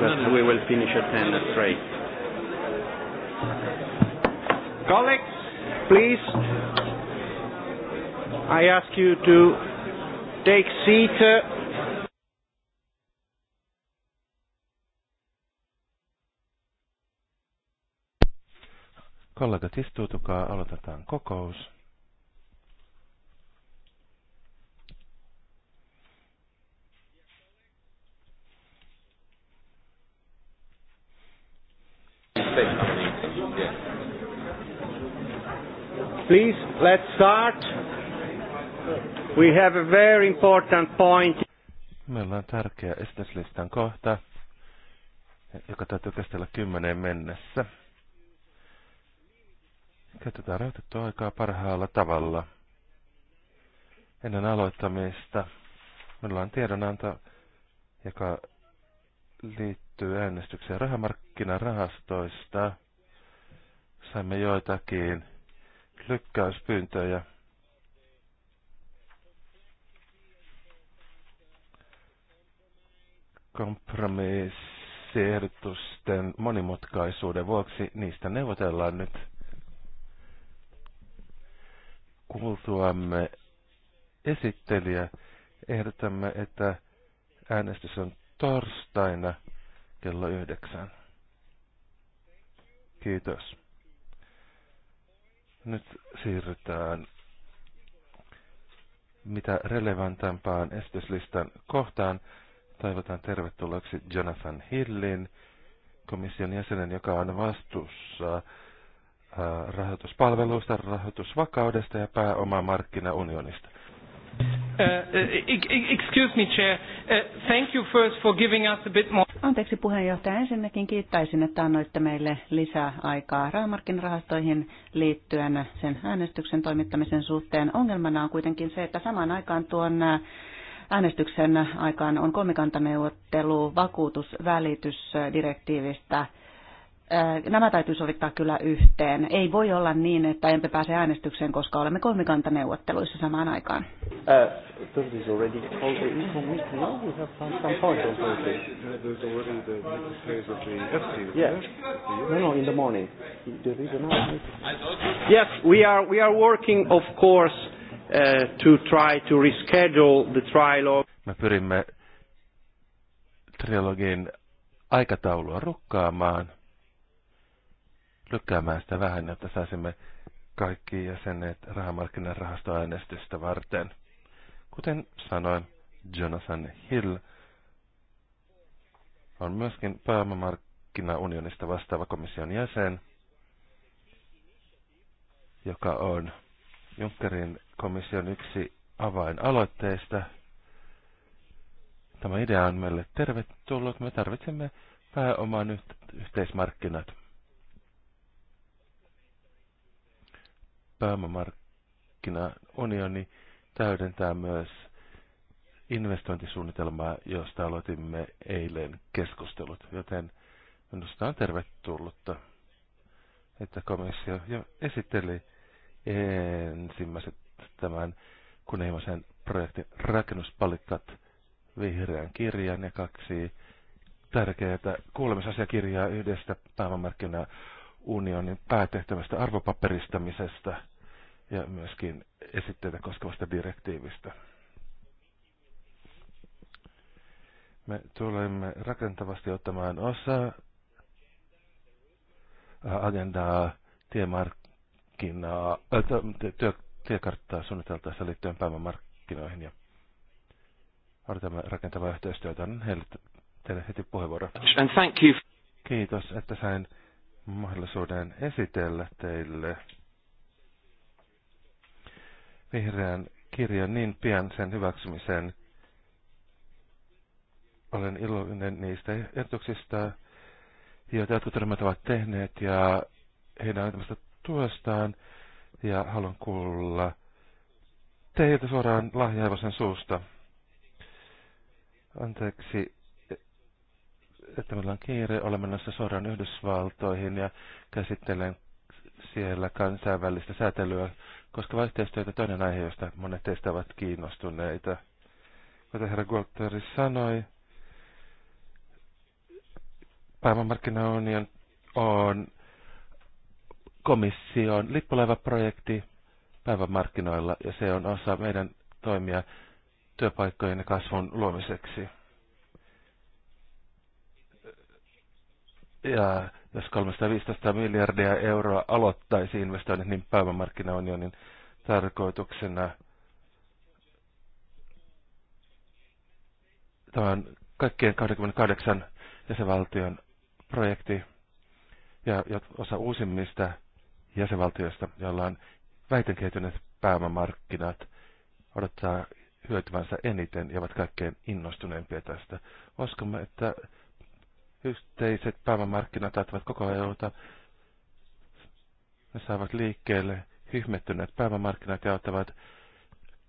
but we will finish at 10 at 3. Colleagues, please, I ask you to take seat. Uh, Kollegat, istuutukaa, aloitetaan kokous. Let's start. We have a very important point. Meillä on tärkeä esityslistan kohta, joka täytyy kestellä kymmeneen mennessä. Käytetään rajoitettua aikaa parhaalla tavalla. Ennen aloittamista meillä on tiedonanto, joka liittyy äänestykseen rahamarkkinarahastoista. Saimme joitakin lykkäyspyyntöjä. Kompromissiehdotusten monimutkaisuuden vuoksi niistä neuvotellaan nyt kuultuamme esittelijä. Ehdotamme, että äänestys on torstaina kello yhdeksän. Kiitos. Nyt siirrytään mitä relevantampaan esityslistan kohtaan. Toivotan tervetulleeksi Jonathan Hillin, komission jäsenen, joka on vastuussa äh, rahoituspalveluista, rahoitusvakaudesta ja pääomamarkkinaunionista. Uh, uh, excuse me, Chair. Uh, thank you first for giving us a bit more. Anteeksi puheenjohtaja. Ensinnäkin kiittäisin, että annoitte meille lisää aikaa rahamarkkinarahastoihin liittyen sen äänestyksen toimittamisen suhteen. Ongelmana on kuitenkin se, että samaan aikaan tuon äh, äänestyksen aikaan on kolmikantaneuvottelu vakuutusvälitysdirektiivistä äh, – nämä täytyy sovittaa kyllä yhteen. Ei voi olla niin, että emme pääse äänestykseen, koska olemme kolmikantaneuvotteluissa samaan aikaan. Yes, we are, we are working of course uh, to try to reschedule the trilogue. Me pyrimme trilogin aikataulua rukkaamaan – lykkäämään sitä vähän, jotta saisimme kaikki jäsenet rahamarkkinan varten. Kuten sanoin, Jonathan Hill on myöskin pääomamarkkinaunionista vastaava komission jäsen, joka on Junckerin komission yksi avainaloitteista. Tämä idea on meille tervetullut. Me tarvitsemme pääomaan yhteismarkkinat. pääomamarkkinaunioni täydentää myös investointisuunnitelmaa, josta aloitimme eilen keskustelut, joten minusta on tervetullutta, että komissio jo esitteli ensimmäiset tämän kunnianhimoisen projektin rakennuspalikat vihreän kirjan ja kaksi tärkeää kuulemisasiakirjaa yhdestä pääomamarkkinaunionin päätehtävästä arvopaperistamisesta ja myöskin esitteitä koskevasta direktiivistä. Me tulemme rakentavasti ottamaan osaa agendaa, tiemarkkinaa, äh, työ, tiekarttaa suunniteltaessa liittyen pääomamarkkinoihin ja odotamme rakentavaa yhteistyötä. Annan heille, teille heti puheenvuoro. And thank you. Kiitos, että sain mahdollisuuden esitellä teille vihreän kirjan niin pian sen hyväksymiseen. Olen iloinen niistä ehdotuksista, joita jotkut ryhmät ovat tehneet ja heidän antamasta tuostaan. Ja haluan kuulla teiltä suoraan lahjaivosen suusta. Anteeksi, että meillä on kiire. Olemme menossa suoraan Yhdysvaltoihin ja käsittelen siellä kansainvälistä säätelyä koska yhteistyötä toinen aihe, josta monet teistä ovat kiinnostuneita. Kuten herra Gualteri sanoi, pääomamarkkinaunion on komission lippulaivaprojekti päivämarkkinoilla ja se on osa meidän toimia työpaikkojen ja kasvun luomiseksi. Ja jos 315 miljardia euroa aloittaisi investoinnit, niin pääomamarkkinaunionin tarkoituksena tämä on kaikkien 28 jäsenvaltion projekti ja osa uusimmista jäsenvaltioista, joilla on väiten kehittyneet pääomamarkkinat, odottaa hyötyvänsä eniten ja ovat kaikkein innostuneimpia tästä. Uskomme, että Yhteiset päivämarkkinat auttavat koko EUta. Ne saavat liikkeelle hyhmettyneet päivämarkkinat ja auttavat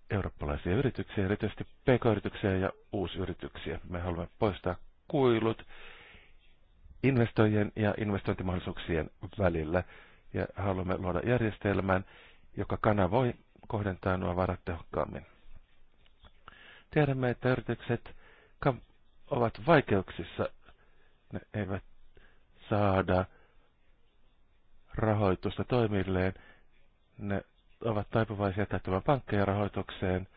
eurooppalaisia yrityksiä, erityisesti pk-yrityksiä ja uusyrityksiä. Me haluamme poistaa kuilut investoijien ja investointimahdollisuuksien välillä ja haluamme luoda järjestelmän, joka kanavoi kohdentaa nuo varat tehokkaammin. Tiedämme, että yritykset ovat vaikeuksissa ne eivät saada rahoitusta toimilleen. Ne ovat taipuvaisia täyttämään pankkeja rahoitukseen,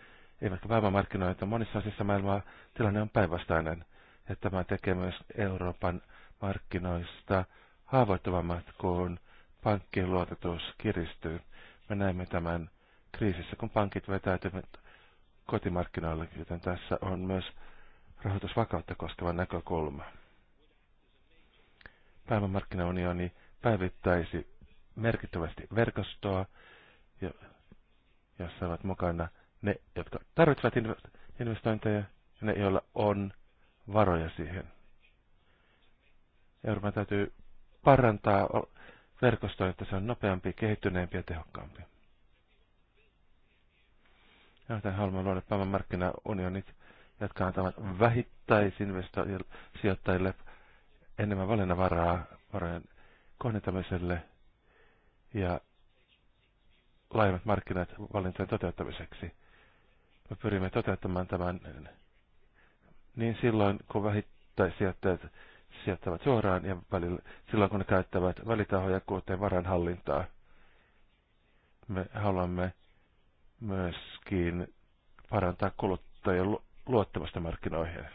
eivätkä pääomamarkkinoita. Monissa asioissa maailmaa tilanne on päinvastainen, ja tämä tekee myös Euroopan markkinoista haavoittuvammat, kun pankkien luotetus kiristyy. Me näemme tämän kriisissä, kun pankit vetäytyvät kotimarkkinoille, joten tässä on myös rahoitusvakautta koskeva näkökulma. Päivämarkkinaunioni päivittäisi merkittävästi verkostoa, jossa ovat mukana ne, jotka tarvitsevat investointeja ja ne, joilla on varoja siihen. Euroopan täytyy parantaa verkostoa, että se on nopeampi, kehittyneempi ja tehokkaampi. Joten haluamme luoda päivän markkinaunionit, jotka antavat vähittäisinvestoijille sijoittajille enemmän valinnanvaraa varojen kohdentamiselle ja laajemmat markkinat valintojen toteuttamiseksi. Me pyrimme toteuttamaan tämän niin silloin, kun vähittäisijoittajat sijoittavat suoraan ja välillä, silloin, kun ne käyttävät välitahoja, kuten varainhallintaa. Me haluamme myöskin parantaa kuluttajien luottamusta markkinoihin.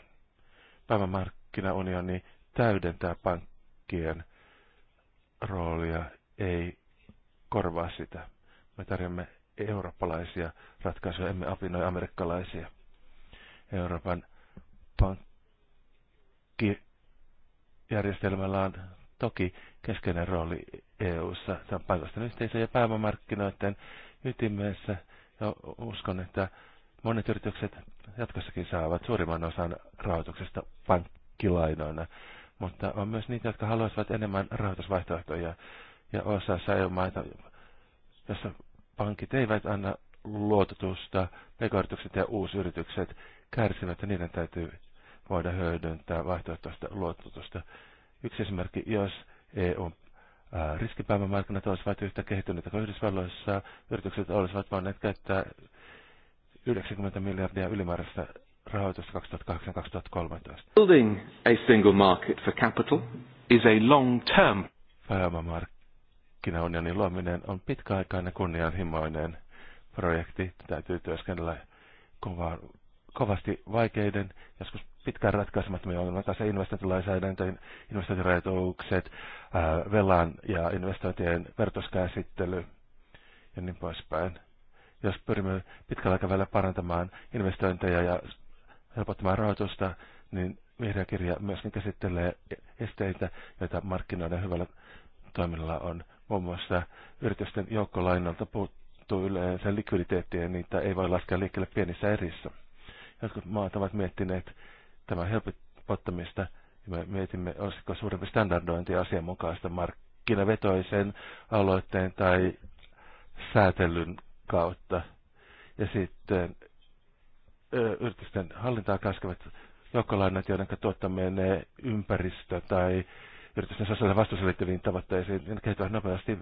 Päivämarkkinaunioni täydentää pankkien roolia, ei korvaa sitä. Me tarjomme eurooppalaisia ratkaisuja, emme apinoi amerikkalaisia. Euroopan pankkijärjestelmällä on toki keskeinen rooli EU-ssa. Se on paikallisten yhteisöjen ja pääomamarkkinoiden ytimessä. Ja uskon, että monet yritykset jatkossakin saavat suurimman osan rahoituksesta pankkilainoina mutta on myös niitä, jotka haluaisivat enemmän rahoitusvaihtoehtoja. Ja osaa säilymaita, jossa pankit eivät anna luototusta, pk ja uusyritykset kärsivät ja niiden täytyy voida hyödyntää vaihtoehtoista luototusta. Yksi esimerkki, jos EU riskipääomamarkkinat olisivat yhtä kehittyneitä kuin Yhdysvalloissa, yritykset olisivat voineet käyttää 90 miljardia ylimääräistä rahoitusta 2008-2013. Building a single market for capital is a long term. Pääomamarkkinaunionin luominen on pitkäaikainen kunnianhimoinen projekti. Täytyy työskennellä kova, kovasti vaikeiden, joskus pitkään ratkaisemattomia ongelmia kanssa investointilainsäädäntöjen, investointirajoitukset, velan ja investointien vertaiskäsittely ja niin poispäin. Jos pyrimme pitkällä aikavälillä parantamaan investointeja ja helpottamaan rahoitusta, niin vihreä kirja myöskin käsittelee esteitä, joita markkinoiden hyvällä toiminnalla on. Muun muassa yritysten joukkolainalta puuttuu yleensä likviditeettiä niitä ei voi laskea liikkeelle pienissä erissä. Jotkut maat ovat miettineet tämän helpottamista ja me mietimme, olisiko suurempi standardointi asianmukaista markkinavetoisen aloitteen tai säätelyn kautta. Ja sitten yritysten hallintaa kaskevat joukkolainat, joiden tuottaminen ympäristö- tai yritysten sosiaalisen vastuuseen tavoitteisiin, ne kehittyvät nopeasti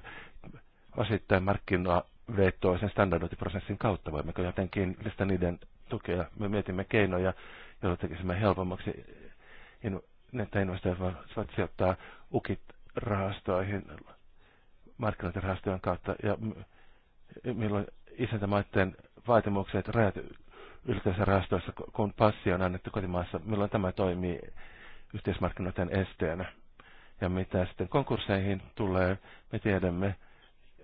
osittain markkinavetoisen standardointiprosessin kautta. Voimmeko jotenkin lisätä niiden tukea? Me mietimme keinoja, joilla tekisimme helpommaksi, että investoijat voivat sijoittaa UKIT-rahastoihin markkinointirahastojen kautta ja milloin isäntämaiden vaatimukset rajat rahastoissa, kun passi on annettu kotimaassa, milloin tämä toimii yhteismarkkinoiden esteenä. Ja mitä sitten konkursseihin tulee, me tiedämme,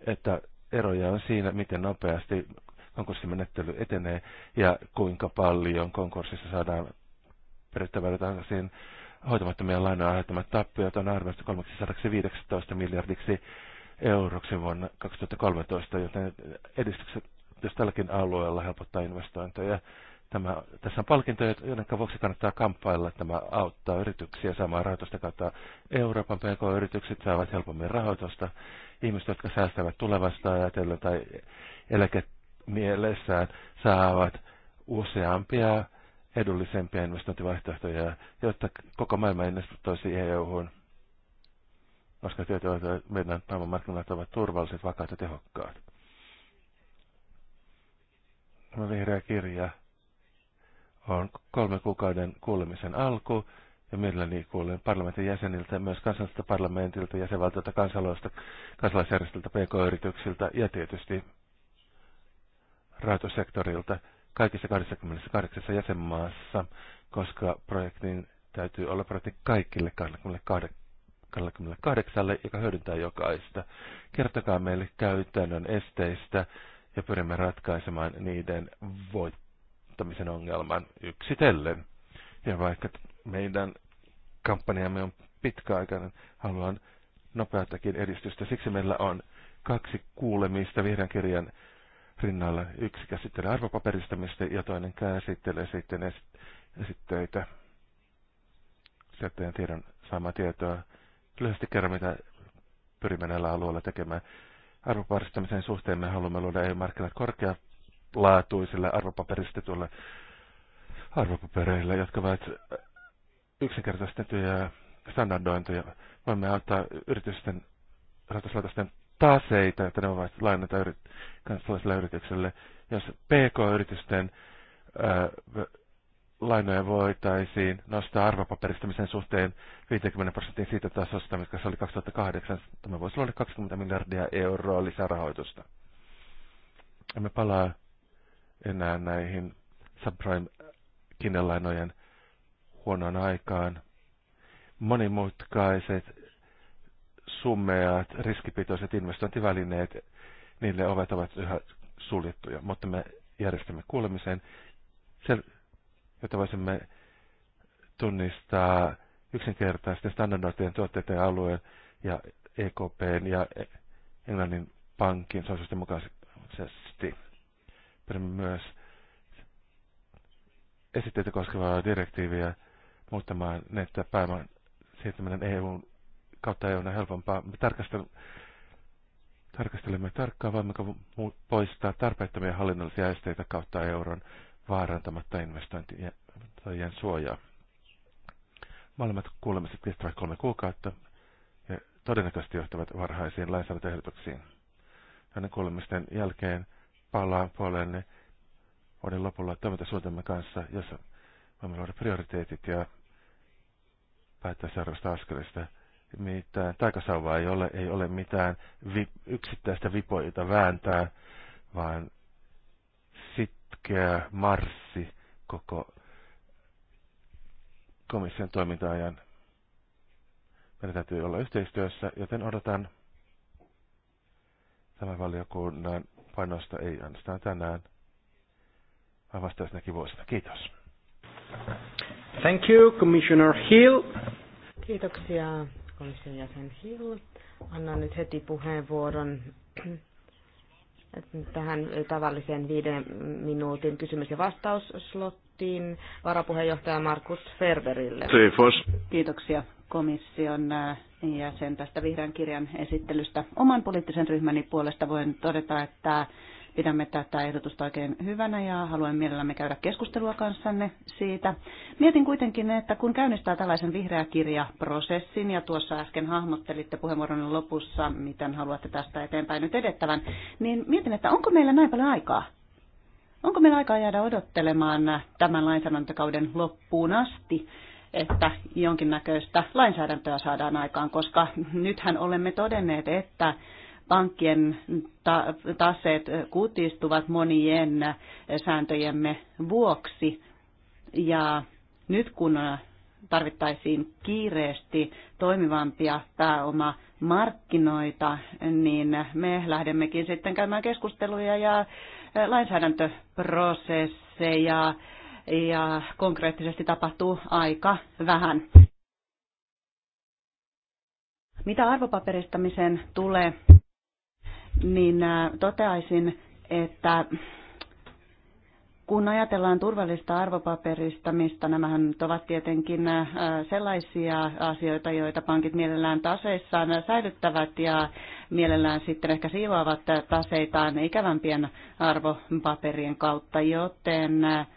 että eroja on siinä, miten nopeasti konkurssimenettely etenee ja kuinka paljon konkurssissa saadaan perittävällä takaisin hoitamattomia lainoja aiheuttamat tappiot on arvioitu 315 miljardiksi euroksi vuonna 2013, joten edistykset jos tälläkin alueella helpottaa investointeja. Tämä, tässä on palkintoja, joiden vuoksi kannattaa kamppailla. Tämä auttaa yrityksiä saamaan rahoitusta kautta. Euroopan PK-yritykset saavat helpommin rahoitusta. Ihmiset, jotka säästävät tulevasta ajatellen tai eläkemielessään, saavat useampia edullisempia investointivaihtoehtoja, jotta koko maailma investoisi EU-hun koska tietoja meidän maailmanmarkkinat ovat turvalliset, vakaat ja tehokkaat. Tämä vihreä kirja on kolme kuukauden kuulemisen alku, ja mielelläni kuulen parlamentin jäseniltä, myös kansallisilta parlamentilta, jäsenvaltiolta, kansalaisilta, kansalaisjärjestöltä, pk-yrityksiltä ja tietysti rahoitussektorilta kaikissa 28 jäsenmaassa, koska projektin täytyy olla projekti kaikille 28, joka hyödyntää jokaista. Kertokaa meille käytännön esteistä, ja pyrimme ratkaisemaan niiden voittamisen ongelman yksitellen. Ja vaikka meidän kampanjamme on pitkäaikainen, haluan nopeatakin edistystä. Siksi meillä on kaksi kuulemista vihreän kirjan rinnalla. Yksi käsittelee arvopaperistamista ja toinen käsittelee sitten esitteitä. Sieltä tiedon saamaa tietoa. Lyhyesti kerran, mitä pyrimme näillä alueilla tekemään arvoparistamisen suhteen me haluamme luoda EU-markkinat korkealaatuisille arvopaperistetuille arvopapereille, jotka ovat yksinkertaistettuja standardointuja. Voimme auttaa yritysten rahoituslaitosten taseita, että ne voivat lainata yrit- kansalaisille yritykselle. Jos PK-yritysten lainoja voitaisiin nostaa arvopaperistamisen suhteen 50 prosentin siitä tasosta, mikä se oli 2008. Tämä voisi luoda 20 miljardia euroa lisärahoitusta. Emme palaa enää näihin subprime-kinnelainojen huonoon aikaan. Monimutkaiset, summeat, riskipitoiset investointivälineet, niille ovet ovat yhä suljettuja, mutta me järjestämme kuulemisen sel- jotta voisimme tunnistaa yksinkertaisten standardoitujen tuotteiden alueen ja EKPn ja Englannin pankin suositusten mukaisesti. Pidämme myös esitteitä koskevaa direktiiviä muuttamaan, niin, että pääoman siirtyminen EUn kautta EUn on helpompaa. Me tarkastelemme, tarkastelemme tarkkaan, voimmeko poistaa tarpeettomia hallinnollisia esteitä kautta euron vaarantamatta investointien suojaa. Molemmat kuulemiset kestävät kolme kuukautta ja todennäköisesti johtavat varhaisiin lainsäädäntöehdotuksiin. Hänen kuulemisten jälkeen palaan puolelle vuoden lopulla toimintasuunnitelma kanssa, jossa voimme luoda prioriteetit ja päättää seuraavasta askelista. Mitään taikasauvaa ei ole, ei ole mitään vi, yksittäistä vipoita vääntää, vaan rohkea marssi koko komission toiminta-ajan. Meidän täytyy olla yhteistyössä, joten odotan tämän valiokunnan painosta ei ainoastaan tänään, vaan vastaisinakin vuosina. Kiitos. Thank you, Commissioner Hill. Kiitoksia, komission jäsen Hill. Annan nyt heti puheenvuoron tähän tavalliseen viiden minuutin kysymys- ja vastausslottiin varapuheenjohtaja Markus Ferberille. Kiitoksia komission äh, jäsen tästä vihreän kirjan esittelystä. Oman poliittisen ryhmäni puolesta voin todeta, että Pidämme tätä ehdotusta oikein hyvänä ja haluan mielellämme käydä keskustelua kanssanne siitä. Mietin kuitenkin, että kun käynnistää tällaisen vihreä kirjaprosessin ja tuossa äsken hahmottelitte puheenvuoron lopussa, miten haluatte tästä eteenpäin nyt edettävän, niin mietin, että onko meillä näin paljon aikaa? Onko meillä aikaa jäädä odottelemaan tämän lainsäädäntökauden loppuun asti? että jonkinnäköistä lainsäädäntöä saadaan aikaan, koska nythän olemme todenneet, että pankkien taseet kutistuvat monien sääntöjemme vuoksi. Ja nyt kun tarvittaisiin kiireesti toimivampia pääomamarkkinoita, niin me lähdemmekin sitten käymään keskusteluja ja eh, lainsäädäntöprosesseja ja konkreettisesti tapahtuu aika vähän. Mitä arvopaperistamiseen tulee, niin äh, toteaisin, että kun ajatellaan turvallista arvopaperista, mistä nyt ovat tietenkin äh, sellaisia asioita, joita pankit mielellään taseissaan säilyttävät ja mielellään sitten ehkä siivoavat taseitaan ikävämpien arvopaperien kautta, joten äh,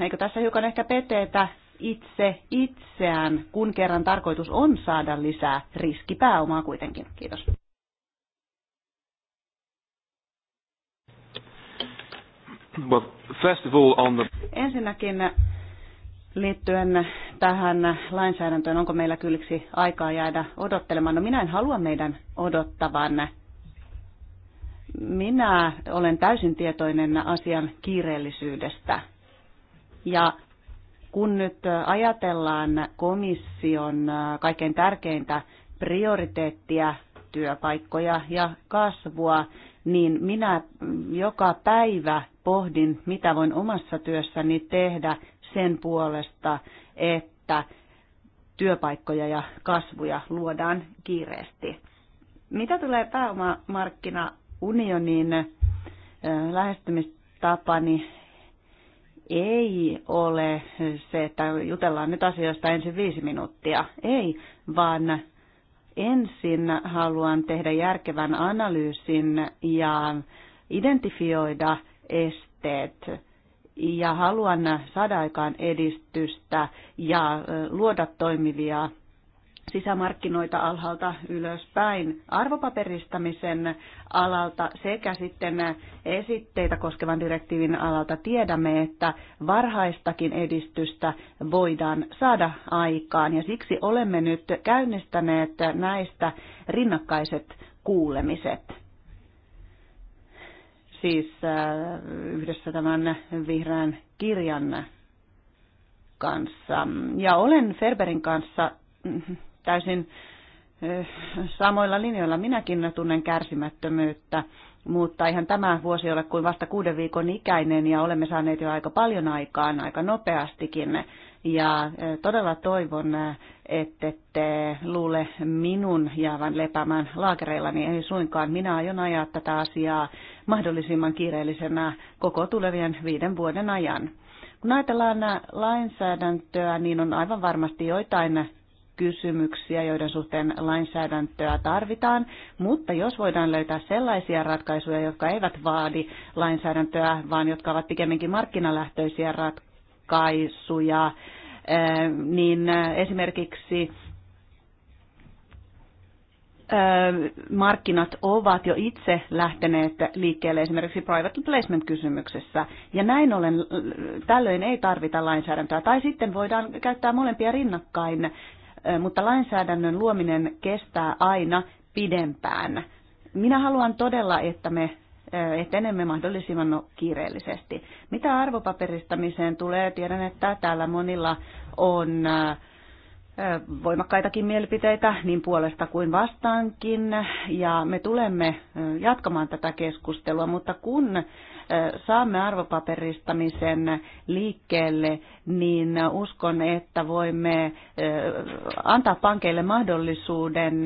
eikö tässä hiukan ehkä peteetä itse itseään, kun kerran tarkoitus on saada lisää riskipääomaa kuitenkin. Kiitos. Well, first of all on the... Ensinnäkin liittyen tähän lainsäädäntöön, onko meillä kylliksi aikaa jäädä odottelemaan? No minä en halua meidän odottavan. Minä olen täysin tietoinen asian kiireellisyydestä. Ja kun nyt ajatellaan komission kaikkein tärkeintä prioriteettia, työpaikkoja ja kasvua, niin minä joka päivä pohdin, mitä voin omassa työssäni tehdä sen puolesta, että työpaikkoja ja kasvuja luodaan kiireesti. Mitä tulee pääomamarkkinaunionin lähestymistapani, ei ole se, että jutellaan nyt asioista ensin viisi minuuttia. Ei, vaan ensin haluan tehdä järkevän analyysin ja identifioida esteet ja haluan saada aikaan edistystä ja luoda toimivia sisämarkkinoita alhaalta ylöspäin arvopaperistamisen alalta sekä sitten esitteitä koskevan direktiivin alalta tiedämme, että varhaistakin edistystä voidaan saada aikaan ja siksi olemme nyt käynnistäneet näistä rinnakkaiset kuulemiset siis äh, yhdessä tämän vihreän kirjan kanssa. Ja olen Ferberin kanssa mm, täysin samoilla linjoilla. Minäkin tunnen kärsimättömyyttä, mutta ihan tämä vuosi ole kuin vasta kuuden viikon ikäinen ja olemme saaneet jo aika paljon aikaan, aika nopeastikin ja e, todella toivon, e, että ette luule minun jäävän lepäämään laakereillani, ei suinkaan. Minä aion ajaa tätä asiaa mahdollisimman kiireellisenä koko tulevien viiden vuoden ajan. Kun ajatellaan e, lainsäädäntöä, niin on aivan varmasti joitain kysymyksiä, joiden suhteen lainsäädäntöä tarvitaan, mutta jos voidaan löytää sellaisia ratkaisuja, jotka eivät vaadi lainsäädäntöä, vaan jotka ovat pikemminkin markkinalähtöisiä ratkaisuja, Äh, niin äh, esimerkiksi äh, markkinat ovat jo itse lähteneet liikkeelle esimerkiksi private placement-kysymyksessä. Ja näin ollen tällöin ei tarvita lainsäädäntöä. Tai sitten voidaan käyttää molempia rinnakkain, mutta lainsäädännön luominen kestää aina pidempään. Minä haluan todella, että me etenemme mahdollisimman no, kiireellisesti. Mitä arvopaperistamiseen tulee, tiedän, että täällä monilla on voimakkaitakin mielipiteitä niin puolesta kuin vastaankin ja me tulemme jatkamaan tätä keskustelua, mutta kun saamme arvopaperistamisen liikkeelle, niin uskon, että voimme antaa pankeille mahdollisuuden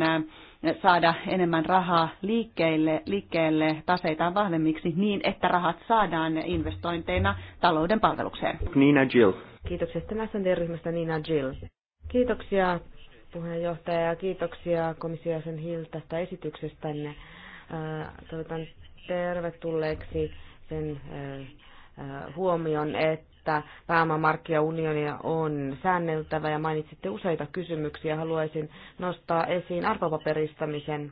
saada enemmän rahaa liikkeelle, liikkeelle taseitaan vahvemmiksi niin, että rahat saadaan investointeina talouden palvelukseen. Nina Jill. Kiitoksia sitten ryhmästä Nina Jill. Kiitoksia puheenjohtaja ja kiitoksia komissiaisen Hill tästä esityksestänne. Äh, toivotan tervetulleeksi sen äh, äh, huomion, että että pääomamarkkinaunionia on säänneltävä ja mainitsitte useita kysymyksiä. Haluaisin nostaa esiin arvopaperistamisen.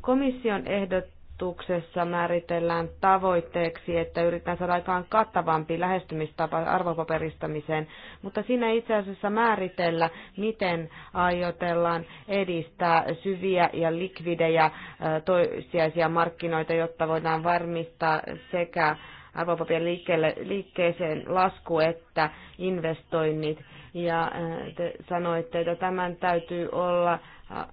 Komission ehdotuksessa määritellään tavoitteeksi, että yritetään saada aikaan kattavampi lähestymistapa arvopaperistamiseen, mutta siinä itse asiassa määritellä, miten aiotellaan edistää syviä ja likvidejä toisiaisia markkinoita, jotta voidaan varmistaa sekä arvopapien liikkeelle, liikkeeseen lasku että investoinnit. Ja äh, te sanoitte, että tämän täytyy olla äh,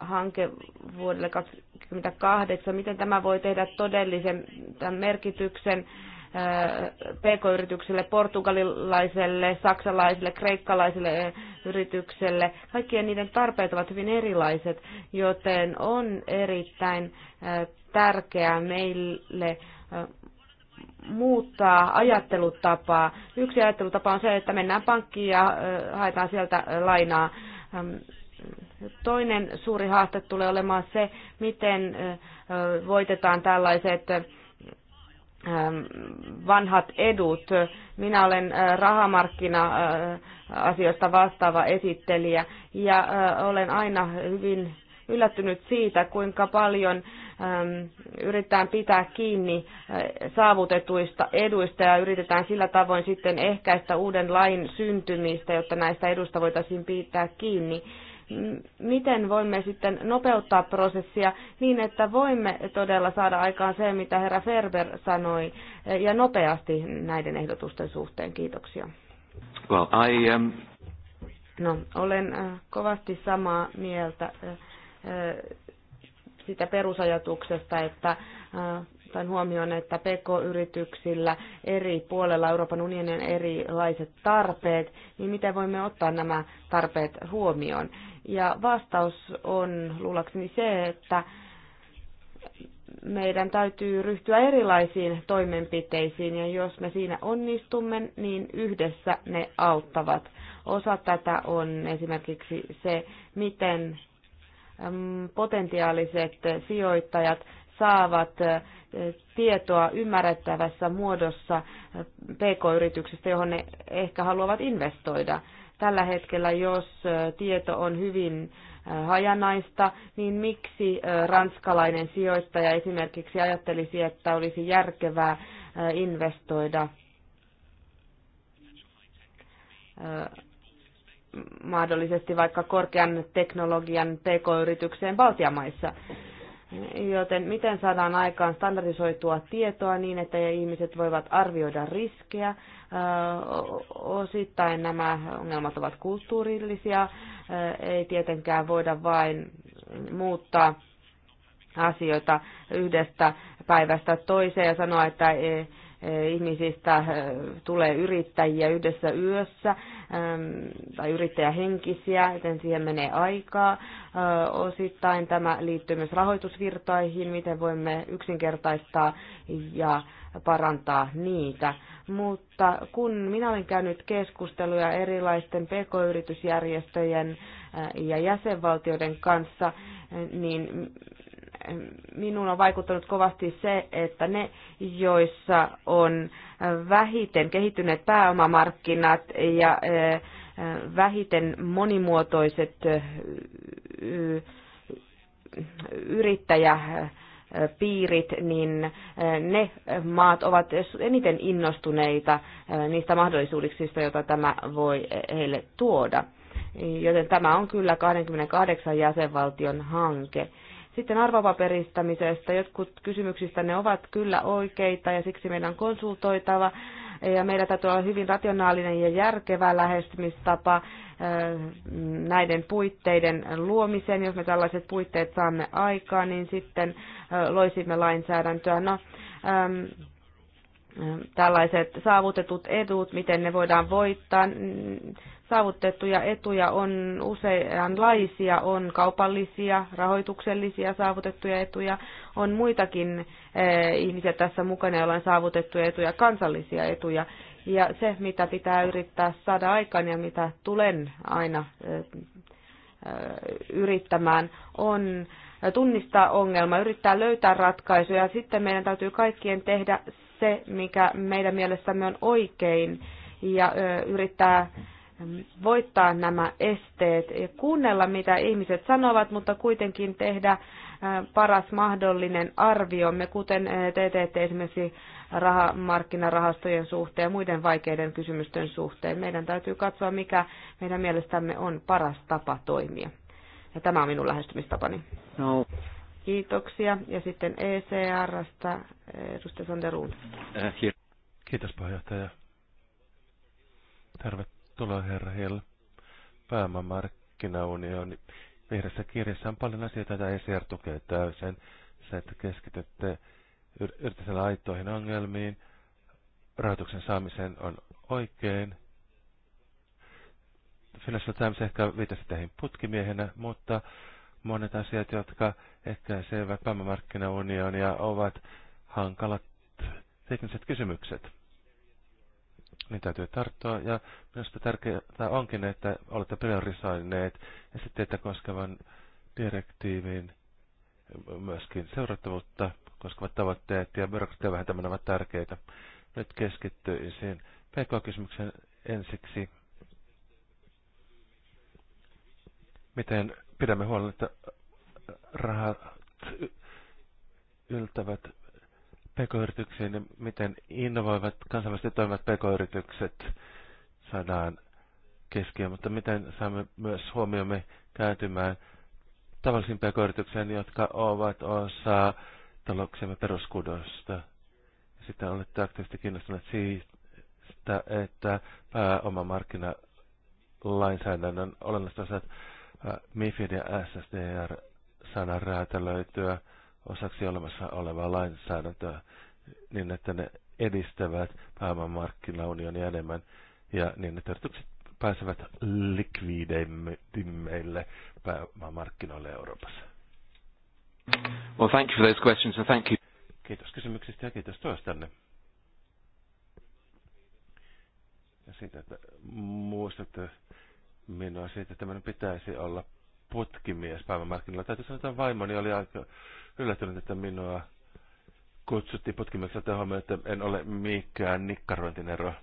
hanke vuodelle 2028. Miten tämä voi tehdä todellisen tämän merkityksen? Äh, pk yritykselle portugalilaiselle, saksalaiselle, kreikkalaiselle yritykselle. Kaikkien niiden tarpeet ovat hyvin erilaiset, joten on erittäin tärkeää meille muuttaa ajattelutapaa. Yksi ajattelutapa on se, että mennään pankkiin ja haetaan sieltä lainaa. Toinen suuri haaste tulee olemaan se, miten voitetaan tällaiset vanhat edut. Minä olen rahamarkkina-asioista vastaava esittelijä ja olen aina hyvin yllättynyt siitä, kuinka paljon ähm, yritetään pitää kiinni äh, saavutetuista eduista ja yritetään sillä tavoin sitten ehkäistä uuden lain syntymistä, jotta näistä edusta voitaisiin pitää kiinni miten voimme sitten nopeuttaa prosessia niin, että voimme todella saada aikaan se, mitä herra Ferber sanoi, äh, ja nopeasti näiden ehdotusten suhteen. Kiitoksia. Well, I, um... no, olen äh, kovasti samaa mieltä sitä perusajatuksesta, että otan huomioon, että PK-yrityksillä eri puolella Euroopan unionin erilaiset tarpeet, niin miten voimme ottaa nämä tarpeet huomioon. Ja vastaus on luulakseni se, että meidän täytyy ryhtyä erilaisiin toimenpiteisiin ja jos me siinä onnistumme, niin yhdessä ne auttavat. Osa tätä on esimerkiksi se, miten potentiaaliset sijoittajat saavat tietoa ymmärrettävässä muodossa pk yrityksestä johon ne ehkä haluavat investoida. Tällä hetkellä, jos tieto on hyvin hajanaista, niin miksi ranskalainen sijoittaja esimerkiksi ajattelisi, että olisi järkevää investoida mahdollisesti vaikka korkean teknologian pk-yritykseen valtiamaissa. Joten miten saadaan aikaan standardisoitua tietoa niin, että ihmiset voivat arvioida riskejä? Osittain nämä ongelmat ovat kulttuurillisia. Ei tietenkään voida vain muuttaa asioita yhdestä päivästä toiseen ja sanoa, että Eh, ihmisistä eh, tulee yrittäjiä yhdessä yössä ehm, tai yrittäjähenkisiä, joten siihen menee aikaa. Eh, osittain tämä liittyy myös rahoitusvirtoihin, miten voimme yksinkertaistaa ja parantaa niitä. Mutta kun minä olen käynyt keskusteluja erilaisten pk-yritysjärjestöjen ja jäsenvaltioiden kanssa, niin minun on vaikuttanut kovasti se, että ne, joissa on vähiten kehittyneet pääomamarkkinat ja eh, vähiten monimuotoiset eh, yrittäjäpiirit, niin eh, ne maat ovat eniten innostuneita niistä mahdollisuuksista, joita tämä voi heille tuoda. Joten tämä on kyllä 28 jäsenvaltion hanke. Sitten arvopaperistamisesta. Jotkut kysymyksistä ne ovat kyllä oikeita ja siksi meidän on konsultoitava ja meillä täytyy olla hyvin rationaalinen ja järkevä lähestymistapa näiden puitteiden luomiseen. Jos me tällaiset puitteet saamme aikaan, niin sitten loisimme lainsäädäntöä. No, tällaiset saavutetut edut, miten ne voidaan voittaa, saavutettuja etuja on useanlaisia, on kaupallisia, rahoituksellisia saavutettuja etuja, on muitakin eh, ihmisiä tässä mukana, joilla on saavutettuja etuja, kansallisia etuja. Ja se, mitä pitää yrittää saada aikaan ja mitä tulen aina eh, eh, yrittämään, on tunnistaa ongelma, yrittää löytää ratkaisuja. Sitten meidän täytyy kaikkien tehdä se, mikä meidän mielestämme on oikein ja yrittää voittaa nämä esteet ja kuunnella, mitä ihmiset sanovat, mutta kuitenkin tehdä paras mahdollinen arvio, me kuten te teette esimerkiksi rahamarkkinarahastojen suhteen ja muiden vaikeiden kysymysten suhteen. Meidän täytyy katsoa, mikä meidän mielestämme on paras tapa toimia. Ja tämä on minun lähestymistapani. No. Kiitoksia. Ja sitten ECRstä edustaja Sanderun. Äh, Kiitos puheenjohtaja. Tervetuloa Tervetuloa, herra Hill. Pääomamarkkinaunioni. Vihreässä kirjassa on paljon asioita, joita ECR tukee täysin. Se, että keskitytte yritysten aitoihin ongelmiin, rahoituksen saamiseen on oikein. Financial Times ehkä viitasi teihin putkimiehenä, mutta monet asiat, jotka ehkäisevät pääomamarkkinaunionia, ovat hankalat tekniset kysymykset niin täytyy tarttua. Ja myös tärkeää onkin, että olette priorisoineet esitteitä koskevan direktiivin myöskin seurattavuutta koskevat tavoitteet ja byrokratian vähentäminen ovat tärkeitä. Nyt keskittyisin PK-kysymyksen ensiksi. Miten pidämme huolen, että rahat yltävät pk-yrityksiin niin miten innovoivat kansainvälisesti toimivat pk-yritykset saadaan keskiöön, mutta miten saamme myös huomiomme kääntymään tavallisiin pk-yrityksiin, jotka ovat osa talouksemme peruskudosta. Sitten olette aktiivisesti kiinnostuneet siitä, että pääomamarkkina lainsäädännön olennaiset osat MIFID ja SSDR saadaan räätälöityä osaksi olemassa olevaa lainsäädäntöä niin, että ne edistävät pääomamarkkinaunionia enemmän ja niin, että yritykset pääsevät likviideimmille pääomamarkkinoille Euroopassa. Well, thank you for those questions and thank you. Kiitos kysymyksistä ja kiitos toistanne. Ja siitä, että muistatte minua siitä, että meidän pitäisi olla putkimies päivämarkkinoilla. Täytyy sanoa, että vaimoni oli aika yllättynyt, että minua kutsuttiin putkimieksi tähän, että en ole mikään nikkarointinero.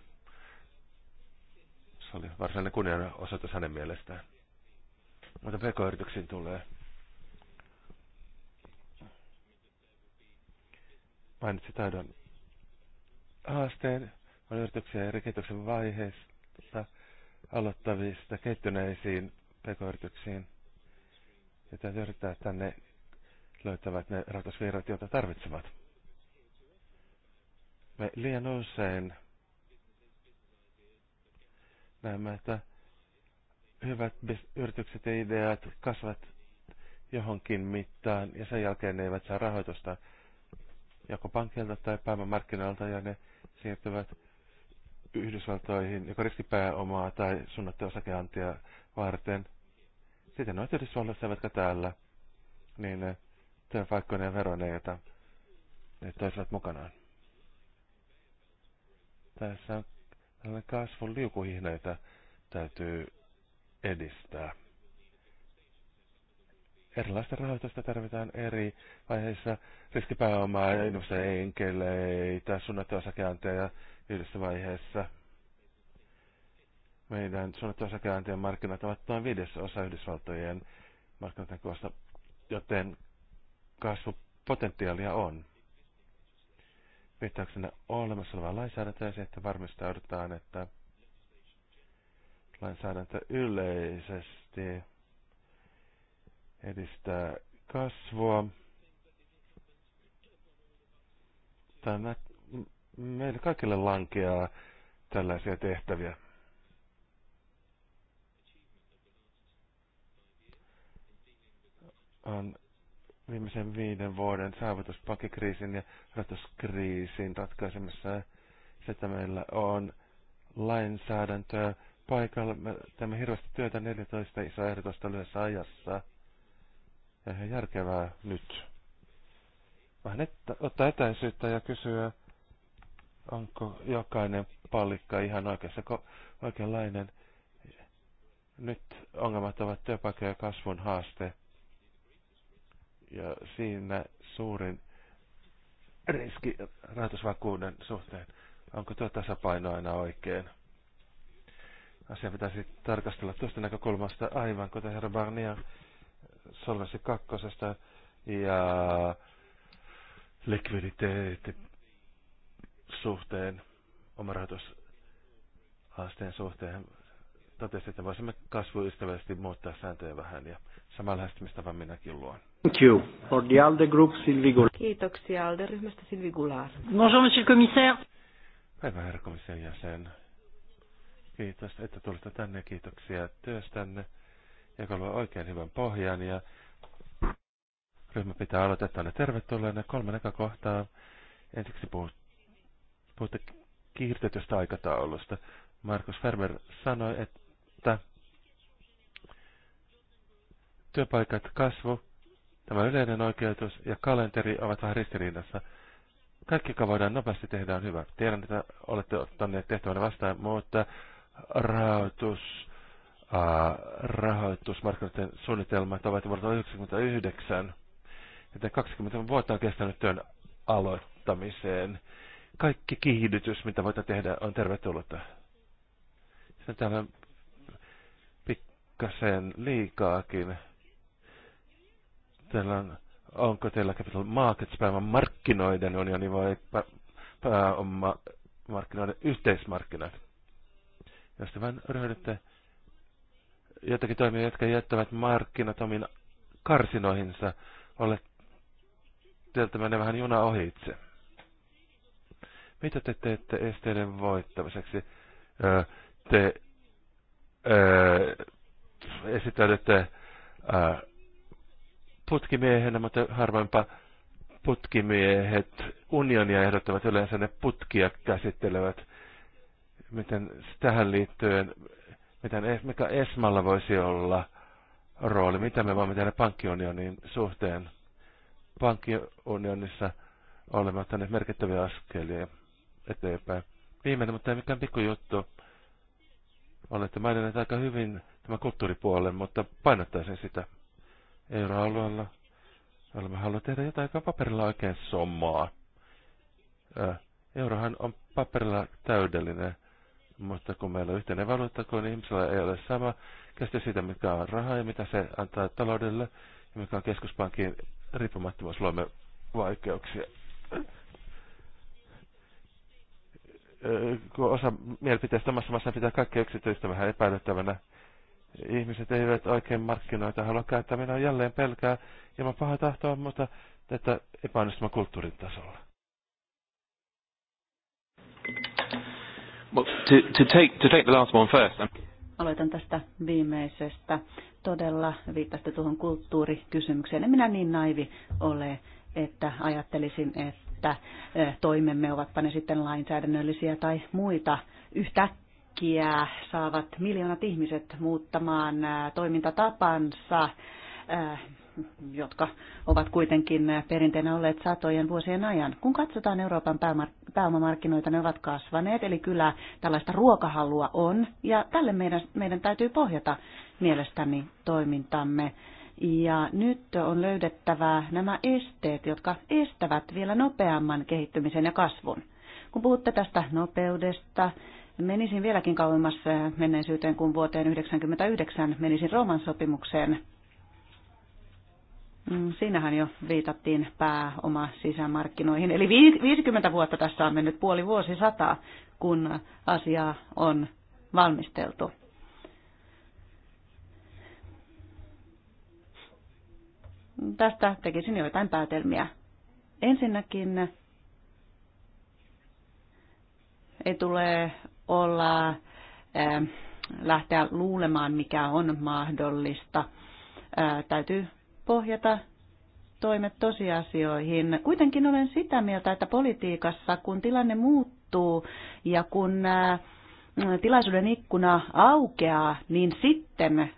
Se oli varsinainen kunnianosoitus hänen mielestään. Mutta pk tulee. Mainitsi taidon haasteen, on yrityksiä eri kehityksen vaiheista aloittavista kehittyneisiin pk-yrityksiin. Ja täytyy yrittää, että ne löytävät ne rahoitusvirrat, joita tarvitsevat. Me liian usein näemme, että hyvät yritykset ja ideat kasvavat johonkin mittaan ja sen jälkeen ne eivät saa rahoitusta joko pankilta tai pääomamarkkinoilta ja ne siirtyvät Yhdysvaltoihin joko riskipääomaa tai suunnattu osakeantia varten – sitten ovat Yhdysvalloissa eivätkä täällä, niin eh, työpaikkojen ja veroneita, joita ne toisivat mukanaan. Tässä on tällainen kasvun liukuhihna, jota täytyy edistää. Erilaista rahoitusta tarvitaan eri vaiheissa. Riskipääomaa, ennuste enkeleitä, suunnattu osakeanteja yhdessä vaiheessa – meidän suunnattu osakäyntien markkinat ovat noin osa Yhdysvaltojen markkinoiden koosta, joten kasvupotentiaalia on. Viittauksena olemassa olevaa lainsäädäntöä se, että varmistaudutaan, että lainsäädäntö yleisesti edistää kasvua. Tämä meille kaikille lankeaa tällaisia tehtäviä. on viimeisen viiden vuoden saavutus ja rahoituskriisin ratkaisemassa se, että meillä on lainsäädäntöä paikalla. Me teemme hirveästi työtä 14 isoa ehdotusta lyhyessä ajassa. Ja ihan järkevää nyt. Vähän että, ottaa etäisyyttä ja kysyä, onko jokainen palikka ihan oikeassa, oikeanlainen. Nyt ongelmat ovat työpaikka ja kasvun haaste. Ja siinä suurin riski rahoitusvakuuden suhteen. Onko tuo tasapaino aina oikein? Asia pitäisi tarkastella tuosta näkökulmasta aivan, kuten herra Barnier solvesi kakkosesta ja likviditeetti suhteen, omarahoitushaasteen suhteen totesi, että voisimme kasvuystävällisesti muuttaa sääntöjä vähän ja saman lähestymistavan minäkin luon. Thank you. For the ALDE Group, Sylvie Goulard. Kiitoksia ALDE-ryhmästä Sylvie Goulard. Bonjour, monsieur le commissaire. Päivä, herra komission jäsen. Kiitos, että tulitte tänne. Kiitoksia työstänne, joka luo oikein hyvän pohjan. Ja ryhmä pitää aloittaa tänne tervetulleena. Kolme näkökohtaa. Ensiksi puhutte kiirtetystä aikataulusta. Markus Fermer sanoi, että että työpaikat, kasvu, tämä yleinen oikeutus ja kalenteri ovat vähän ristiriidassa. Kaikki, joka voidaan nopeasti tehdä, on hyvä. Tiedän, että olette ottaneet tehtävänä vastaan, mutta rahoitus, äh, rahoitusmarkkinoiden suunnitelmat ovat vuodelta 1999, joten 20 vuotta on kestänyt työn aloittamiseen. Kaikki kiihdytys, mitä voidaan tehdä, on tervetullutta. Sitten täällä on pikkasen liikaakin. Teillä on, onko teillä Capital Markets päivän markkinoiden unioni vai pääoma markkinoiden yhteismarkkinat? Jos te vain ryhdytte jotakin toimia, jotka jättävät markkinat omiin karsinoihinsa, teiltä menee vähän juna ohitse. Mitä te teette esteiden voittamiseksi? Öö, te ää, putkimiehenä, mutta harvoinpa putkimiehet unionia ehdottavat yleensä ne putkia käsittelevät. Miten tähän liittyen, miten, mikä Esmalla voisi olla rooli, mitä me voimme tehdä pankkiunionin suhteen. Pankkiunionissa olemme ottaneet merkittäviä askelia eteenpäin. Viimeinen, mutta ei mikään pikkujuttu. On, Olette maininneet aika hyvin tämä kulttuuripuolen, mutta painottaisin sitä euroalueella. me haluamme tehdä jotain, joka on paperilla oikein sommaa. Eurohan on paperilla täydellinen, mutta kun meillä on yhteinen valuutta, kun ihmisellä ei ole sama käsitys siitä, mikä on raha ja mitä se antaa taloudelle ja mikä on keskuspankin riippumattomuus, luomme vaikeuksia. Äh, kun osa mielipiteistä omassa maassa pitää kaikkea yksityistä vähän epäilyttävänä. Ihmiset eivät oikein markkinoita halua käyttää. Minä on jälleen pelkää ilman paha tahtoa, mutta että epäonnistuma kulttuurin tasolla. Well, to, to, take, to take the last one first. Aloitan tästä viimeisestä. Todella viittasitte tuohon kulttuurikysymykseen. En minä niin naivi ole, että ajattelisin, että että toimemme, ovatpa ne sitten lainsäädännöllisiä tai muita, yhtäkkiä saavat miljoonat ihmiset muuttamaan toimintatapansa, jotka ovat kuitenkin perinteinä olleet satojen vuosien ajan. Kun katsotaan Euroopan pääomamarkkinoita, ne ovat kasvaneet, eli kyllä tällaista ruokahalua on, ja tälle meidän, meidän täytyy pohjata mielestäni toimintamme. Ja nyt on löydettävä nämä esteet, jotka estävät vielä nopeamman kehittymisen ja kasvun. Kun puhutte tästä nopeudesta, menisin vieläkin kauemmas menneisyyteen kuin vuoteen 1999, menisin Rooman sopimukseen. Mm, siinähän jo viitattiin pääoma sisämarkkinoihin. Eli 50 vuotta tässä on mennyt puoli vuosisataa, kun asia on valmisteltu. tästä tekisin joitain päätelmiä. Ensinnäkin ei tule olla ähm, lähteä luulemaan, mikä on mahdollista. Äh, täytyy pohjata toimet tosiasioihin. Kuitenkin olen sitä mieltä, että politiikassa, kun tilanne muuttuu ja kun äh, tilaisuuden ikkuna aukeaa, niin sitten äh,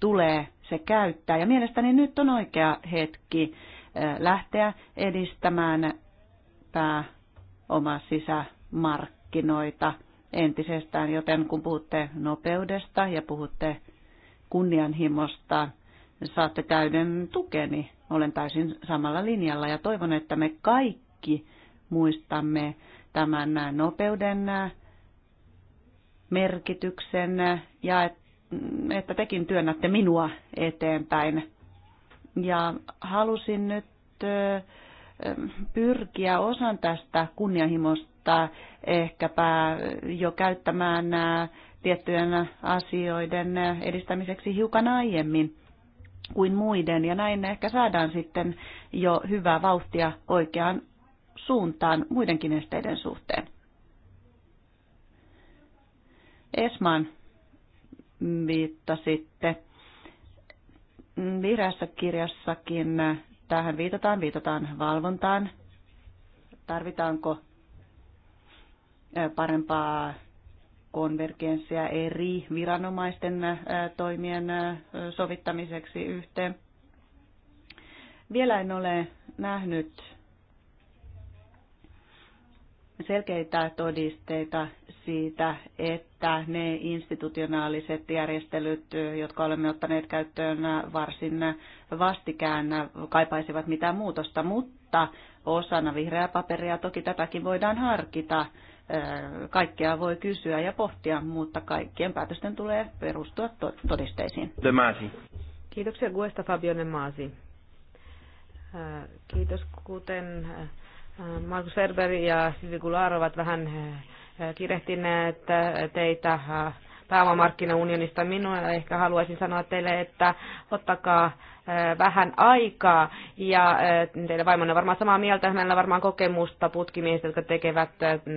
tulee tarvitse käyttää. Ja mielestäni nyt on oikea hetki lähteä edistämään oma sisämarkkinoita entisestään, joten kun puhutte nopeudesta ja puhutte kunnianhimosta, saatte täyden tukeni. Olen täysin samalla linjalla ja toivon, että me kaikki muistamme tämän nopeuden merkityksen ja että että tekin työnnätte minua eteenpäin. Ja halusin nyt pyrkiä osan tästä kunnianhimosta ehkäpä jo käyttämään tiettyjen asioiden edistämiseksi hiukan aiemmin kuin muiden. Ja näin ehkä saadaan sitten jo hyvää vauhtia oikeaan suuntaan muidenkin esteiden suhteen. Esman viittasitte. Vihreässä kirjassakin tähän viitataan, viitataan valvontaan. Tarvitaanko parempaa konvergenssia eri viranomaisten toimien sovittamiseksi yhteen. Vielä en ole nähnyt selkeitä todisteita siitä, että ne institutionaaliset järjestelyt, jotka olemme ottaneet käyttöön varsin vastikään, kaipaisivat mitään muutosta, mutta osana vihreää paperia toki tätäkin voidaan harkita. Kaikkea voi kysyä ja pohtia, mutta kaikkien päätösten tulee perustua todisteisiin. Demasi. Kiitoksia Guesta Fabione Maasi. Kiitos, kuten Markus Ferber ja Silvi Kular ovat vähän Kirehtin teitä pääomamarkkinaunionista. Minua ehkä haluaisin sanoa teille, että ottakaa vähän aikaa. Ja teidän vaimonne on varmaan samaa mieltä. Hänellä on varmaan kokemusta putkimiehistä, jotka tekevät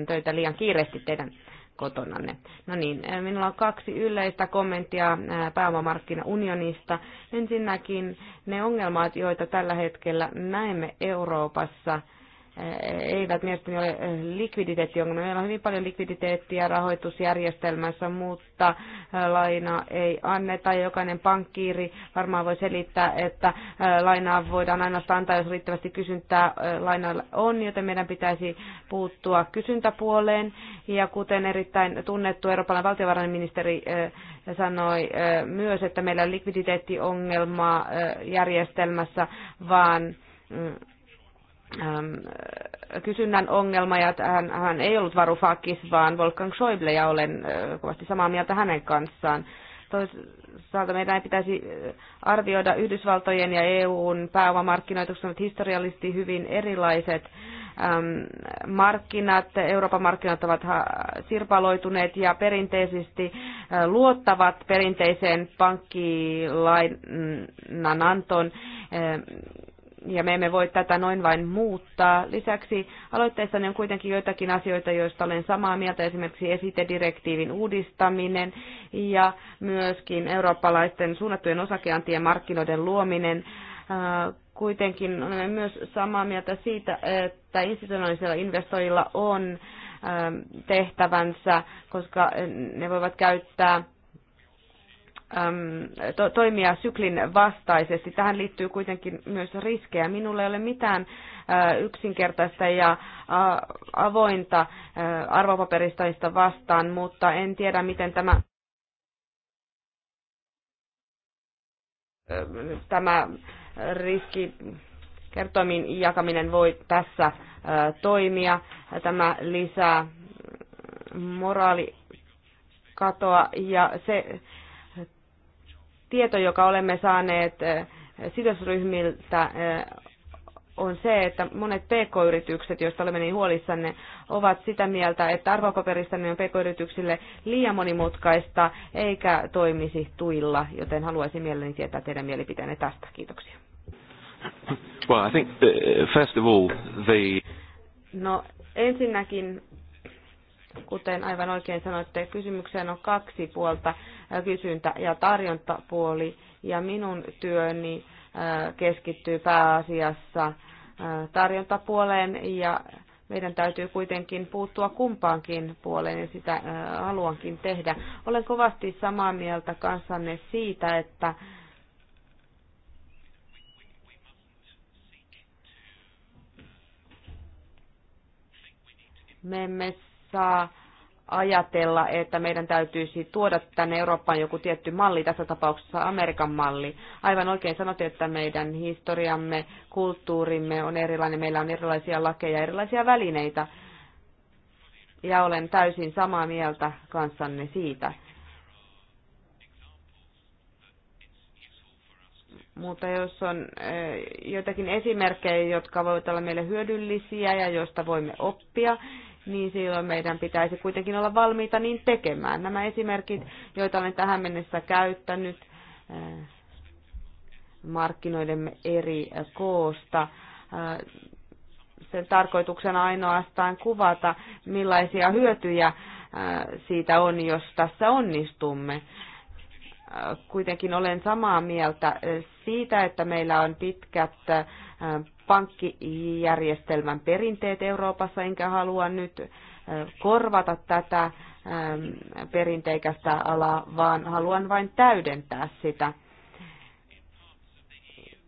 töitä liian kiireesti teidän kotonanne. No niin, minulla on kaksi yleistä kommenttia pääomamarkkinaunionista. Ensinnäkin ne ongelmat, joita tällä hetkellä näemme Euroopassa – eivät mielestäni ole jonka eh, Meillä on hyvin paljon likviditeettiä rahoitusjärjestelmässä, mutta eh, laina ei anneta. Jokainen pankkiiri varmaan voi selittää, että eh, lainaa voidaan ainoastaan antaa, jos riittävästi kysyntää lainalla on, joten meidän pitäisi puuttua kysyntäpuoleen. Ja kuten erittäin tunnettu Euroopan valtiovarainministeri sanoi myös, että meillä on likviditeettiongelmaa järjestelmässä, vaan mm, Äh, kysynnän ongelma, ja hän, hän ei ollut Varufakis, vaan Wolfgang Schäuble, ja olen äh, kovasti samaa mieltä hänen kanssaan. Toisaalta meidän ei pitäisi äh, arvioida Yhdysvaltojen ja EUn pääomamarkkinoita, koska ovat historiallisesti hyvin erilaiset markkinat. Euroopan markkinat ovat sirpaloituneet ja perinteisesti luottavat perinteiseen pankkilainan anton ja me emme voi tätä noin vain muuttaa. Lisäksi aloitteessani on kuitenkin joitakin asioita, joista olen samaa mieltä, esimerkiksi esitedirektiivin uudistaminen ja myöskin eurooppalaisten suunnattujen osakeantien markkinoiden luominen. Äh, kuitenkin olemme myös samaa mieltä siitä, että institutionaalisilla investoijilla on ähm, tehtävänsä, koska ne voivat käyttää to, toimia syklin vastaisesti. Tähän liittyy kuitenkin myös riskejä. Minulla ei ole mitään yksinkertaista ja avointa arvopaperistoista vastaan, mutta en tiedä, miten tämä tämä riski kertoimin jakaminen voi tässä toimia. Tämä lisää moraalikatoa ja se tieto, joka olemme saaneet eh, sidosryhmiltä, eh, on se, että monet pk-yritykset, joista olemme niin huolissanne, ovat sitä mieltä, että arvopaperistaminen on pk-yrityksille liian monimutkaista eikä toimisi tuilla, joten haluaisin mielelläni tietää teidän mielipiteenne tästä. Kiitoksia. Well, I think, eh, first of all, the... No ensinnäkin Kuten aivan oikein sanoitte, kysymykseen on kaksi puolta, kysyntä- ja tarjontapuoli, ja minun työni keskittyy pääasiassa tarjontapuoleen, ja meidän täytyy kuitenkin puuttua kumpaankin puoleen, ja sitä haluankin tehdä. Olen kovasti samaa mieltä kanssanne siitä, että me emme saa ajatella, että meidän täytyisi tuoda tänne Eurooppaan joku tietty malli, tässä tapauksessa Amerikan malli. Aivan oikein sanot, että meidän historiamme, kulttuurimme on erilainen, meillä on erilaisia lakeja, erilaisia välineitä. Ja olen täysin samaa mieltä kanssanne siitä. Mutta jos on eh, joitakin esimerkkejä, jotka voivat olla meille hyödyllisiä ja joista voimme oppia, niin silloin meidän pitäisi kuitenkin olla valmiita niin tekemään. Nämä esimerkit, joita olen tähän mennessä käyttänyt eh, markkinoidemme eri eh, koosta, eh, sen tarkoituksena ainoastaan kuvata, millaisia hyötyjä siitä on, jos tässä onnistumme. Kuitenkin olen samaa mieltä siitä, että meillä on pitkät pankkijärjestelmän perinteet Euroopassa, enkä halua nyt korvata tätä perinteikästä alaa, vaan haluan vain täydentää sitä.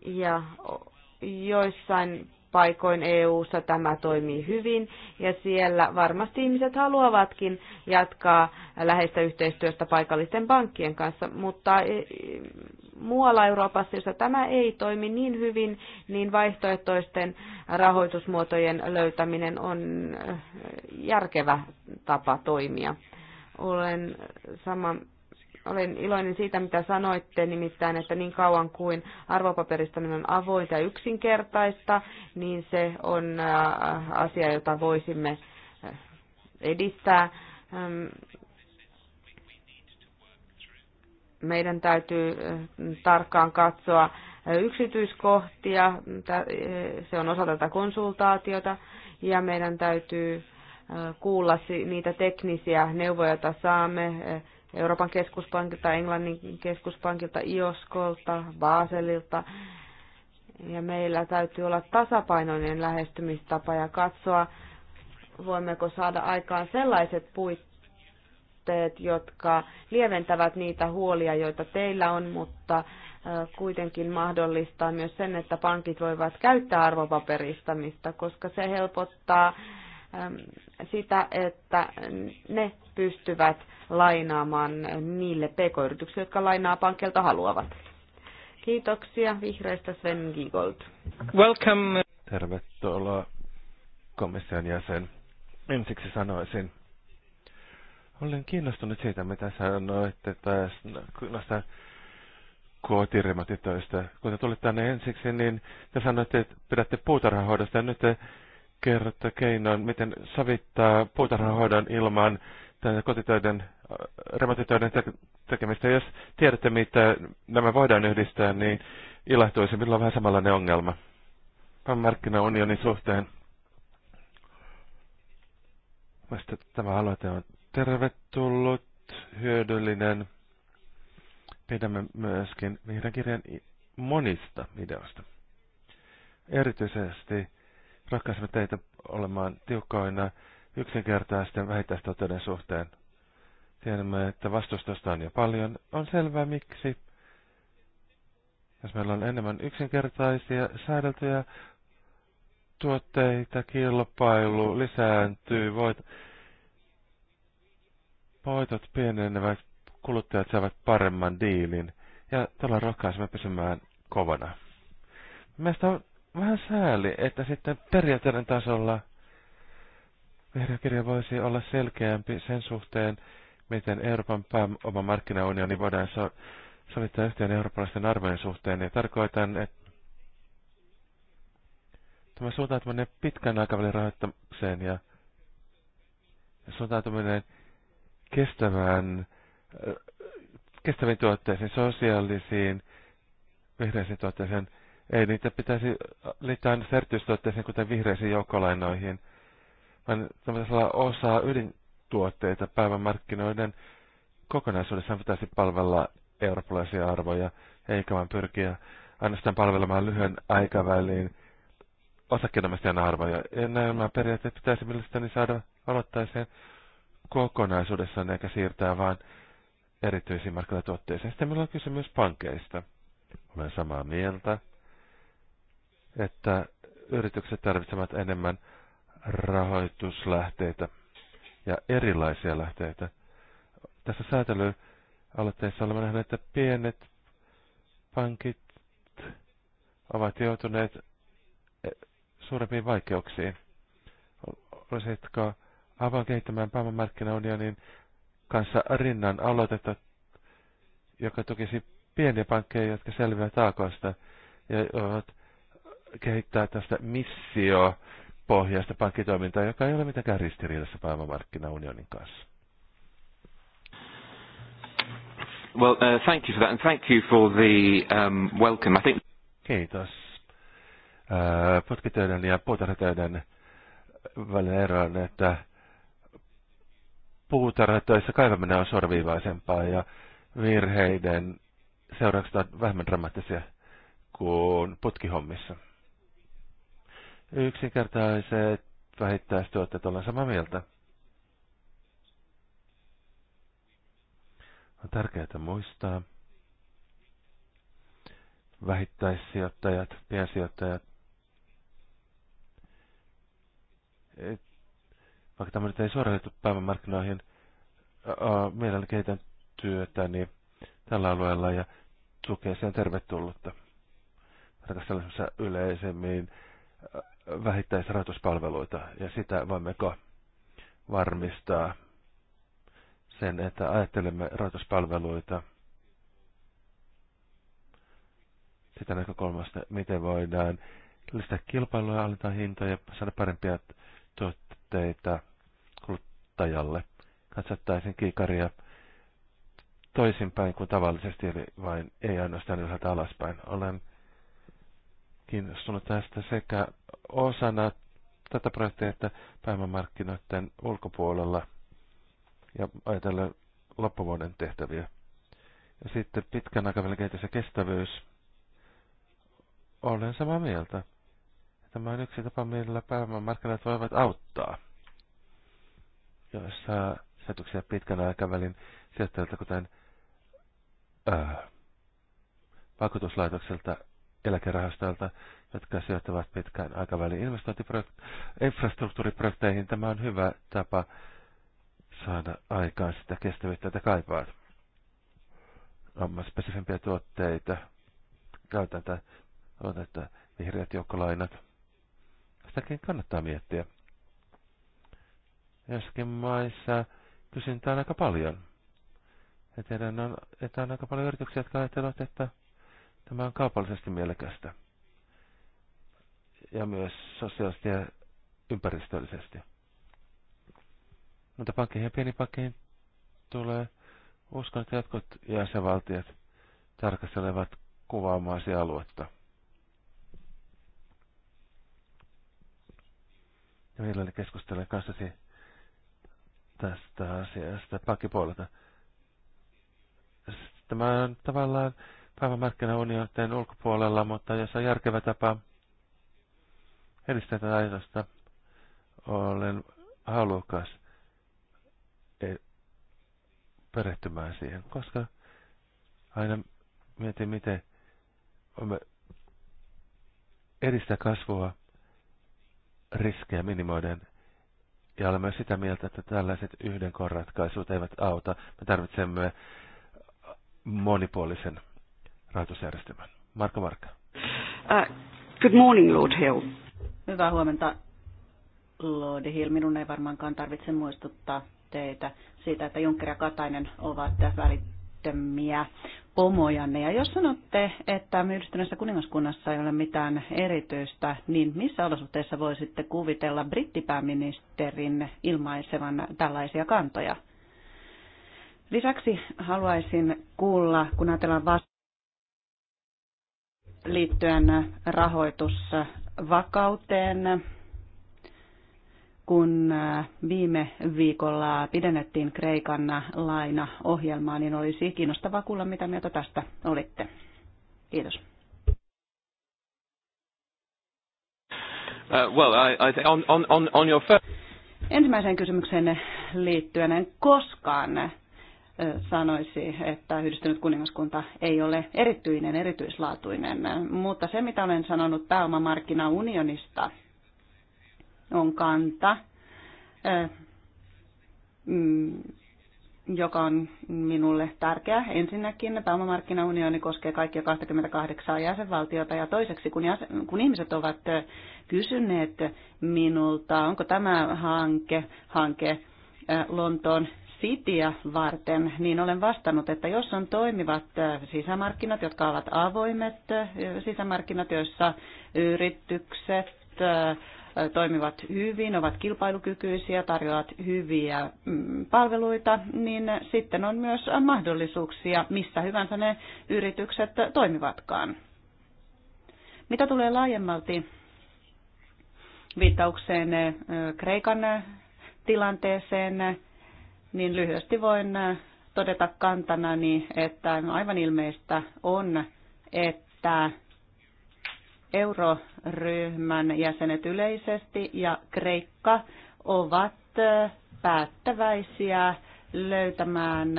Ja joissain paikoin EU-ssa tämä toimii hyvin ja siellä varmasti ihmiset haluavatkin jatkaa läheistä yhteistyöstä paikallisten pankkien kanssa, mutta e, muualla Euroopassa, jossa tämä ei toimi niin hyvin, niin vaihtoehtoisten rahoitusmuotojen löytäminen on e, järkevä tapa toimia. Olen sama. Olen iloinen siitä, mitä sanoitte, nimittäin, että niin kauan kuin arvopaperistaminen on avointa ja yksinkertaista, niin se on äh, asia, jota voisimme äh, edistää. Ähm, meidän täytyy äh, tarkkaan katsoa yksityiskohtia, se on osa tätä konsultaatiota, ja meidän täytyy kuulla niitä teknisiä neuvoja, joita saamme Euroopan keskuspankilta, Englannin keskuspankilta, IOSKolta, Baselilta. Ja meillä täytyy olla tasapainoinen lähestymistapa ja katsoa, voimmeko saada aikaan sellaiset puitteet, jotka lieventävät niitä huolia, joita teillä on, mutta kuitenkin mahdollistaa myös sen, että pankit voivat käyttää arvopaperistamista, koska se helpottaa sitä, että ne pystyvät lainaamaan niille pk-yrityksille, jotka lainaa pankilta haluavat. Kiitoksia vihreistä Sven Giegold. Welcome. Tervetuloa komission jäsen. Ensiksi sanoisin, olen kiinnostunut siitä, mitä sanoitte tästä kootirematitoista. Kun te tulitte tänne ensiksi, niin te sanoitte, että pidätte puutarhahoidosta ja nyt te kerrotte keinoin, miten savittaa puutarhahoidon ilman tämän kotitöiden remontitöiden tekemistä. Jos tiedätte, mitä nämä voidaan yhdistää, niin ilahtuisin. millä on vähän samanlainen ongelma markkinaunionin suhteen. Mästä tämä aloite on tervetullut, hyödyllinen. Pidämme myöskin vihreän kirjan monista videoista. Erityisesti rakkaisemme teitä olemaan tiukkoina yksinkertaisten vähittäistoteiden suhteen. Tiedämme, että vastustusta on jo paljon. On selvää miksi. Jos meillä on enemmän yksinkertaisia säädeltyjä tuotteita, kilpailu lisääntyy, voit, voitot pienenevät, kuluttajat saavat paremman diilin ja tuolla rohkaisemme pysymään kovana. Mielestäni on vähän sääli, että sitten periaatteiden tasolla vihreä kirja voisi olla selkeämpi sen suhteen, miten Euroopan pääoma markkinaunioni voidaan so- sovittaa yhteen eurooppalaisten arvojen suhteen. Ja tarkoitan, että tämä suuntautuminen pitkän aikavälin rahoittamiseen ja, ja suuntautuminen kestävään, kestäviin tuotteisiin, sosiaalisiin, vihreisiin tuotteisiin, ei niitä pitäisi liittää aina erityistuotteisiin, kuten vihreisiin joukkolainoihin, vaan tämä olla osa ydin, tuotteita päivämarkkinoiden kokonaisuudessaan pitäisi palvella eurooppalaisia arvoja, eikä vain pyrkiä ainoastaan palvelemaan lyhyen aikavälin osakkeenomistajan arvoja. Ja nämä periaatteet pitäisi mielestäni saada aloittaiseen kokonaisuudessaan eikä siirtää vain erityisiin markkinatuotteisiin. Sitten meillä on kysymys pankeista. Olen samaa mieltä, että yritykset tarvitsevat enemmän rahoituslähteitä ja erilaisia lähteitä. Tässä säätelyaloitteessa olemme nähneet, että pienet pankit ovat joutuneet eh, suurempiin vaikeuksiin. Olisitko avaan kehittämään pääomamarkkinaunionin kanssa rinnan aloitetta, joka tukisi pieniä pankkeja, jotka selviävät taakoista ja kehittää tästä missio pohjaista pankkitoimintaa, joka ei ole mitenkään ristiriidassa pääomamarkkinaunionin kanssa. Well, uh, thank you for that, and thank you for the um, welcome. I think... Kiitos. Uh, putkitöiden ja puutarhatöiden välinen ero on, että puutarhatöissä kaivaminen on suoraviivaisempaa ja virheiden seuraukset ovat vähemmän dramaattisia kuin putkihommissa yksinkertaiset vähittäistuotteet, olen samaa mieltä. On tärkeää muistaa vähittäissijoittajat, piensijoittajat, et, vaikka tämä nyt ei suoraan liity päivämarkkinoihin, mielelläni kehitän työtä niin tällä alueella ja tukee sen tervetullutta. Tarkastellaan yleisemmin vähittäisrahoituspalveluita ja sitä voimmeko varmistaa sen, että ajattelemme rahoituspalveluita sitä näkökulmasta, miten voidaan lisätä kilpailua, alentaa hintoja, saada parempia tuotteita kuluttajalle. Katsottaisiin kiikaria toisinpäin kuin tavallisesti, eli vain ei ainoastaan ylhäältä alaspäin. Olen kiinnostunut tästä sekä osana tätä projektia että päivämarkkinoiden ulkopuolella ja ajatellen loppuvuoden tehtäviä. Ja sitten pitkän aikavälin kehitys ja kestävyys. Olen samaa mieltä. Tämä on yksi tapa, millä pääomamarkkinat voivat auttaa. Jos saa sijoituksia pitkän aikavälin sijoittajilta, kuten ää, äh, vakuutuslaitokselta eläkerahastoilta, jotka sijoittavat pitkään aikavälin infrastruktuuriprojekteihin. Tämä on hyvä tapa saada aikaan sitä kestävyyttä, jota kaipaat. Amman spesifimpiä tuotteita, käytän on että vihreät joukkolainat. Sitäkin kannattaa miettiä. Joskin maissa kysyntää on aika paljon. Ja tiedän, on, että on aika paljon yrityksiä, jotka ajattelevat, että Tämä on kaupallisesti mielekästä ja myös sosiaalisesti ja ympäristöllisesti. Mutta pankkeihin ja pienipankkeihin tulee uskon, että jotkut jäsenvaltiot tarkastelevat kuvaamaasi aluetta. Ja mielelläni keskustelen kanssasi tästä asiasta pankkipuolelta. Tämä on tavallaan päivämarkkinaunioiden ulkopuolella, mutta jos on järkevä tapa edistää tätä ajatusta, olen halukas e- perehtymään siihen, koska aina mietin, miten me edistää kasvua riskejä minimoiden. Ja myös sitä mieltä, että tällaiset yhden ratkaisut eivät auta. Me tarvitsemme monipuolisen rahoitusjärjestelmän. Marko Marka. Uh, good morning, Lord Hill. Hyvää huomenta, Lord Hill. Minun ei varmaankaan tarvitse muistuttaa teitä siitä, että Juncker ja Katainen ovat välittömiä pomojanne. Ja jos sanotte, että yhdistyneessä kuningaskunnassa ei ole mitään erityistä, niin missä olosuhteissa voisitte kuvitella brittipääministerin ilmaisevan tällaisia kantoja? Lisäksi haluaisin kuulla, kun ajatellaan vasta liittyen rahoitusvakauteen, kun viime viikolla pidennettiin Kreikan lainaohjelmaa, niin olisi kiinnostavaa kuulla, mitä mieltä tästä olitte. Kiitos. Uh, well, I, I, on, on, on your first... Ensimmäiseen kysymykseen liittyen en koskaan sanoisi, että yhdistynyt kuningaskunta ei ole erityinen, erityislaatuinen. Mutta se, mitä olen sanonut pääomamarkkinaunionista, on kanta, mm, joka on minulle tärkeä. Ensinnäkin pääomamarkkinaunioni koskee kaikkia 28 jäsenvaltiota ja toiseksi kun, jäsen, kun ihmiset ovat kysyneet minulta, onko tämä hanke, hanke Lontoon Cityä varten, niin olen vastannut, että jos on toimivat sisämarkkinat, jotka ovat avoimet sisämarkkinat, joissa yritykset toimivat hyvin, ovat kilpailukykyisiä, tarjoavat hyviä mm, palveluita, niin sitten on myös mahdollisuuksia, missä hyvänsä ne yritykset toimivatkaan. Mitä tulee laajemmalti viittaukseen Kreikan tilanteeseen, niin lyhyesti voin äh, todeta kantanani, että aivan ilmeistä on, että euroryhmän jäsenet yleisesti ja Kreikka ovat äh, päättäväisiä löytämään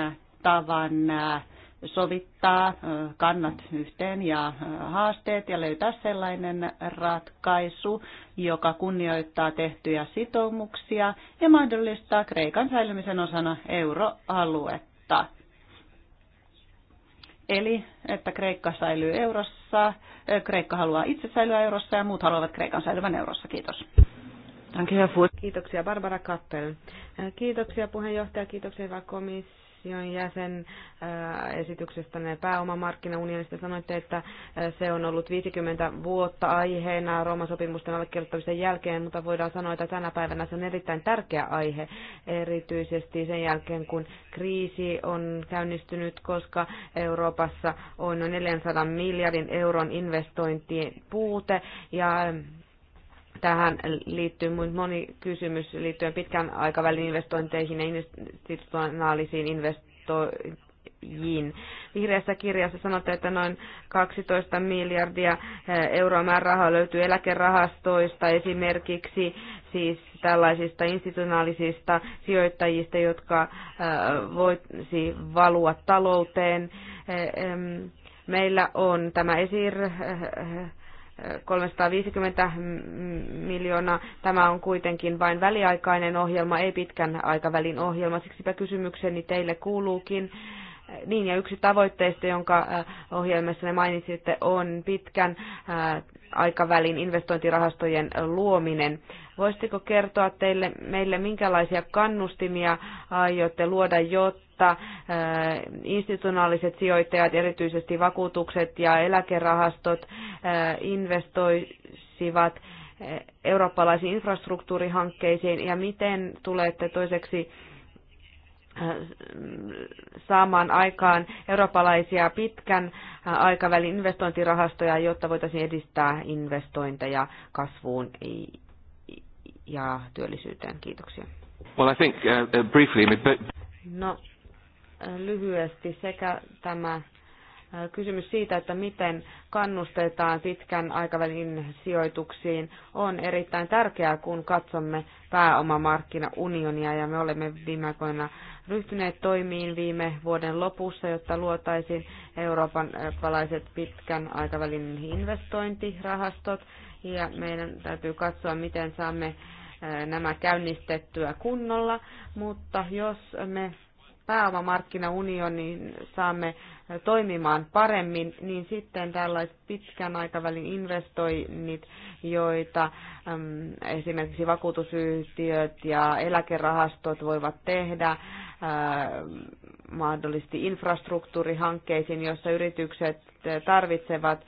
tavan äh, sovittaa kannat yhteen ja haasteet ja löytää sellainen ratkaisu, joka kunnioittaa tehtyjä sitoumuksia ja mahdollistaa Kreikan säilymisen osana euroaluetta. Eli että Kreikka säilyy eurossa, Kreikka haluaa itse säilyä eurossa ja muut haluavat Kreikan säilyvän eurossa. Kiitos. Kiitoksia Barbara Kappel. Kiitoksia puheenjohtaja, kiitoksia hyvä komissio komission jäsen äh, esityksestä pääomamarkkinaunionista. Sanoitte, että äh, se on ollut 50 vuotta aiheena Rooman sopimusten allekirjoittamisen jälkeen, mutta voidaan sanoa, että tänä päivänä se on erittäin tärkeä aihe, erityisesti sen jälkeen, kun kriisi on käynnistynyt, koska Euroopassa on noin 400 miljardin euron investointien puute ja Tähän liittyy moni kysymys liittyen pitkän aikavälin investointeihin ja institutionaalisiin investointiin. Vihreässä kirjassa sanotaan, että noin 12 miljardia eh, euroa määrärahaa löytyy eläkerahastoista esimerkiksi siis tällaisista institutionaalisista sijoittajista, jotka eh, voisi valua talouteen. Eh, meillä on tämä esir 350 miljoonaa. Tämä on kuitenkin vain väliaikainen ohjelma, ei pitkän aikavälin ohjelma. Siksipä kysymykseni teille kuuluukin. Niin, ja yksi tavoitteista, jonka ohjelmassa ne mainitsitte, on pitkän aikavälin investointirahastojen luominen. Voisitteko kertoa teille meille, minkälaisia kannustimia aiotte luoda, jotta mutta institutionaaliset sijoittajat, erityisesti vakuutukset ja eläkerahastot investoisivat eurooppalaisiin infrastruktuurihankkeisiin ja miten tulette toiseksi saamaan aikaan eurooppalaisia pitkän aikavälin investointirahastoja, jotta voitaisiin edistää investointeja kasvuun ja työllisyyteen. Kiitoksia. Well, I think, uh, uh briefly, but... No, lyhyesti sekä tämä kysymys siitä, että miten kannustetaan pitkän aikavälin sijoituksiin, on erittäin tärkeää, kun katsomme pääomamarkkinaunionia ja me olemme viime aikoina ryhtyneet toimiin viime vuoden lopussa, jotta luotaisiin Euroopan palaiset pitkän aikavälin investointirahastot ja meidän täytyy katsoa, miten saamme nämä käynnistettyä kunnolla, mutta jos me pääomamarkkinaunionin saamme toimimaan paremmin, niin sitten tällaiset pitkän aikavälin investoinnit, joita esimerkiksi vakuutusyhtiöt ja eläkerahastot voivat tehdä, mahdollisesti infrastruktuurihankkeisiin, joissa yritykset tarvitsevat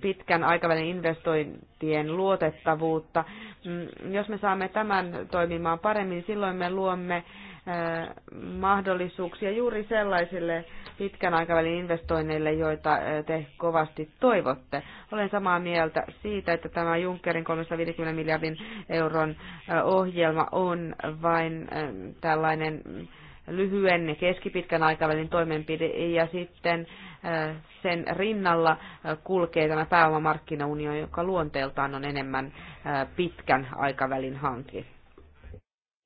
pitkän aikavälin investointien luotettavuutta. Mm, jos me saamme tämän toimimaan paremmin, silloin me luomme mahdollisuuksia juuri sellaisille pitkän aikavälin investoinneille, joita te kovasti toivotte. Olen samaa mieltä siitä, että tämä Junckerin 350 miljardin euron ohjelma on vain tällainen lyhyen ja keskipitkän aikavälin toimenpide ja sitten sen rinnalla kulkee tämä pääomamarkkinaunio, joka luonteeltaan on enemmän pitkän aikavälin hanke.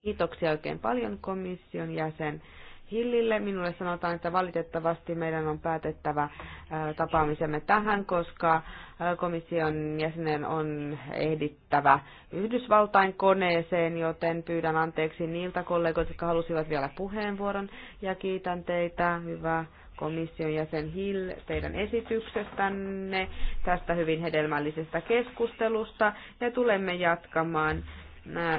Kiitoksia oikein paljon komission jäsen Hillille. Minulle sanotaan, että valitettavasti meidän on päätettävä tapaamisemme tähän, koska komission jäsenen on ehdittävä Yhdysvaltain koneeseen, joten pyydän anteeksi niiltä kollegoilta, jotka halusivat vielä puheenvuoron. Ja kiitän teitä, hyvä komission jäsen Hill teidän esityksestänne, tästä hyvin hedelmällisestä keskustelusta ja tulemme jatkamaan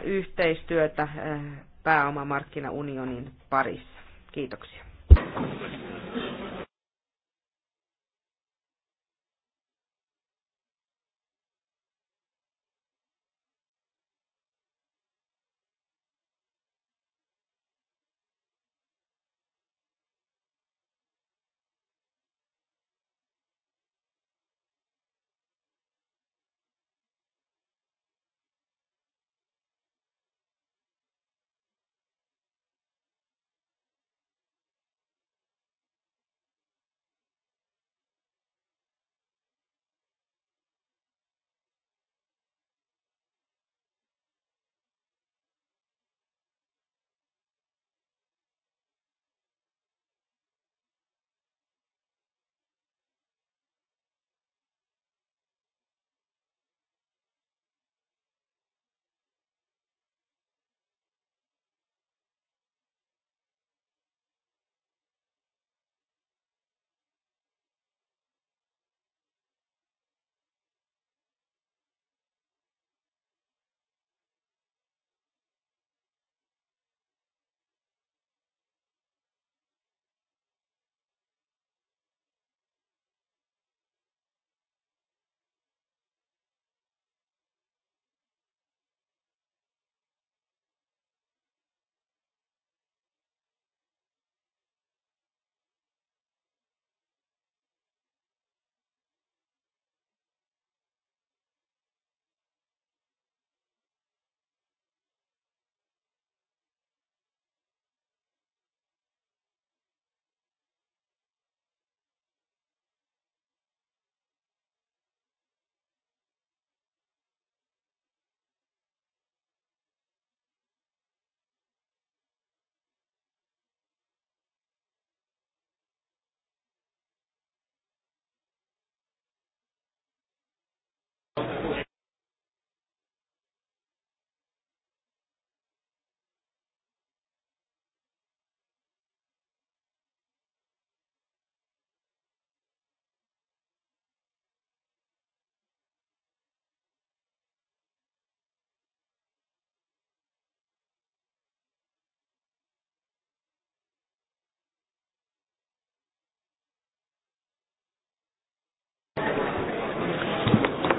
yhteistyötä äh, pääomamarkkinaunionin parissa. Kiitoksia.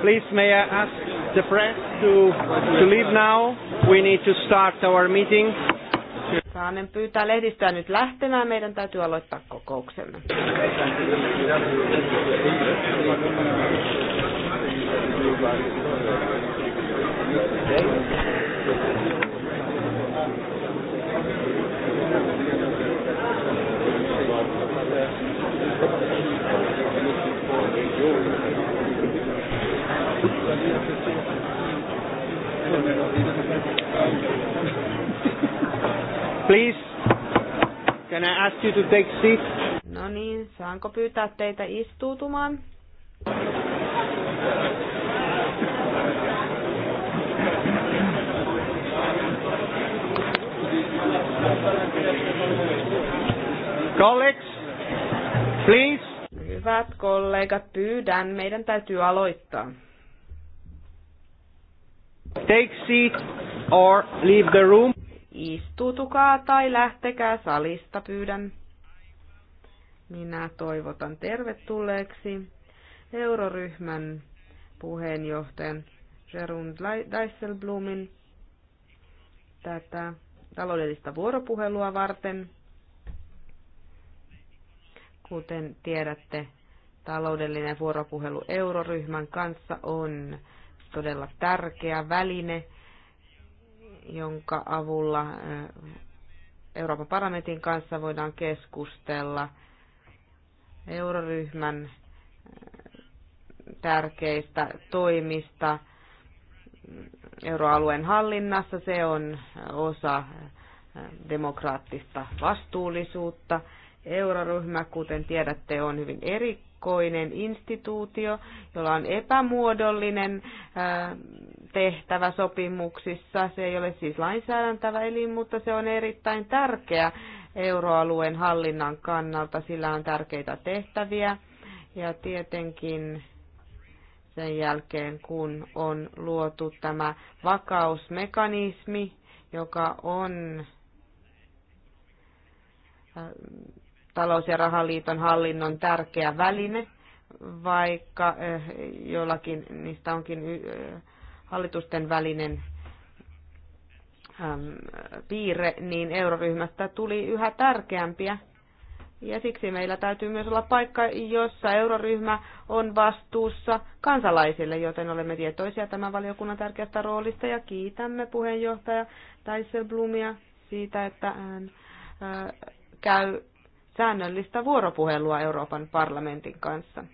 Please may I ask the press to, to leave now? We need to start our meeting. Saanen pyytää lehdistöä nyt lähtemään. Meidän täytyy aloittaa kokouksemme. Thank you. Please, can I ask you to take seat? No niin, saanko pyytää teitä istuutumaan? Colleagues, please. Hyvät kollegat, pyydän, meidän täytyy aloittaa. Take seat or leave the room. Istutukaa tai lähtekää salista, pyydän. Minä toivotan tervetulleeksi euroryhmän puheenjohtajan Jerun Dijsselblumin tätä taloudellista vuoropuhelua varten. Kuten tiedätte, taloudellinen vuoropuhelu euroryhmän kanssa on todella tärkeä väline, jonka avulla Euroopan parlamentin kanssa voidaan keskustella euroryhmän tärkeistä toimista euroalueen hallinnassa. Se on osa demokraattista vastuullisuutta. Euroryhmä, kuten tiedätte, on hyvin eri erikoinen instituutio, jolla on epämuodollinen tehtävä sopimuksissa. Se ei ole siis lainsäädäntävä elin, mutta se on erittäin tärkeä euroalueen hallinnan kannalta. Sillä on tärkeitä tehtäviä ja tietenkin sen jälkeen, kun on luotu tämä vakausmekanismi, joka on talous- ja rahaliiton hallinnon tärkeä väline, vaikka eh, jollakin niistä onkin eh, hallitusten välinen piirre, niin euroryhmästä tuli yhä tärkeämpiä. Ja siksi meillä täytyy myös olla paikka, jossa euroryhmä on vastuussa kansalaisille, joten olemme tietoisia tämän valiokunnan tärkeästä roolista ja kiitämme puheenjohtaja Taisselblumia siitä, että hän käy säännöllistä vuoropuhelua Euroopan parlamentin kanssa.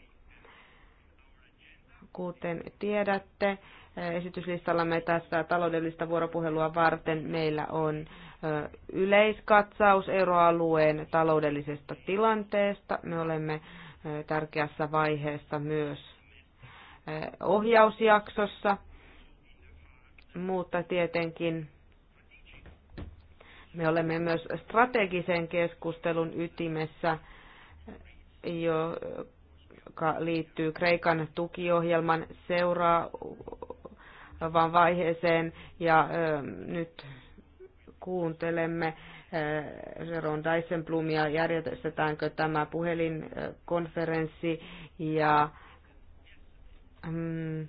Kuten tiedätte, esityslistallamme tässä taloudellista vuoropuhelua varten meillä on yleiskatsaus euroalueen taloudellisesta tilanteesta. Me olemme tärkeässä vaiheessa myös ohjausjaksossa, mutta tietenkin me olemme myös strategisen keskustelun ytimessä, joka liittyy Kreikan tukiohjelman seuraavaan vaiheeseen ja ähm, nyt kuuntelemme äh, Jeron Dysenblumia, järjestetäänkö tämä puhelinkonferenssi ja mm,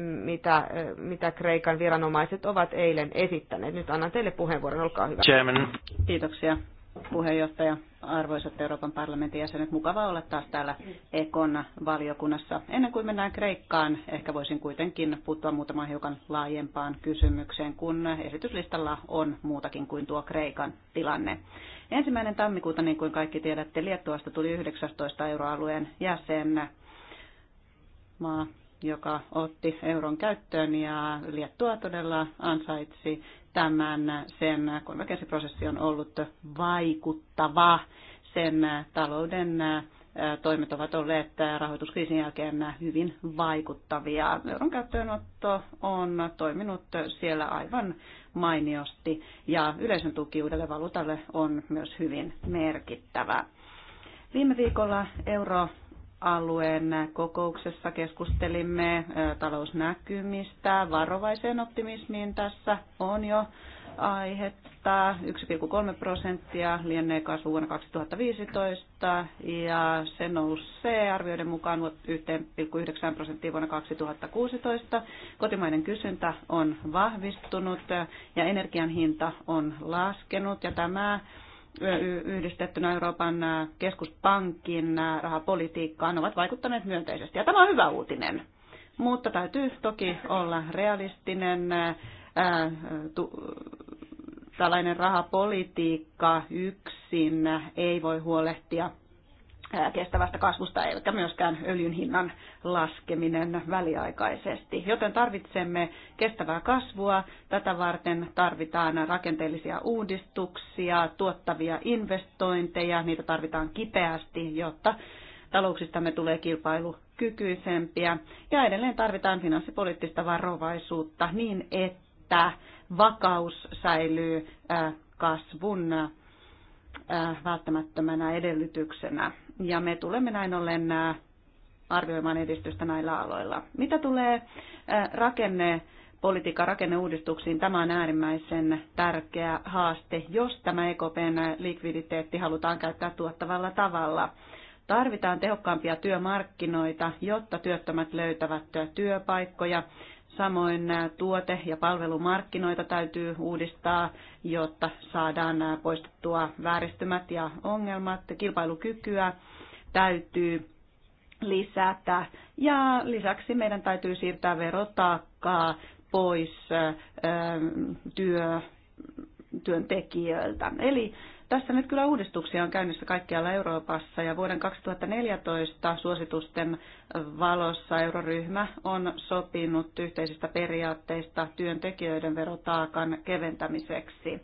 mitä, mitä Kreikan viranomaiset ovat eilen esittäneet. Nyt annan teille puheenvuoron, olkaa hyvä. Chairman. Kiitoksia puheenjohtaja, arvoisat Euroopan parlamentin jäsenet. Mukava olla taas täällä Ekon valiokunnassa. Ennen kuin mennään Kreikkaan, ehkä voisin kuitenkin puuttua muutamaan hiukan laajempaan kysymykseen, kun esityslistalla on muutakin kuin tuo Kreikan tilanne. Ensimmäinen tammikuuta, niin kuin kaikki tiedätte, Liettuasta tuli 19 euroalueen jäsen maa joka otti euron käyttöön ja Liettua todella ansaitsi tämän. Sen konvergenssiprosessi on ollut vaikuttava. Sen talouden toimet ovat olleet rahoituskriisin jälkeen hyvin vaikuttavia. Euron käyttöönotto on toiminut siellä aivan mainiosti ja yleisön tuki uudelle valuutalle on myös hyvin merkittävä. Viime viikolla euro alueen kokouksessa keskustelimme talousnäkymistä. Varovaiseen optimismiin tässä on jo aihetta. 1,3 prosenttia lienee kasvu vuonna 2015 ja se nousee arvioiden mukaan 1,9 prosenttia vuonna 2016. Kotimainen kysyntä on vahvistunut ja energian hinta on laskenut ja tämä yhdistettynä Euroopan keskuspankin rahapolitiikkaan ovat vaikuttaneet myönteisesti. Ja tämä on hyvä uutinen, mutta täytyy toki olla realistinen. Tällainen rahapolitiikka yksin ei voi huolehtia kestävästä kasvusta eikä myöskään öljyn hinnan laskeminen väliaikaisesti. Joten tarvitsemme kestävää kasvua. Tätä varten tarvitaan rakenteellisia uudistuksia, tuottavia investointeja. Niitä tarvitaan kipeästi, jotta talouksistamme tulee kilpailukykyisempiä. Ja edelleen tarvitaan finanssipoliittista varovaisuutta niin, että vakaus säilyy kasvun välttämättömänä edellytyksenä ja me tulemme näin ollen arvioimaan edistystä näillä aloilla. Mitä tulee rakenne politiikan rakenneuudistuksiin tämä on äärimmäisen tärkeä haaste, jos tämä EKPn likviditeetti halutaan käyttää tuottavalla tavalla. Tarvitaan tehokkaampia työmarkkinoita, jotta työttömät löytävät työpaikkoja. Samoin tuote- ja palvelumarkkinoita täytyy uudistaa, jotta saadaan poistettua vääristymät ja ongelmat, kilpailukykyä täytyy lisätä. Ja lisäksi meidän täytyy siirtää verotaakkaa pois työ, työntekijöiltä. Eli tässä nyt kyllä uudistuksia on käynnissä kaikkialla Euroopassa ja vuoden 2014 suositusten valossa euroryhmä on sopinut yhteisistä periaatteista työntekijöiden verotaakan keventämiseksi.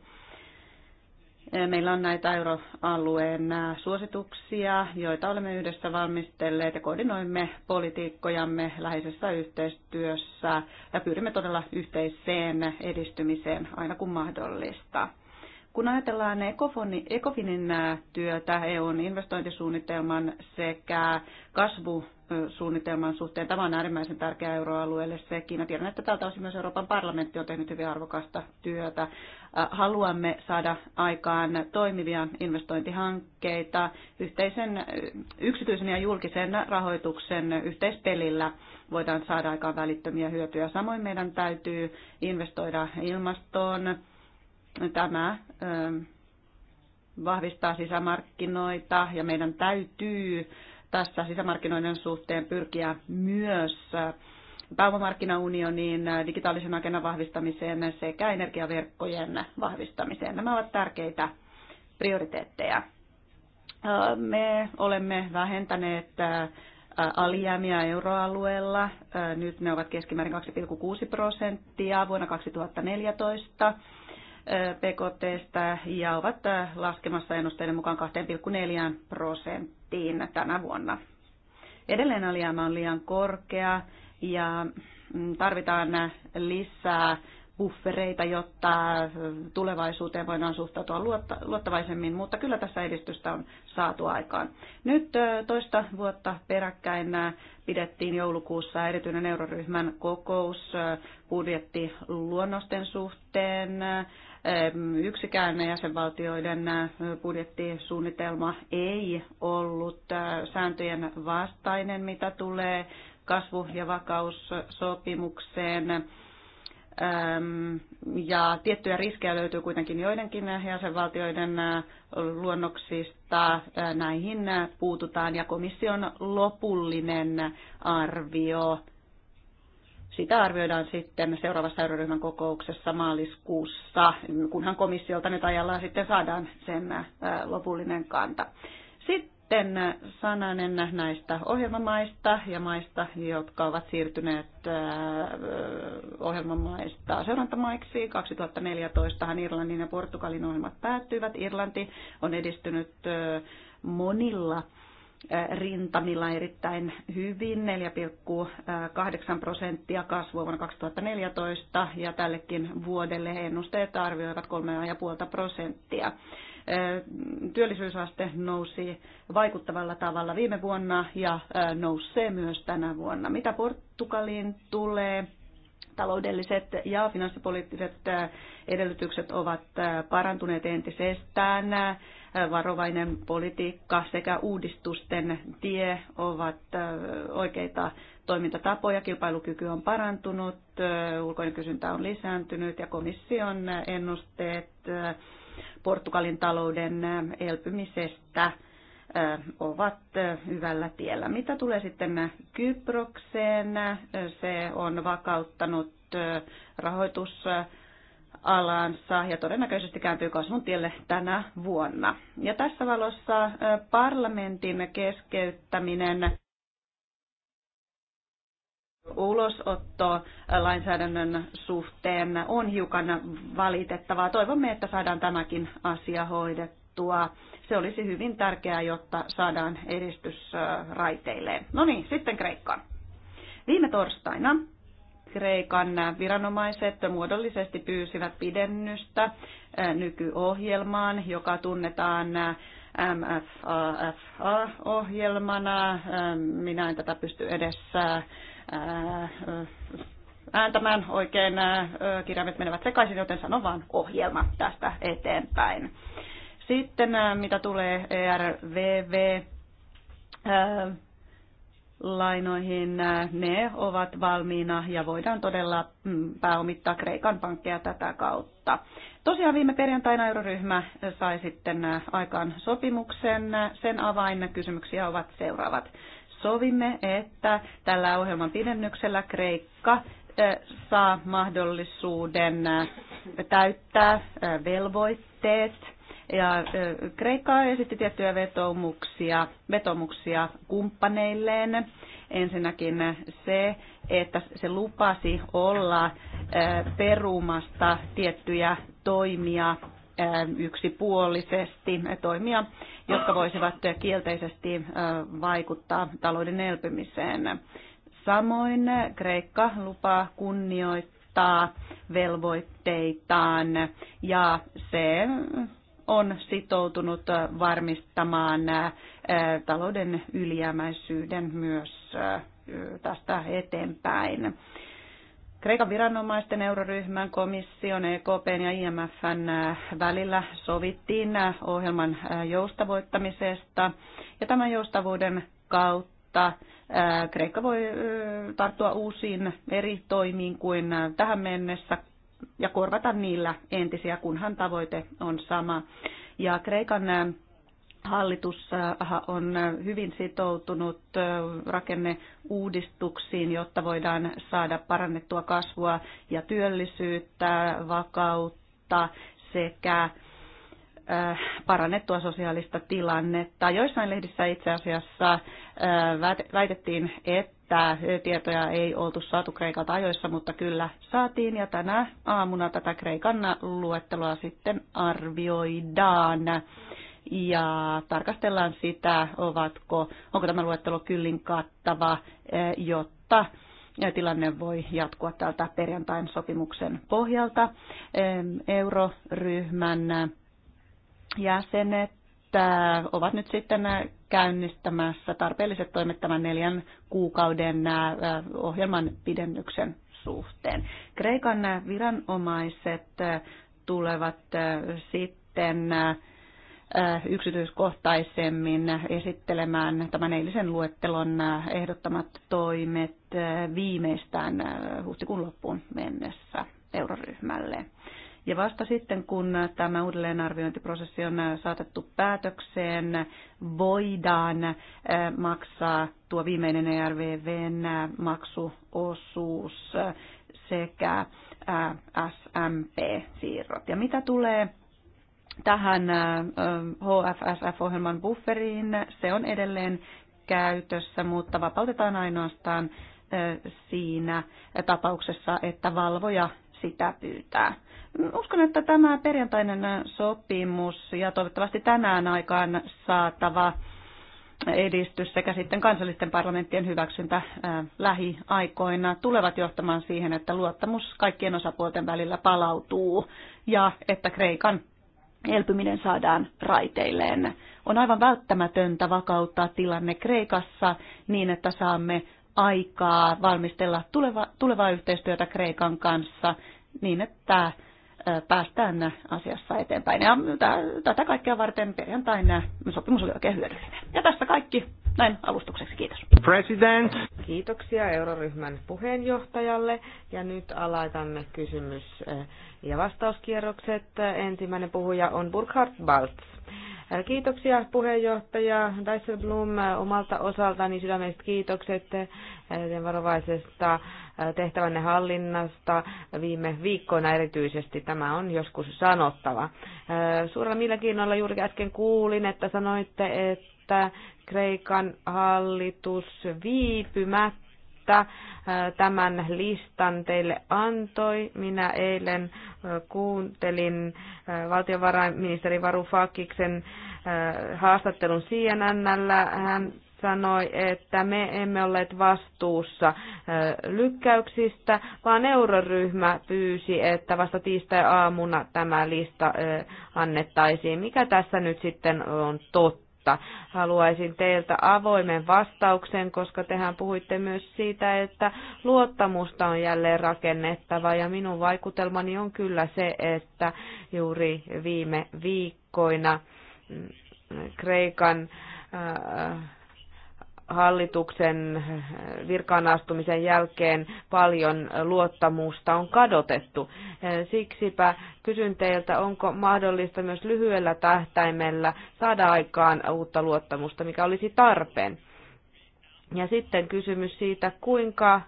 Meillä on näitä euroalueen suosituksia, joita olemme yhdessä valmistelleet ja koordinoimme politiikkojamme läheisessä yhteistyössä ja pyrimme todella yhteiseen edistymiseen aina kun mahdollista. Kun ajatellaan Ecofinin työtä EUn investointisuunnitelman sekä kasvusuunnitelman suhteen, tämä on äärimmäisen tärkeä euroalueelle sekin. Tiedän, että tältä osin myös Euroopan parlamentti on tehnyt hyvin arvokasta työtä. Haluamme saada aikaan toimivia investointihankkeita yhteisen, yksityisen ja julkisen rahoituksen yhteispelillä voidaan saada aikaan välittömiä hyötyjä. Samoin meidän täytyy investoida ilmastoon, Tämä ähm, vahvistaa sisämarkkinoita ja meidän täytyy tässä sisämarkkinoiden suhteen pyrkiä myös äh, pääomamarkkinaunioniin, äh, digitaalisen agendan vahvistamiseen sekä energiaverkkojen vahvistamiseen. Nämä ovat tärkeitä prioriteetteja. Äh, me olemme vähentäneet alijäämiä euroalueella. Nyt ne ovat keskimäärin 2,6 prosenttia vuonna 2014. PKT ja ovat laskemassa ennusteiden mukaan 2,4 prosenttiin tänä vuonna. Edelleen alijäämä on liian korkea ja mm, tarvitaan lisää buffereita, jotta tulevaisuuteen voidaan suhtautua luottavaisemmin, mutta kyllä tässä edistystä on saatu aikaan. Nyt toista vuotta peräkkäin pidettiin joulukuussa erityinen euroryhmän kokous budjettiluonnosten suhteen yksikään jäsenvaltioiden budjettisuunnitelma ei ollut sääntöjen vastainen, mitä tulee kasvu- ja vakaussopimukseen. Ja tiettyjä riskejä löytyy kuitenkin joidenkin jäsenvaltioiden luonnoksista. Näihin puututaan ja komission lopullinen arvio sitä arvioidaan sitten seuraavassa euroryhmän kokouksessa maaliskuussa, kunhan komissiolta nyt ajallaan sitten saadaan sen äh, lopullinen kanta. Sitten sananen näistä ohjelmamaista ja maista, jotka ovat siirtyneet äh, ohjelmamaista seurantamaiksi. 2014han Irlannin ja Portugalin ohjelmat päättyivät. Irlanti on edistynyt äh, monilla rintamilla erittäin hyvin, 4,8 prosenttia kasvua vuonna 2014 ja tällekin vuodelle ennusteet arvioivat 3,5 prosenttia. Työllisyysaste nousi vaikuttavalla tavalla viime vuonna ja nousee myös tänä vuonna. Mitä Portugaliin tulee, taloudelliset ja finanssipoliittiset edellytykset ovat parantuneet entisestään varovainen politiikka sekä uudistusten tie ovat oikeita toimintatapoja. Kilpailukyky on parantunut, ulkoinen kysyntä on lisääntynyt ja komission ennusteet Portugalin talouden elpymisestä ovat hyvällä tiellä. Mitä tulee sitten Kyprokseen, se on vakauttanut rahoitus alansa ja todennäköisesti kääntyy kasvun tielle tänä vuonna. Ja tässä valossa parlamentin keskeyttäminen ulosotto lainsäädännön suhteen on hiukan valitettavaa. Toivomme, että saadaan tämäkin asia hoidettua. Se olisi hyvin tärkeää, jotta saadaan edistys raiteilleen. No niin, sitten Kreikkaan. Viime torstaina Kreikan viranomaiset muodollisesti pyysivät pidennystä nykyohjelmaan, joka tunnetaan MFA-ohjelmana. Minä en tätä pysty edes ääntämään oikein. Kirjaimet menevät sekaisin, joten sanon vain ohjelma tästä eteenpäin. Sitten mitä tulee ERVV lainoihin, ne ovat valmiina ja voidaan todella mm, pääomittaa Kreikan pankkeja tätä kautta. Tosiaan viime perjantaina euroryhmä sai sitten äh, aikaan sopimuksen. Sen kysymyksiä ovat seuraavat. Sovimme, että tällä ohjelman pidennyksellä Kreikka äh, saa mahdollisuuden äh, täyttää velvoitteet – ja Kreikka esitti tiettyjä vetomuksia, vetomuksia kumppaneilleen. Ensinnäkin se, että se lupasi olla perumasta tiettyjä toimia yksipuolisesti toimia, jotka voisivat kielteisesti vaikuttaa talouden elpymiseen. Samoin Kreikka lupaa kunnioittaa velvoitteitaan ja se on sitoutunut varmistamaan talouden ylijäämäisyyden myös tästä eteenpäin. Kreikan viranomaisten euroryhmän, komission, EKPn ja IMFn välillä sovittiin ohjelman joustavoittamisesta. Ja tämän joustavuuden kautta Kreikka voi tarttua uusiin eri toimiin kuin tähän mennessä ja korvata niillä entisiä, kunhan tavoite on sama. Ja Kreikan hallitus on hyvin sitoutunut rakenneuudistuksiin, jotta voidaan saada parannettua kasvua ja työllisyyttä, vakautta sekä Äh, parannettua sosiaalista tilannetta. Joissain lehdissä itse asiassa äh, väitettiin, että tietoja ei oltu saatu Kreikalta ajoissa, mutta kyllä saatiin ja tänä aamuna tätä Kreikan luettelua sitten arvioidaan ja tarkastellaan sitä, ovatko, onko tämä luettelo kyllin kattava, äh, jotta tilanne voi jatkua tältä perjantain sopimuksen pohjalta. Euroryhmän jäsenet äh, ovat nyt sitten äh, käynnistämässä tarpeelliset toimet tämän neljän kuukauden äh, ohjelman pidennyksen suhteen. Kreikan viranomaiset tulevat sitten yksityiskohtaisemmin esittelemään tämän eilisen luettelon ehdottamat toimet viimeistään huhtikuun loppuun mennessä euroryhmälle. Ja vasta sitten, kun tämä uudelleenarviointiprosessi on äh, saatettu päätökseen, voidaan äh, maksaa tuo viimeinen ERVVn äh, maksuosuus sekä SMP-siirrot. Ja mitä tulee tähän HFSF-ohjelman bufferiin, se on edelleen käytössä, mutta vapautetaan ainoastaan siinä tapauksessa, että valvoja sitä pyytää. Uskon, että tämä perjantainen sopimus ja toivottavasti tänään aikaan saatava edistys sekä sitten kansallisten parlamenttien hyväksyntä lähiaikoina tulevat johtamaan siihen, että luottamus kaikkien osapuolten välillä palautuu ja että Kreikan elpyminen saadaan raiteilleen. On aivan välttämätöntä vakauttaa tilanne Kreikassa niin, että saamme aikaa valmistella tuleva, tulevaa yhteistyötä Kreikan kanssa niin, että päästään asiassa eteenpäin. Ja tätä kaikkea varten perjantaina sopimus oli oikein hyödyllinen. Ja tässä kaikki näin alustukseksi. Kiitos. President. Kiitoksia euroryhmän puheenjohtajalle. Ja nyt aloitamme kysymys- ja vastauskierrokset. Ensimmäinen puhuja on Burkhard Baltz. Kiitoksia puheenjohtaja Dijsselblom omalta osaltani sydämelliset kiitokset sen varovaisesta tehtävänne hallinnasta viime viikkoina erityisesti. Tämä on joskus sanottava. Suurella mielenkiinnolla juuri äsken kuulin, että sanoitte, että Kreikan hallitus viipymättä että äh, tämän listan teille antoi. Minä eilen äh, kuuntelin äh, valtiovarainministeri Varufakiksen haastattelun CNNllä. Hän sanoi, että me emme olleet vastuussa lykkäyksistä, vaan euroryhmä pyysi, että vasta tiistai-aamuna tämä lista annettaisiin. Mikä tässä nyt sitten on totta? mutta Haluaisin teiltä avoimen vastauksen, koska tehän puhuitte myös siitä, että luottamusta on jälleen rakennettava ja minun vaikutelmani on kyllä se, että juuri viime viikkoina mm, Kreikan äh, äh hallituksen virkaan astumisen jälkeen paljon luottamusta on kadotettu. Siksipä kysyn teiltä, onko mahdollista myös lyhyellä tähtäimellä saada aikaan uutta luottamusta, mikä olisi tarpeen. Ja sitten kysymys siitä, kuinka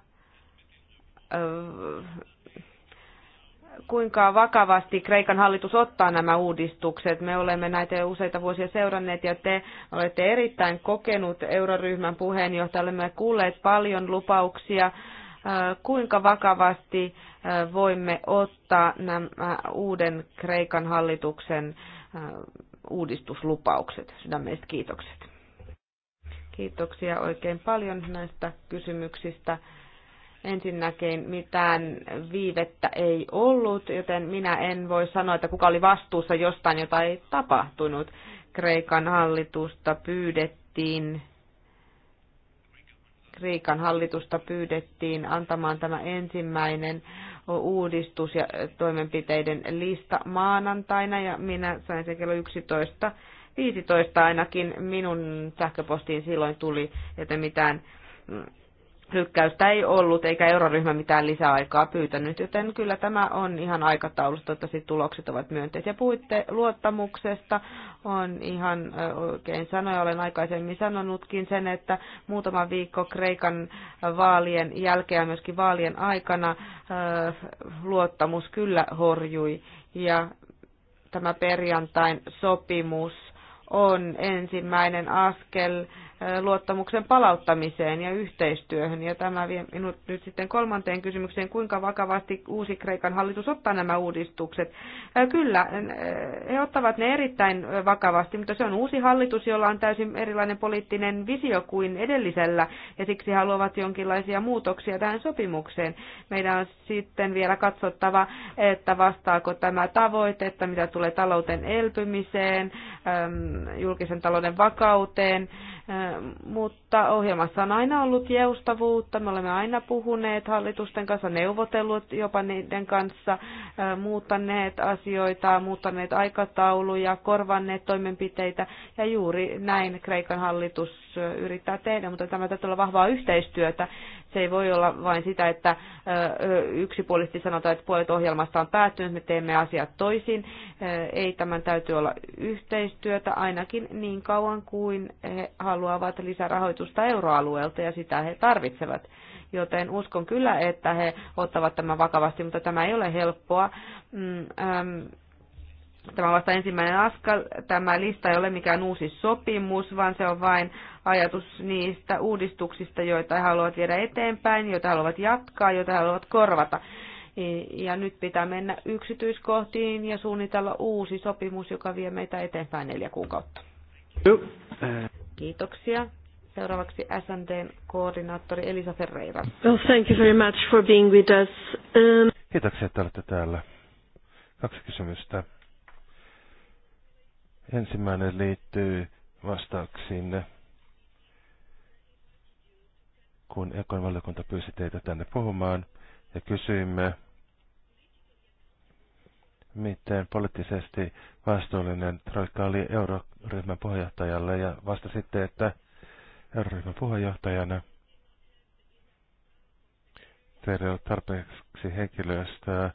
kuinka vakavasti Kreikan hallitus ottaa nämä uudistukset. Me olemme näitä jo useita vuosia seuranneet ja te olette erittäin kokenut euroryhmän puheenjohtaja. Olemme kuulleet paljon lupauksia. Äh, kuinka vakavasti äh, voimme ottaa nämä uuden Kreikan hallituksen äh, uudistuslupaukset? Sydämeistä kiitokset. Kiitoksia oikein paljon näistä kysymyksistä. Ensinnäkin mitään viivettä ei ollut, joten minä en voi sanoa, että kuka oli vastuussa jostain, jota ei tapahtunut. Kreikan hallitusta pyydettiin Kreikan hallitusta pyydettiin antamaan tämä ensimmäinen uudistus- ja toimenpiteiden lista maanantaina ja minä sain sen kello 11. 15 ainakin minun sähköpostiin silloin tuli, että mitään mm, hylkkäystä ei ollut, eikä euroryhmä mitään lisäaikaa pyytänyt, joten kyllä tämä on ihan aikataulusta, että tulokset ovat myönteisiä. Puhuitte luottamuksesta, on ihan oikein sanoja, olen aikaisemmin sanonutkin sen, että muutama viikko Kreikan vaalien jälkeen ja myöskin vaalien aikana luottamus kyllä horjui, ja tämä perjantain sopimus on ensimmäinen askel luottamuksen palauttamiseen ja yhteistyöhön. Ja tämä vie minut nyt sitten kolmanteen kysymykseen, kuinka vakavasti uusi Kreikan hallitus ottaa nämä uudistukset. Kyllä, he ottavat ne erittäin vakavasti, mutta se on uusi hallitus, jolla on täysin erilainen poliittinen visio kuin edellisellä, ja siksi haluavat jonkinlaisia muutoksia tähän sopimukseen. Meidän on sitten vielä katsottava, että vastaako tämä että mitä tulee talouden elpymiseen, julkisen talouden vakauteen, mutta ohjelmassa on aina ollut joustavuutta. Me olemme aina puhuneet hallitusten kanssa, neuvotellut jopa niiden kanssa, muuttaneet asioita, muuttaneet aikatauluja, korvanneet toimenpiteitä. Ja juuri näin Kreikan hallitus yrittää tehdä, mutta tämä täytyy olla vahvaa yhteistyötä. Se ei voi olla vain sitä, että yksipuolisesti sanotaan, että puolet ohjelmasta on päättynyt, me teemme asiat toisin. Ei tämän täytyy olla yhteistyötä ainakin niin kauan kuin he haluavat lisärahoitusta euroalueelta ja sitä he tarvitsevat joten uskon kyllä, että he ottavat tämän vakavasti, mutta tämä ei ole helppoa. Mm, Tämä on vasta ensimmäinen askel. Tämä lista ei ole mikään uusi sopimus, vaan se on vain ajatus niistä uudistuksista, joita he haluavat viedä eteenpäin, joita he haluavat jatkaa, joita he haluavat korvata. Ja nyt pitää mennä yksityiskohtiin ja suunnitella uusi sopimus, joka vie meitä eteenpäin neljä kuukautta. Kiitoksia. Seuraavaksi SNDn koordinaattori Elisa Ferreira. Well, thank you very much for being with us. Um... Kiitoksia, että olette täällä. Kaksi kysymystä. Ensimmäinen liittyy vastauksiinne, kun Ekon valiokunta pyysi teitä tänne puhumaan ja kysyimme, miten poliittisesti vastuullinen Troikka oli euroryhmän puheenjohtajalle ja vastasitte, että euroryhmän puheenjohtajana teillä ei ole tarpeeksi henkilöstöä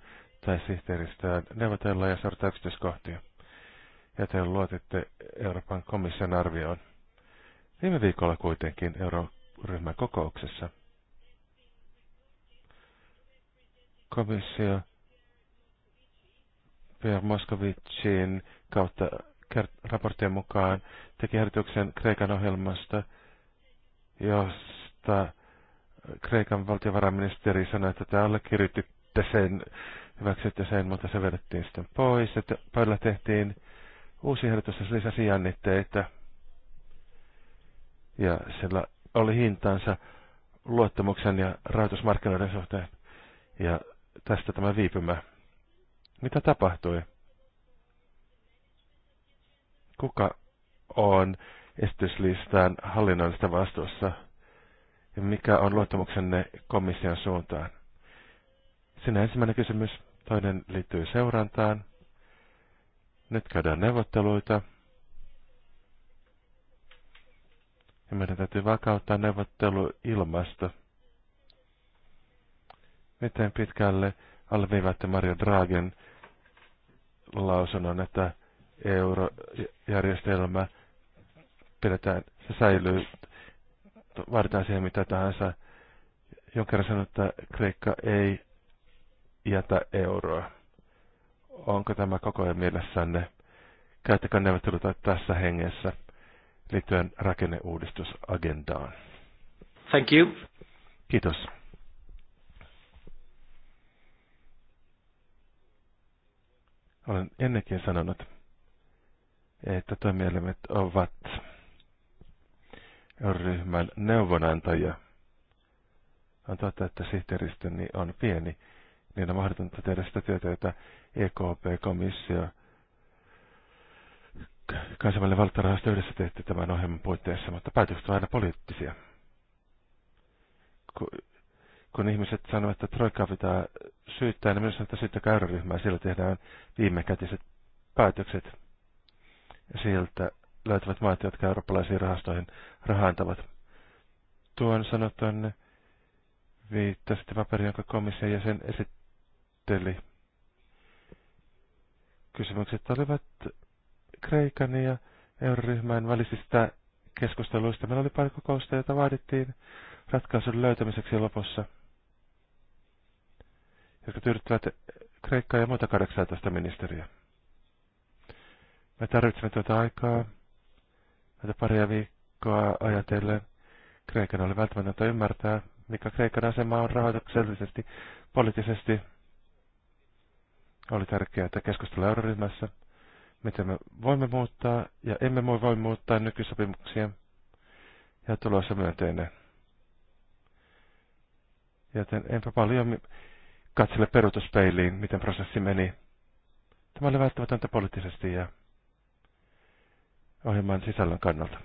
tai sihteeristöä neuvotella ja sortaa yksityiskohtia ja te luotitte Euroopan komission arvioon. Viime viikolla kuitenkin euroryhmän kokouksessa komissio Pierre Moskovicin kautta raporttien mukaan teki ehdotuksen Kreikan ohjelmasta, josta Kreikan valtiovarainministeri sanoi, että te allekirjoititte sen, hyväksytte sen, mutta se vedettiin sitten pois. Että pöydällä tehtiin Uusi ehdotus lisäsi jännitteitä ja sillä oli hintansa luottamuksen ja rahoitusmarkkinoiden suhteen. Ja tästä tämä viipymä. Mitä tapahtui? Kuka on esityslistaan hallinnollista vastuussa? Ja mikä on luottamuksenne komission suuntaan? Sinä ensimmäinen kysymys, toinen liittyy seurantaan. Nyt käydään neuvotteluita. Ja meidän täytyy vakauttaa neuvotteluilmasto. Miten pitkälle alviivaatte Mario Dragen lausunnon, että eurojärjestelmä pidetään, se säilyy, vaaditaan siihen mitä tahansa. Jonkun kerran sanoi, että Kreikka ei jätä euroa. Onko tämä koko ajan mielessänne? Käyttäkö neuvotteluita tässä hengessä liittyen rakenneuudistusagendaan. Thank you. Kiitos. Olen ennenkin sanonut, että toimielimet ovat ryhmän neuvonantajia. On totta, että sihteeristöni on pieni, niin on mahdotonta tehdä sitä työtä, jota EKP-komissio kansainvälinen valtarahasto yhdessä tehty tämän ohjelman puitteissa, mutta päätökset ovat aina poliittisia. Kun, kun ihmiset sanovat, että troika pitää syyttää, niin myös että syyttä käyräryhmää, sillä tehdään viimekätiset päätökset. Ja sieltä löytävät maat, jotka eurooppalaisiin rahastoihin rahantavat. Tuon sanoton viittasitte paperi, jonka komission jäsen esitti käsitteli. Kysymykset olivat Kreikan ja euroryhmän välisistä keskusteluista. Meillä oli pari kokousta, joita vaadittiin ratkaisun löytämiseksi lopussa, jotka tyydyttävät Kreikkaa ja muuta 18 ministeriä. Me tarvitsemme tuota aikaa, näitä paria viikkoa ajatellen. Kreikan oli välttämätöntä ymmärtää, mikä Kreikan asema on rahoituksellisesti, poliittisesti oli tärkeää, että keskustella euroryhmässä, miten me voimme muuttaa ja emme voi muuttaa nykysopimuksia ja tulossa myönteinen. Joten enpä paljon katsele peruutuspeiliin, miten prosessi meni. Tämä oli välttämätöntä poliittisesti ja ohjelman sisällön kannalta.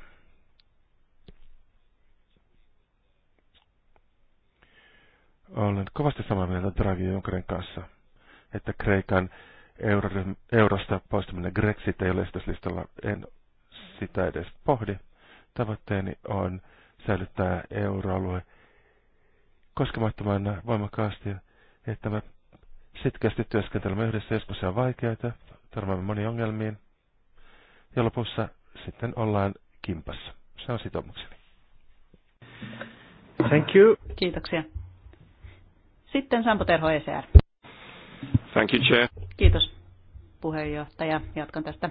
Olen kovasti samaa mieltä Draghi Junckerin kanssa että Kreikan eurosta poistuminen Grexit ei ole esityslistalla. En sitä edes pohdi. Tavoitteeni on säilyttää euroalue koskemattomana voimakkaasti, että me sitkeästi työskentelemme yhdessä. Joskus se on vaikeaa, törmäämme moniin ongelmiin. Ja lopussa sitten ollaan kimpassa. Se on sitoumukseni. Thank you. Kiitoksia. Sitten Sampo Terho ECR. Thank you, Chair. Kiitos puheenjohtaja. Jatkan tästä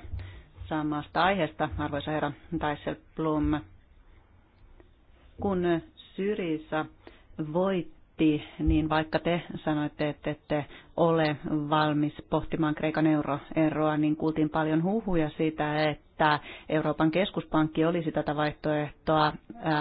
samasta aiheesta, arvoisa herra Dijsselblom. Kun Syriissa voit miettii, niin vaikka te sanoitte, että ette ole valmis pohtimaan Kreikan euroeroa, niin kuultiin paljon huhuja siitä, että Euroopan keskuspankki olisi tätä vaihtoehtoa äh,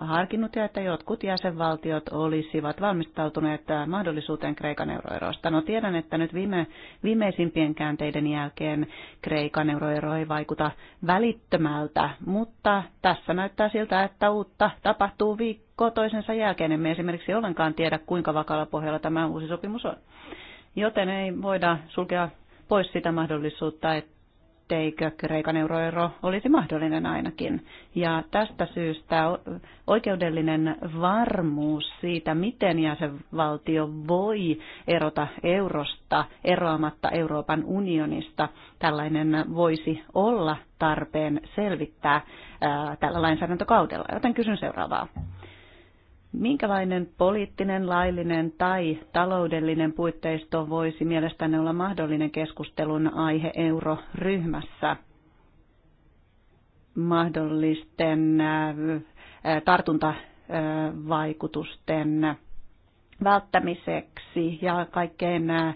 harkinnut ja että jotkut jäsenvaltiot olisivat valmistautuneet äh, mahdollisuuteen Kreikan euroerosta. No tiedän, että nyt viime, viimeisimpien käänteiden jälkeen Kreikan euroero ei vaikuta välittömältä, mutta tässä näyttää siltä, että uutta tapahtuu viikko viikko toisensa jälkeen. Emme esimerkiksi ollenkaan tiedä, kuinka vakalla pohjalla tämä uusi sopimus on. Joten ei voida sulkea pois sitä mahdollisuutta, etteikö Kreikan euroero olisi mahdollinen ainakin. Ja tästä syystä oikeudellinen varmuus siitä, miten jäsenvaltio voi erota eurosta eroamatta Euroopan unionista, tällainen voisi olla tarpeen selvittää tällä lainsäädäntökaudella. Joten kysyn seuraavaa. Minkälainen poliittinen, laillinen tai taloudellinen puitteisto voisi mielestäni olla mahdollinen keskustelun aihe euroryhmässä? Mahdollisten äh, tartuntavaikutusten välttämiseksi ja kaikkein, äh,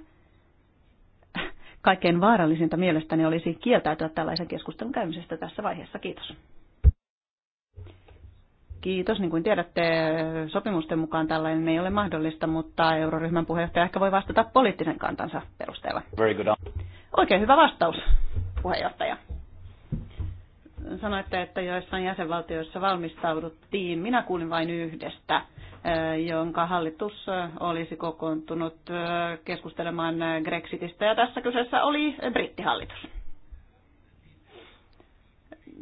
kaikkein vaarallisinta mielestäni olisi kieltäytyä tällaisen keskustelun käymisestä tässä vaiheessa. Kiitos. Kiitos. Niin kuin tiedätte, sopimusten mukaan tällainen ei ole mahdollista, mutta euroryhmän puheenjohtaja ehkä voi vastata poliittisen kantansa perusteella. Very good. Oikein hyvä vastaus, puheenjohtaja. Sanoitte, että joissain jäsenvaltioissa valmistauduttiin. Minä kuulin vain yhdestä, eh, jonka hallitus eh, olisi kokoontunut eh, keskustelemaan Grexitistä, ja tässä kyseessä oli brittihallitus.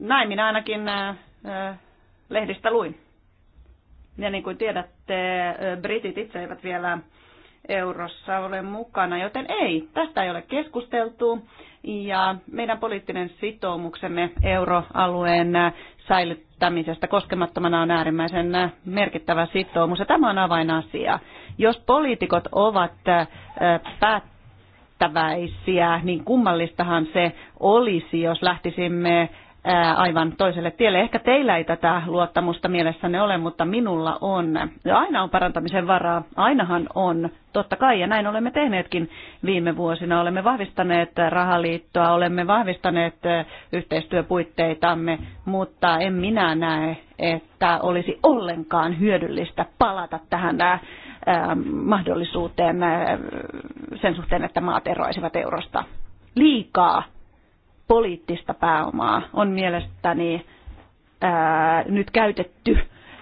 Näin minä ainakin Lehdistä luin. Ja niin kuin tiedätte, britit itse eivät vielä eurossa ole mukana, joten ei, tästä ei ole keskusteltu. Ja meidän poliittinen sitoumuksemme euroalueen säilyttämisestä koskemattomana on äärimmäisen merkittävä sitoumus, ja tämä on avainasia. Jos poliitikot ovat päättäväisiä, niin kummallistahan se olisi, jos lähtisimme aivan toiselle tielle. Ehkä teillä ei tätä luottamusta mielessäne ole, mutta minulla on. Aina on parantamisen varaa, ainahan on, totta kai, ja näin olemme tehneetkin viime vuosina. Olemme vahvistaneet rahaliittoa, olemme vahvistaneet yhteistyöpuitteitamme, mutta en minä näe, että olisi ollenkaan hyödyllistä palata tähän mahdollisuuteen sen suhteen, että maat eroaisivat eurosta. Liikaa poliittista pääomaa on mielestäni ää, nyt käytetty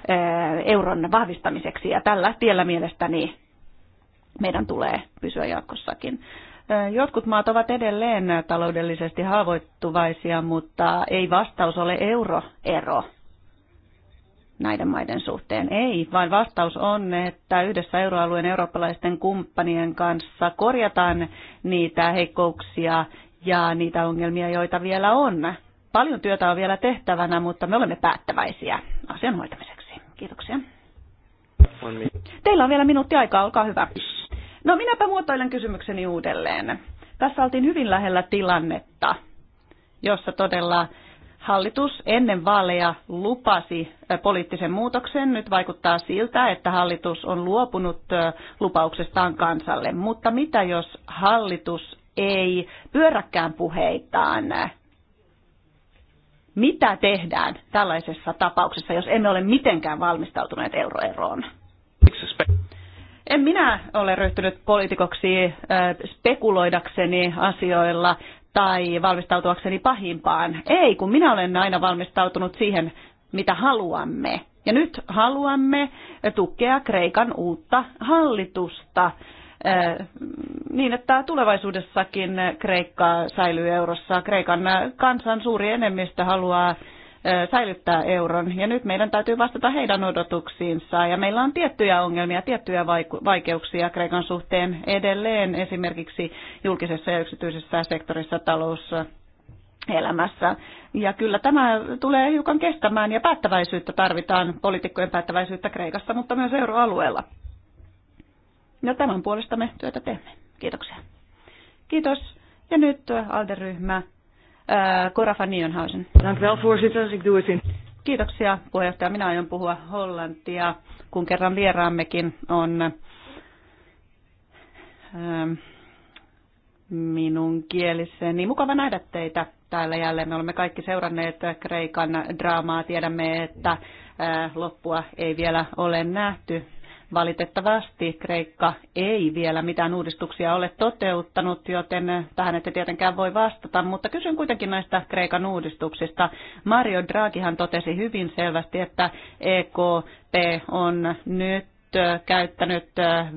ää, euron vahvistamiseksi ja tällä tiellä mielestäni meidän tulee pysyä jatkossakin. Jotkut maat ovat edelleen taloudellisesti haavoittuvaisia, mutta ei vastaus ole euroero näiden maiden suhteen. Ei, vaan vastaus on, että yhdessä euroalueen eurooppalaisten kumppanien kanssa korjataan niitä heikkouksia, ja niitä ongelmia, joita vielä on. Paljon työtä on vielä tehtävänä, mutta me olemme päättäväisiä asian hoitamiseksi. Kiitoksia. Teillä on vielä minuutti aikaa, olkaa hyvä. No minäpä muotoilen kysymykseni uudelleen. Tässä oltiin hyvin lähellä tilannetta, jossa todella hallitus ennen vaaleja lupasi poliittisen muutoksen. Nyt vaikuttaa siltä, että hallitus on luopunut lupauksestaan kansalle. Mutta mitä jos hallitus ei pyöräkkään puheitaan. Mitä tehdään tällaisessa tapauksessa, jos emme ole mitenkään valmistautuneet euroeroon? En minä ole ryhtynyt poliitikoksi spekuloidakseni asioilla tai valmistautuakseni pahimpaan. Ei, kun minä olen aina valmistautunut siihen, mitä haluamme. Ja nyt haluamme tukea Kreikan uutta hallitusta Äh, niin, että tulevaisuudessakin Kreikka säilyy eurossa. Kreikan kansan suuri enemmistö haluaa äh, säilyttää euron ja nyt meidän täytyy vastata heidän odotuksiinsa ja meillä on tiettyjä ongelmia, tiettyjä vaikeuksia Kreikan suhteen edelleen esimerkiksi julkisessa ja yksityisessä sektorissa talous elämässä. Ja kyllä tämä tulee hiukan kestämään ja päättäväisyyttä tarvitaan, poliitikkojen päättäväisyyttä Kreikassa, mutta myös euroalueella. No tämän puolesta me työtä teemme. Kiitoksia. Kiitos. Ja nyt ALDE-ryhmä. Cora van Nieuwenhuizen. Dank wel, voorzitter. Ik doe het in. Kiitoksia puheenjohtaja. Minä aion puhua hollantia, kun kerran vieraammekin on minun kielissäni. Mukava nähdä teitä täällä jälleen. Me olemme kaikki seuranneet Kreikan draamaa. Tiedämme, että loppua ei vielä ole nähty. Valitettavasti Kreikka ei vielä mitään uudistuksia ole toteuttanut, joten tähän ette tietenkään voi vastata, mutta kysyn kuitenkin näistä Kreikan uudistuksista. Mario Draghihan totesi hyvin selvästi, että EKP on nyt käyttänyt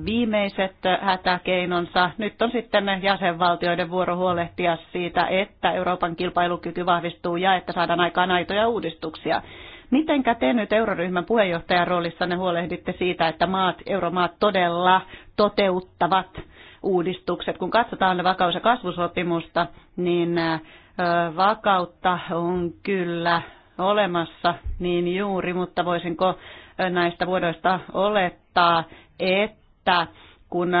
viimeiset hätäkeinonsa. Nyt on sitten jäsenvaltioiden vuoro huolehtia siitä, että Euroopan kilpailukyky vahvistuu ja että saadaan aikaan aitoja uudistuksia. Mitenkä te nyt euroryhmän puheenjohtajan roolissanne huolehditte siitä, että maat, euromaat todella toteuttavat uudistukset? Kun katsotaan vakaus- ja kasvusopimusta, niin vakautta on kyllä olemassa niin juuri, mutta voisinko näistä vuodoista olettaa, että kun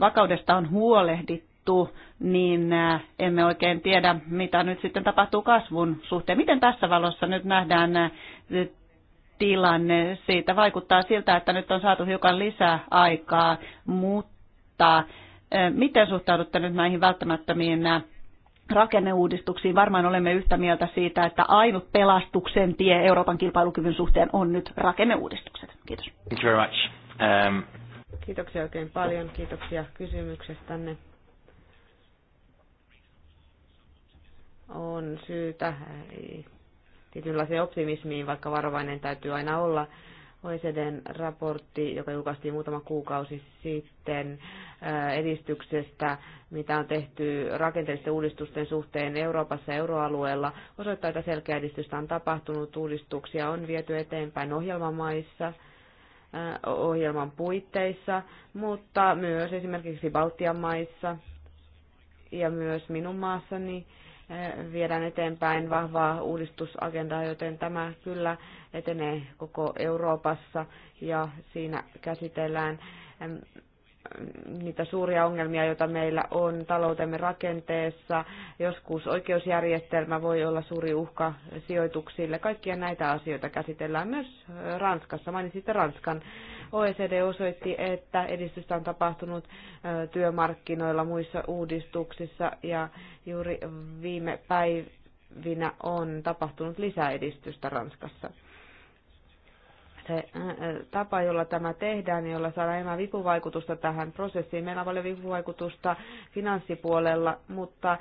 vakaudesta on huolehdittu, puhuttu, niin äh, emme oikein tiedä, mitä nyt sitten tapahtuu kasvun suhteen. Miten tässä valossa nyt nähdään äh, tilanne? Siitä vaikuttaa siltä, että nyt on saatu hiukan lisää aikaa, mutta äh, miten suhtaudutte nyt näihin välttämättömiin rakenneuudistuksiin. Varmaan olemme yhtä mieltä siitä, että ainut pelastuksen tie Euroopan kilpailukyvyn suhteen on nyt rakenneuudistukset. Kiitos. Thank you very much. Um... Kiitoksia oikein paljon. Kiitoksia kysymyksestänne. on syytä tietynlaiseen optimismiin, vaikka varovainen täytyy aina olla. OECDn raportti, joka julkaistiin muutama kuukausi sitten edistyksestä, mitä on tehty rakenteellisten uudistusten suhteen Euroopassa ja euroalueella, osoittaa, että selkeä edistystä on tapahtunut, uudistuksia on viety eteenpäin ohjelmamaissa, ohjelman puitteissa, mutta myös esimerkiksi Baltian maissa ja myös minun maassani Eh, viedään eteenpäin vahvaa uudistusagendaa, joten tämä kyllä etenee koko Euroopassa ja siinä käsitellään niitä suuria ongelmia, joita meillä on taloutemme rakenteessa. Joskus oikeusjärjestelmä voi olla suuri uhka sijoituksille. Kaikkia näitä asioita käsitellään myös Ranskassa. sitten Ranskan. OECD osoitti, että edistystä on tapahtunut työmarkkinoilla muissa uudistuksissa ja juuri viime päivinä on tapahtunut lisää edistystä Ranskassa se äh, tapa, jolla tämä tehdään, jolla saadaan enemmän vipuvaikutusta tähän prosessiin. Meillä on paljon vipuvaikutusta finanssipuolella, mutta äh,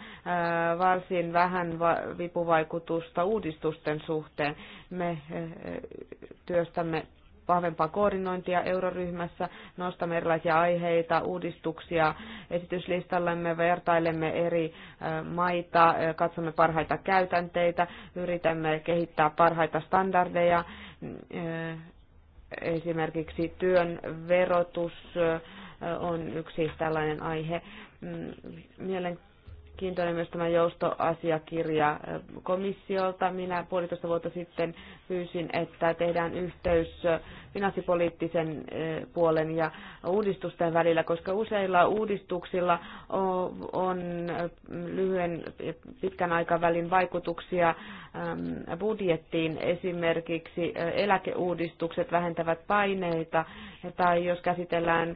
varsin vähän vipuvaikutusta uudistusten suhteen. Me äh, työstämme vahvempaa koordinointia euroryhmässä, nostamme erilaisia aiheita, uudistuksia esityslistallemme, vertailemme eri maita, katsomme parhaita käytänteitä, yritämme kehittää parhaita standardeja Esimerkiksi työn verotus äh, on yksi tällainen aihe. Mm, mielenkiintoinen myös tämä joustoasiakirja äh, komissiolta. Minä puolitoista vuotta sitten pyysin, että tehdään yhteys finanssipoliittisen puolen ja uudistusten välillä, koska useilla uudistuksilla on lyhyen ja pitkän aikavälin vaikutuksia budjettiin. Esimerkiksi eläkeuudistukset vähentävät paineita tai jos käsitellään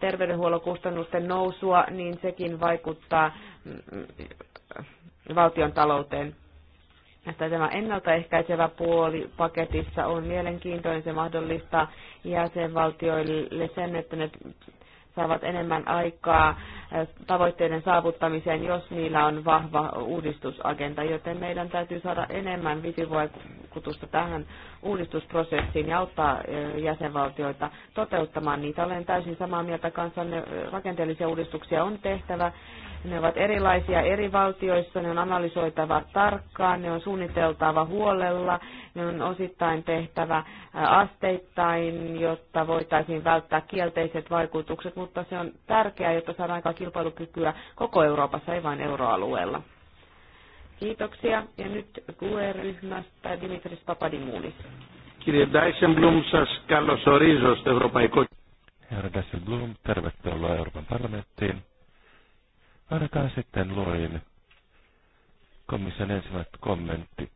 terveydenhuollon kustannusten nousua, niin sekin vaikuttaa valtion talouteen että tämä ennaltaehkäisevä puoli paketissa on mielenkiintoinen. Se mahdollistaa jäsenvaltioille sen, että ne saavat enemmän aikaa äh, tavoitteiden saavuttamiseen, jos niillä on vahva uudistusagenda, joten meidän täytyy saada enemmän vipuvaikutusta tähän uudistusprosessiin ja auttaa äh, jäsenvaltioita toteuttamaan niitä. Olen täysin samaa mieltä kanssanne, rakenteellisia uudistuksia on tehtävä ne ovat erilaisia eri valtioissa, ne on analysoitava tarkkaan, ne on suunniteltava huolella, ne on osittain tehtävä asteittain, jotta voitaisiin välttää kielteiset vaikutukset, mutta se on tärkeää, jotta saadaan aikaa kilpailukykyä koko Euroopassa, ei vain euroalueella. Kiitoksia. Ja nyt QE-ryhmästä Dimitris Papadimoulis. Κύριε Dijsselbloem, σας tervetuloa Euroopan parlamenttiin. Ainakaan sitten luin komission ensimmäiset kommentit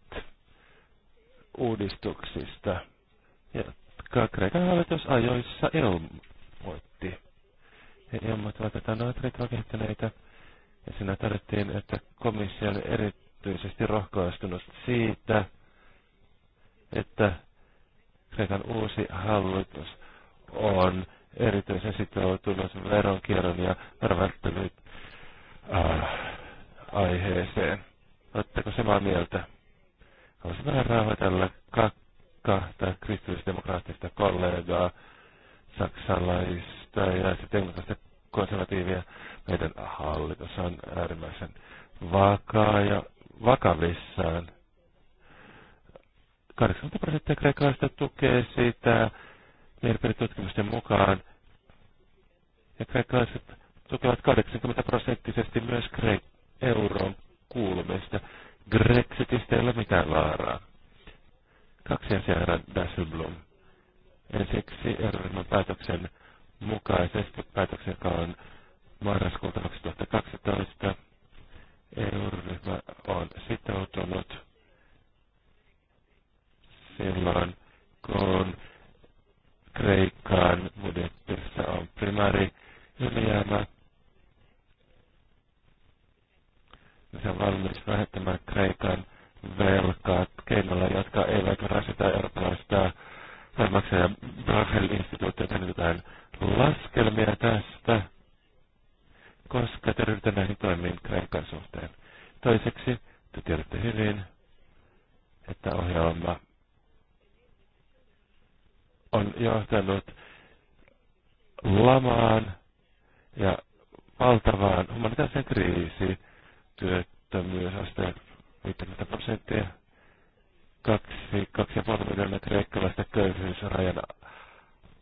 uudistuksista, Ja Kreikan hallitus ajoissa ilmoitti. He ilmoittivat, että naatrit ovat kehittyneitä, ja siinä todettiin, että komissio on erityisesti rohkaistunut siitä, että Kreikan uusi hallitus on erityisen sitoutunut veronkierron ja verovälttelyyn Ah, aiheeseen. Oletteko samaa mieltä? Haluaisin vähän rauhoitella kahta kristillisdemokraattista kollegaa, saksalaista ja sitten englantilaista konservatiivia. Meidän hallitus on äärimmäisen vakaa ja vakavissaan. 80 prosenttia kreikkalaista tukee sitä mielipidetutkimusten mukaan. Ja kreikkalaiset tukevat 80 prosenttisesti myös Kre- euroon kuulumista. Grexitistä ei ole mitään vaaraa. Kaksi asiaa, herra Dasselblom. Ensiksi euroryhmän päätöksen mukaisesti päätöksen, joka on marraskuuta 2012. eu on sitoutunut silloin, kun Kreikan budjetissa on primari ylijäämä se on valmis vähentämään Kreikan velkaa keinoilla, jotka eivät rasita eurooppalaista veronmaksajaa ja Brahel-instituutiota jotain laskelmia tästä, koska te ryhdytte näihin toimiin Kreikan suhteen. Toiseksi, te tiedätte hyvin, että ohjelma on johtanut lamaan ja valtavaan humanitaariseen kriisiin, työttömyysaste 50 prosenttia. Kaksi, kaksi ja puoli miljoonaa kreikkalaista köyhyysrajan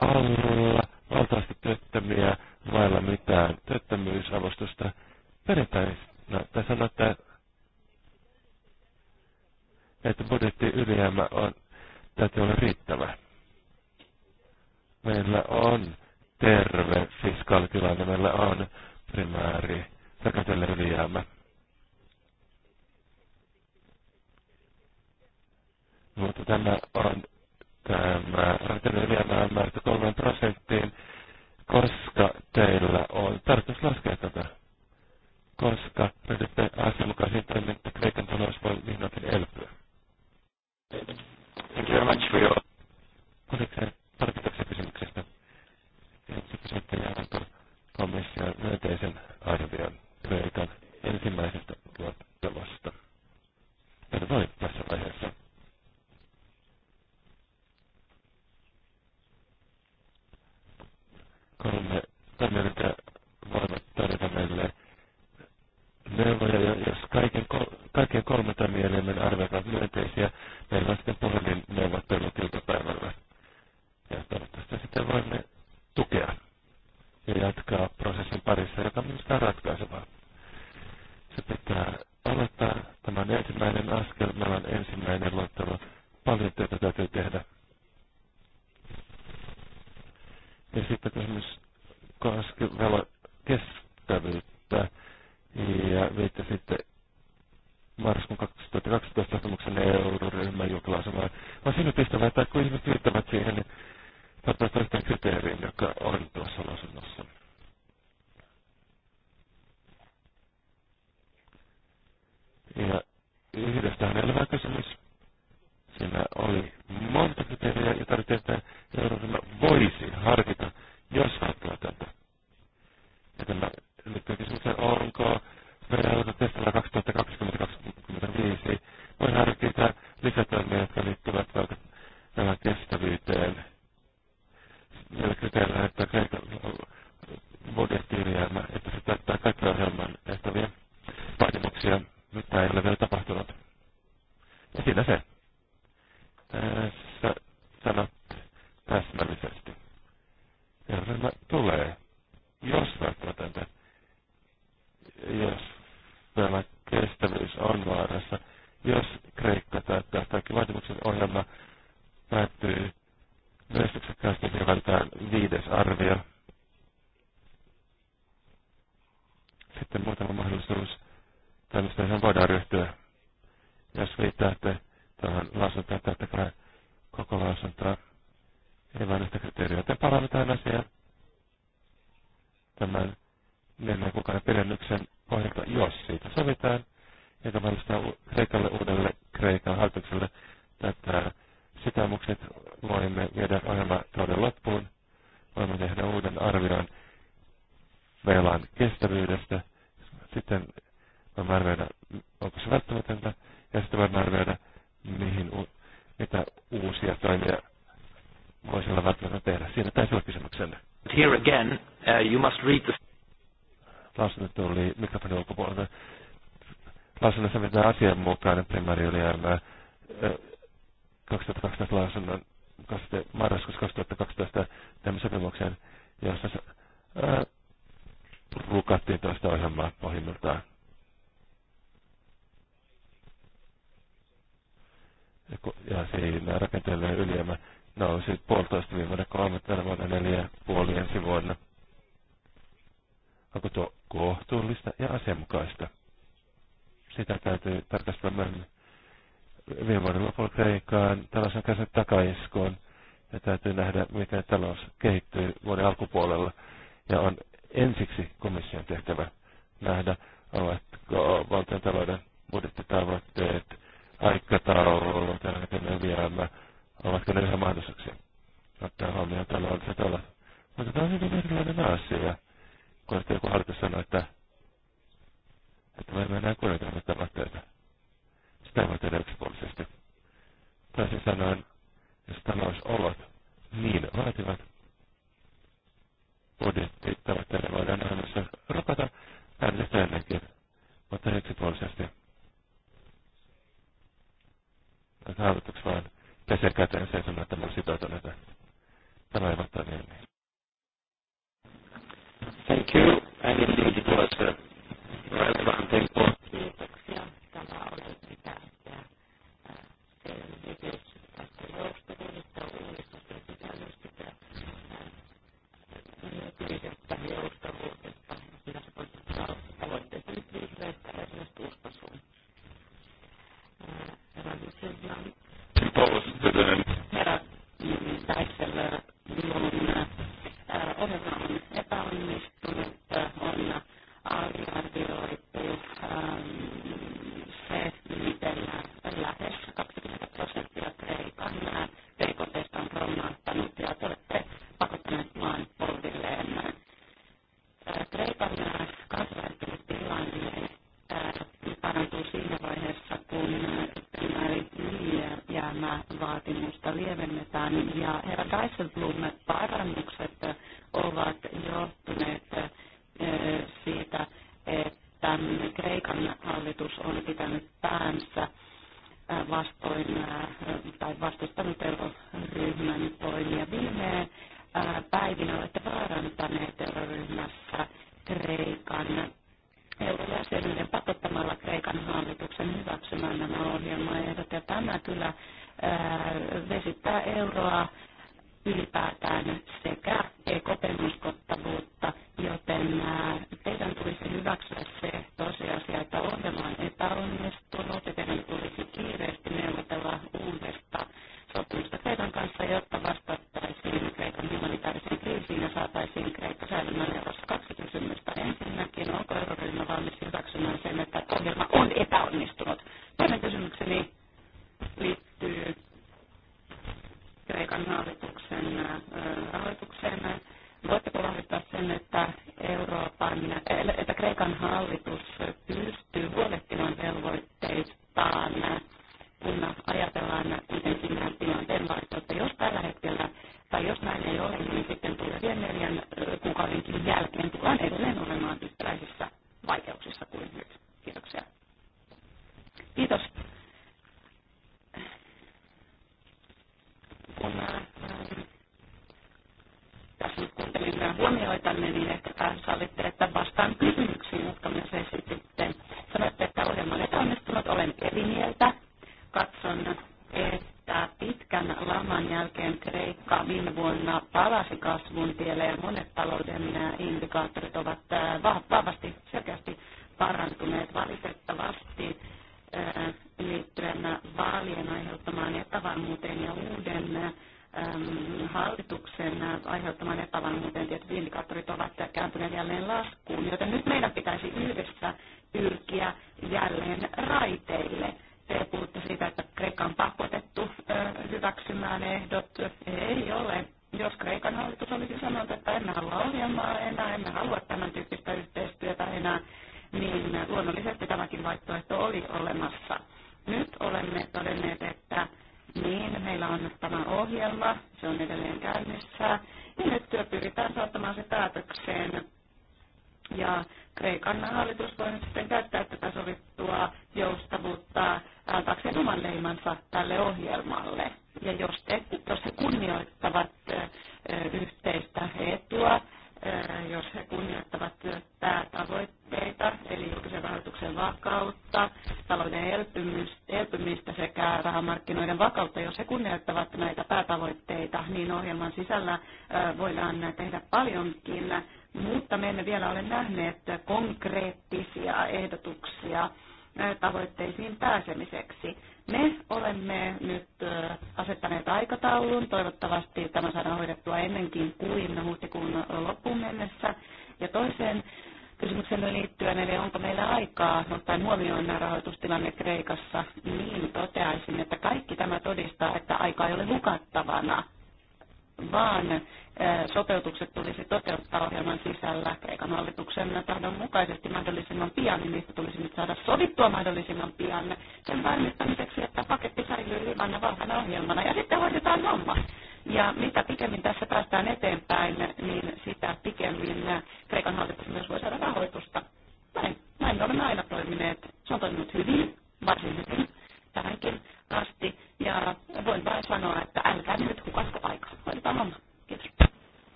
alla. Valtavasti työttömiä vailla mitään työttömyysavustusta. Perjantaina, tai sanotte, että budjetti ylijäämä on, täytyy olla riittävä. Meillä on terve fiskaalitilanne, meillä on primääri rakenteellinen ylijäämä. Mutta tämä on tämä rakennelijämään määrä kolmeen prosenttiin, koska teillä on tarkoitus laskea tätä. Koska me ryhdytte asianmukaisiin toimiin, että Kreikan talous voi vihdoinkin elpyä. Thank you very much for your... Oliko se kiitoksia kysymyksestä? Kiitoksia kysytte jäävänkö komission myönteisen arvion Kreikan ensimmäisestä luottelosta. Tätä voi tässä vaiheessa. olemme toimijoiden, voivat tarjota meille neuvoja. Ja jos kaiken, kaiken kolme toimielimen arvioidaan myönteisiä, meillä on sitten puhelin neuvottelut iltapäivällä. Ja toivottavasti sitten voimme tukea ja jatkaa prosessin parissa, joka minusta on ratkaisevaa. Se pitää aloittaa. tämän ensimmäinen askel. Meillä on ensimmäinen luottava. Paljon työtä täytyy tehdä. Ja sitten kysymys koski velo kestävyyttä ja viitte sitten marraskuun 2012 sopimuksen euroryhmän julkilausumaan. On siinä pistävä, että kun ihmiset viittävät siihen, niin saattaa yhteen kriteeriin, joka on tuossa lausunnossa. Ja yhdestähän ei ole kysymys. Siellä oli monta kriteeriä, ja tarvitsee sitä euroryhmä voisi harkita, jos haluaa tätä. Ja tämä liittyy kysymykseen, onko veroilta testata 2020-2025 voi harkita lisätoimia, jotka liittyvät vaikka kestävyyteen. Meillä kriteerillä, että Kreikan budjettiylijäämä, että se täyttää kaikki ohjelman tehtäviä vaatimuksia, mitä ei ole vielä tapahtunut. Ja siinä se tässä äh,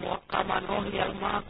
muokkaamaan ohjelmaa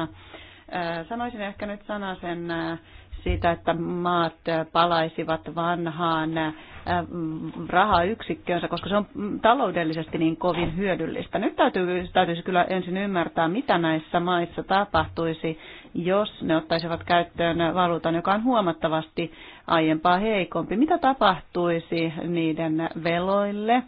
mukana. Sanoisin ehkä nyt sanasen siitä, että maat palaisivat vanhaan rahayksikköönsä, koska se on taloudellisesti niin kovin hyödyllistä. Nyt täytyy, täytyisi kyllä ensin ymmärtää, mitä näissä maissa tapahtuisi, jos ne ottaisivat käyttöön valuutan, joka on huomattavasti aiempaa heikompi. Mitä tapahtuisi niiden veloille?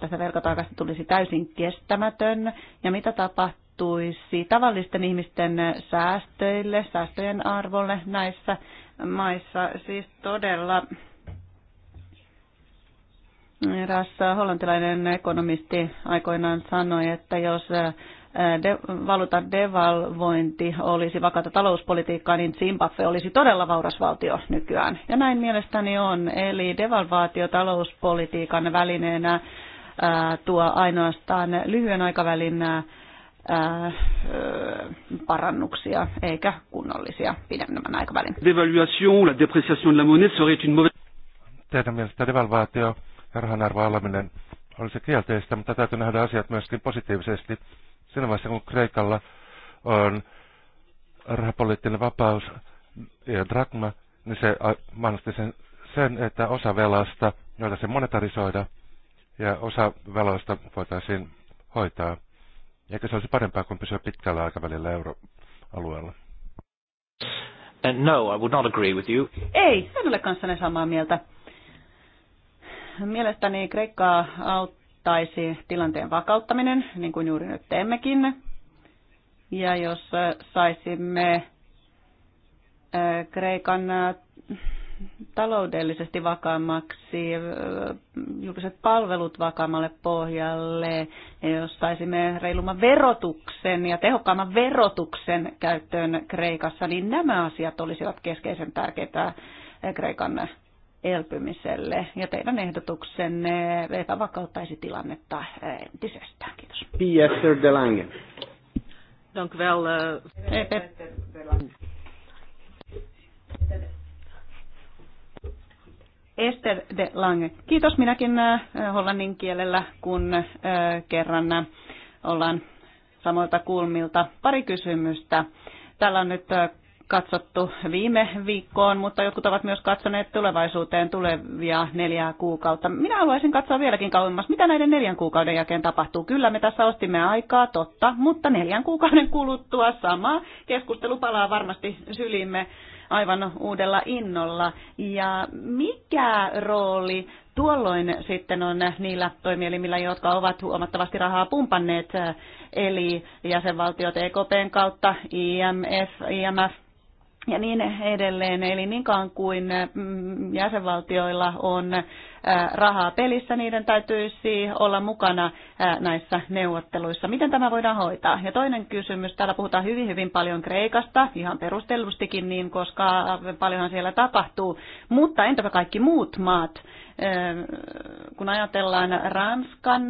Tästä velkataakasta tulisi täysin kestämätön. Ja mitä tapahtuisi? joutuisi tavallisten ihmisten säästöille, säästöjen arvolle näissä maissa. Siis todella eräs hollantilainen ekonomisti aikoinaan sanoi, että jos de, valuutan devalvointi olisi vakata talouspolitiikkaa, niin Zimbabwe olisi todella vauras valtio nykyään. Ja näin mielestäni on. Eli devalvaatio talouspolitiikan välineenä tuo ainoastaan lyhyen aikavälin parannuksia eikä kunnollisia pidemmän aikavälin. Devaluation, la depreciation de la monnaie serait une mauvaise... Teidän mielestä devalvaatio ja rahan arvo olisi kielteistä, mutta täytyy nähdä asiat myöskin positiivisesti. Siinä vaiheessa, kun Kreikalla on rahapoliittinen vapaus ja dragma, niin se mahdollisti sen, sen, että osa velasta voitaisiin monetarisoida ja osa veloista voitaisiin hoitaa eikö se olisi parempaa kuin pysyä pitkällä aikavälillä euroalueella? Uh, no, I would not agree with you. Ei, en ole kanssanne samaa mieltä. Mielestäni Kreikkaa auttaisi tilanteen vakauttaminen, niin kuin juuri nyt teemmekin. Ja jos saisimme uh, Kreikan uh, taloudellisesti vakaammaksi, julkiset palvelut vakaammalle pohjalle, jos saisimme reilumman verotuksen ja tehokkaamman verotuksen käyttöön Kreikassa, niin nämä asiat olisivat keskeisen tärkeitä Kreikan elpymiselle. Ja teidän ehdotuksenne epävakauttaisi tilannetta entisestään. Kiitos. Pieter de Lange. Dank Uh... Esther de Lange. Kiitos minäkin äh, hollannin kielellä, kun äh, kerran äh, ollaan samoilta kulmilta. Pari kysymystä. Täällä on nyt katsottu viime viikkoon, mutta jotkut ovat myös katsoneet tulevaisuuteen tulevia neljää kuukautta. Minä haluaisin katsoa vieläkin kauemmas, mitä näiden neljän kuukauden jälkeen tapahtuu. Kyllä me tässä ostimme aikaa, totta, mutta neljän kuukauden kuluttua sama keskustelu palaa varmasti sylimme aivan uudella innolla. Ja mikä rooli tuolloin sitten on niillä toimielimillä, jotka ovat huomattavasti rahaa pumpanneet, eh, eli jäsenvaltiot EKPn kautta, IMF, IMF ja niin edelleen. Eli niin kauan kuin mm, jäsenvaltioilla on rahaa pelissä, niiden täytyisi olla mukana näissä neuvotteluissa. Miten tämä voidaan hoitaa? Ja toinen kysymys, täällä puhutaan hyvin hyvin paljon Kreikasta, ihan perustellustikin niin, koska paljonhan siellä tapahtuu. Mutta entäpä kaikki muut maat? Kun ajatellaan Ranskan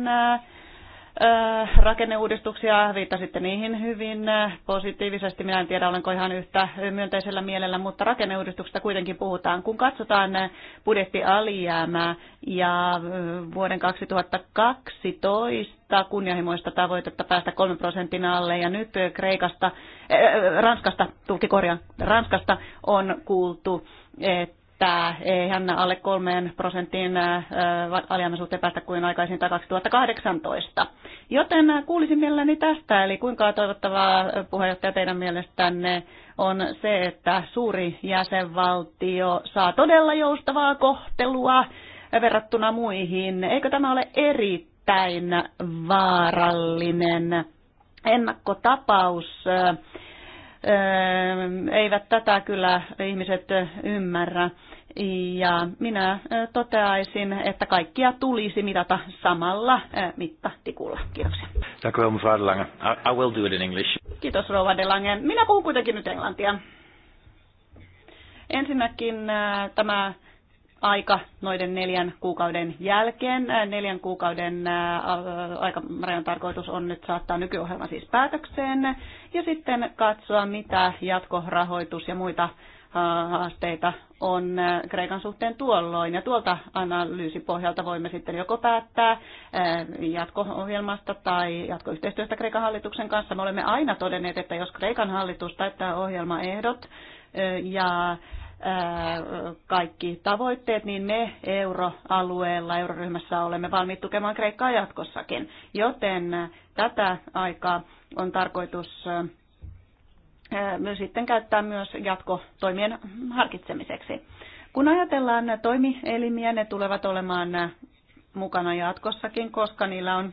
Äh, rakenneuudistuksia, viittasitte niihin hyvin äh, positiivisesti. Minä en tiedä, olenko ihan yhtä myönteisellä mielellä, mutta rakenneuudistuksesta kuitenkin puhutaan. Kun katsotaan äh, budjettialijäämää ja vuoden 2012 kunnianhimoista tavoitetta päästä 3 prosentin alle ja nyt Kreikasta, äh, Ranskasta, tulkikorjaan, Ranskasta on kuultu, että että hän alle kolmeen prosenttiin alijäämäisuuteen päästä kuin aikaisin 2018. Joten kuulisin mielelläni tästä, eli kuinka toivottavaa puheenjohtaja teidän mielestänne on se, että suuri jäsenvaltio saa todella joustavaa kohtelua verrattuna muihin. Eikö tämä ole erittäin vaarallinen ennakkotapaus? Öö, eivät tätä kyllä ihmiset ymmärrä. Ja minä toteaisin, että kaikkia tulisi mitata samalla mittatikulla. Kiitoksia. I will do it in English. Kiitos Rova de Lange. Minä puhun kuitenkin nyt englantia. Ensinnäkin tämä aika noiden neljän kuukauden jälkeen. Äh, neljän kuukauden äh, äh, aikarajan tarkoitus on nyt saattaa nykyohjelma siis päätökseen ja sitten katsoa, mitä jatkorahoitus ja muita haasteita on Kreikan suhteen tuolloin. Ja tuolta analyysipohjalta voimme sitten joko päättää jatko-ohjelmasta tai jatkoyhteistyöstä Kreikan hallituksen kanssa. Me olemme aina todenneet, että jos Kreikan hallitus täyttää ohjelmaehdot ja kaikki tavoitteet, niin me euroalueella, euroryhmässä olemme valmiit tukemaan Kreikkaa jatkossakin. Joten tätä aikaa on tarkoitus myös sitten käyttää myös jatkotoimien harkitsemiseksi. Kun ajatellaan toimielimiä, ne tulevat olemaan mukana jatkossakin, koska niillä on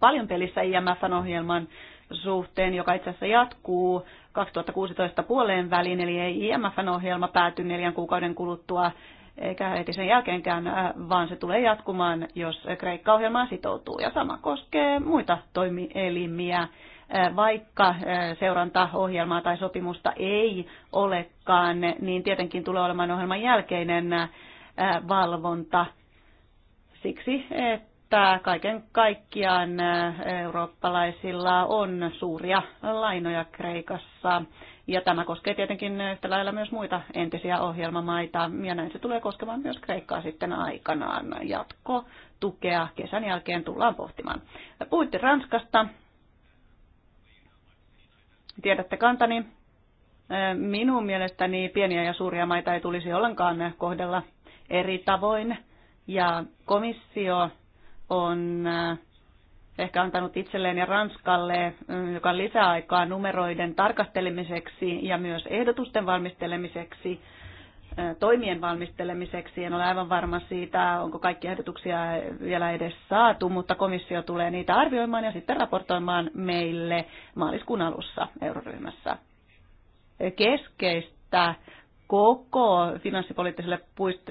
paljon pelissä imf ohjelman suhteen, joka itse asiassa jatkuu 2016 puoleen väliin, eli ei imf ohjelma pääty neljän kuukauden kuluttua eikä heti sen jälkeenkään, vaan se tulee jatkumaan, jos Kreikka ohjelmaan sitoutuu. Ja sama koskee muita toimielimiä, vaikka seurantaohjelmaa tai sopimusta ei olekaan, niin tietenkin tulee olemaan ohjelman jälkeinen valvonta siksi, että että kaiken kaikkiaan eurooppalaisilla on suuria lainoja Kreikassa. Ja tämä koskee tietenkin yhtä lailla myös muita entisiä ohjelmamaita, ja näin se tulee koskemaan myös Kreikkaa sitten aikanaan. Jatko tukea kesän jälkeen tullaan pohtimaan. Puhuitte Ranskasta. Tiedätte kantani. Minun mielestäni pieniä ja suuria maita ei tulisi ollenkaan kohdella eri tavoin. Ja komissio on äh, ehkä antanut itselleen ja Ranskalle, mm, joka lisäaikaa numeroiden tarkastelemiseksi ja myös ehdotusten valmistelemiseksi, äh, toimien valmistelemiseksi. En ole aivan varma siitä, onko kaikki ehdotuksia vielä edes saatu, mutta komissio tulee niitä arvioimaan ja sitten raportoimaan meille maaliskuun alussa euroryhmässä. Keskeistä koko finanssipoliittiselle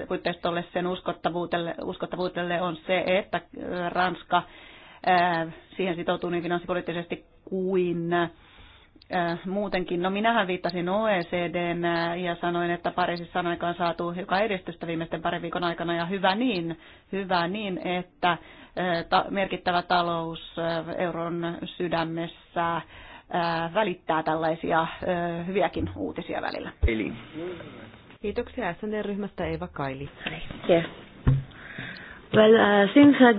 puitteistolle sen uskottavuudelle, uskottavuudelle on se, että äh, Ranska äh, siihen sitoutuu niin finanssipoliittisesti kuin äh, muutenkin. No minähän viittasin OECDn ja sanoin, että Pariisissa on aikaan saatu joka edistystä viimeisten parin viikon aikana ja hyvä niin, hyvä niin että merkittävä talous euron sydämessä välittää tällaisia hyviäkin uutisia välillä. Eli. Kiitoksia SND-ryhmästä Eva Kaili. Yeah. Well, uh, since I...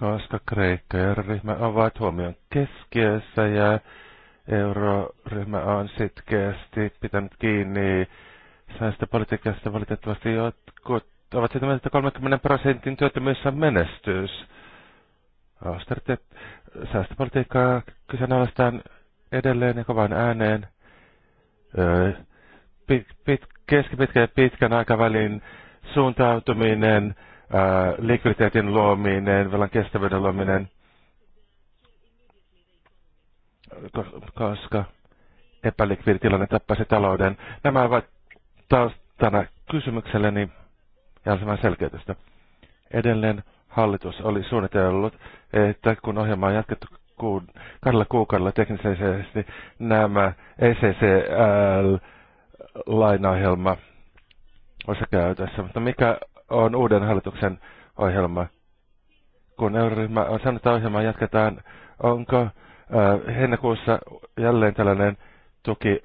Koska Kreikka ja ryhmä ovat huomion keskiössä ja euroryhmä on sitkeästi pitänyt kiinni säästä politiikasta valitettavasti jotkut ovat sitä mieltä, että 30 prosentin työttömyys on menestys. Austeriteet säästöpolitiikkaa kyseenalaistaan edelleen ja kovan ääneen. pit, pit, keskipitkän ja pitkän aikavälin suuntautuminen, likviditeetin luominen, velan kestävyyden luominen, koska epälikviditilanne tappaisi talouden. Nämä ovat taustana kysymykselleni ja selkeytystä. Edelleen hallitus oli suunnitellut, että kun ohjelma on jatkettu kahdella kuukaudella teknisesti, nämä ECCL-lainaohjelma olisi käytössä. Mutta mikä on uuden hallituksen ohjelma? Kun euroryhmä on sanonut, että ohjelmaa jatketaan, onko äh, heinäkuussa jälleen tällainen tuki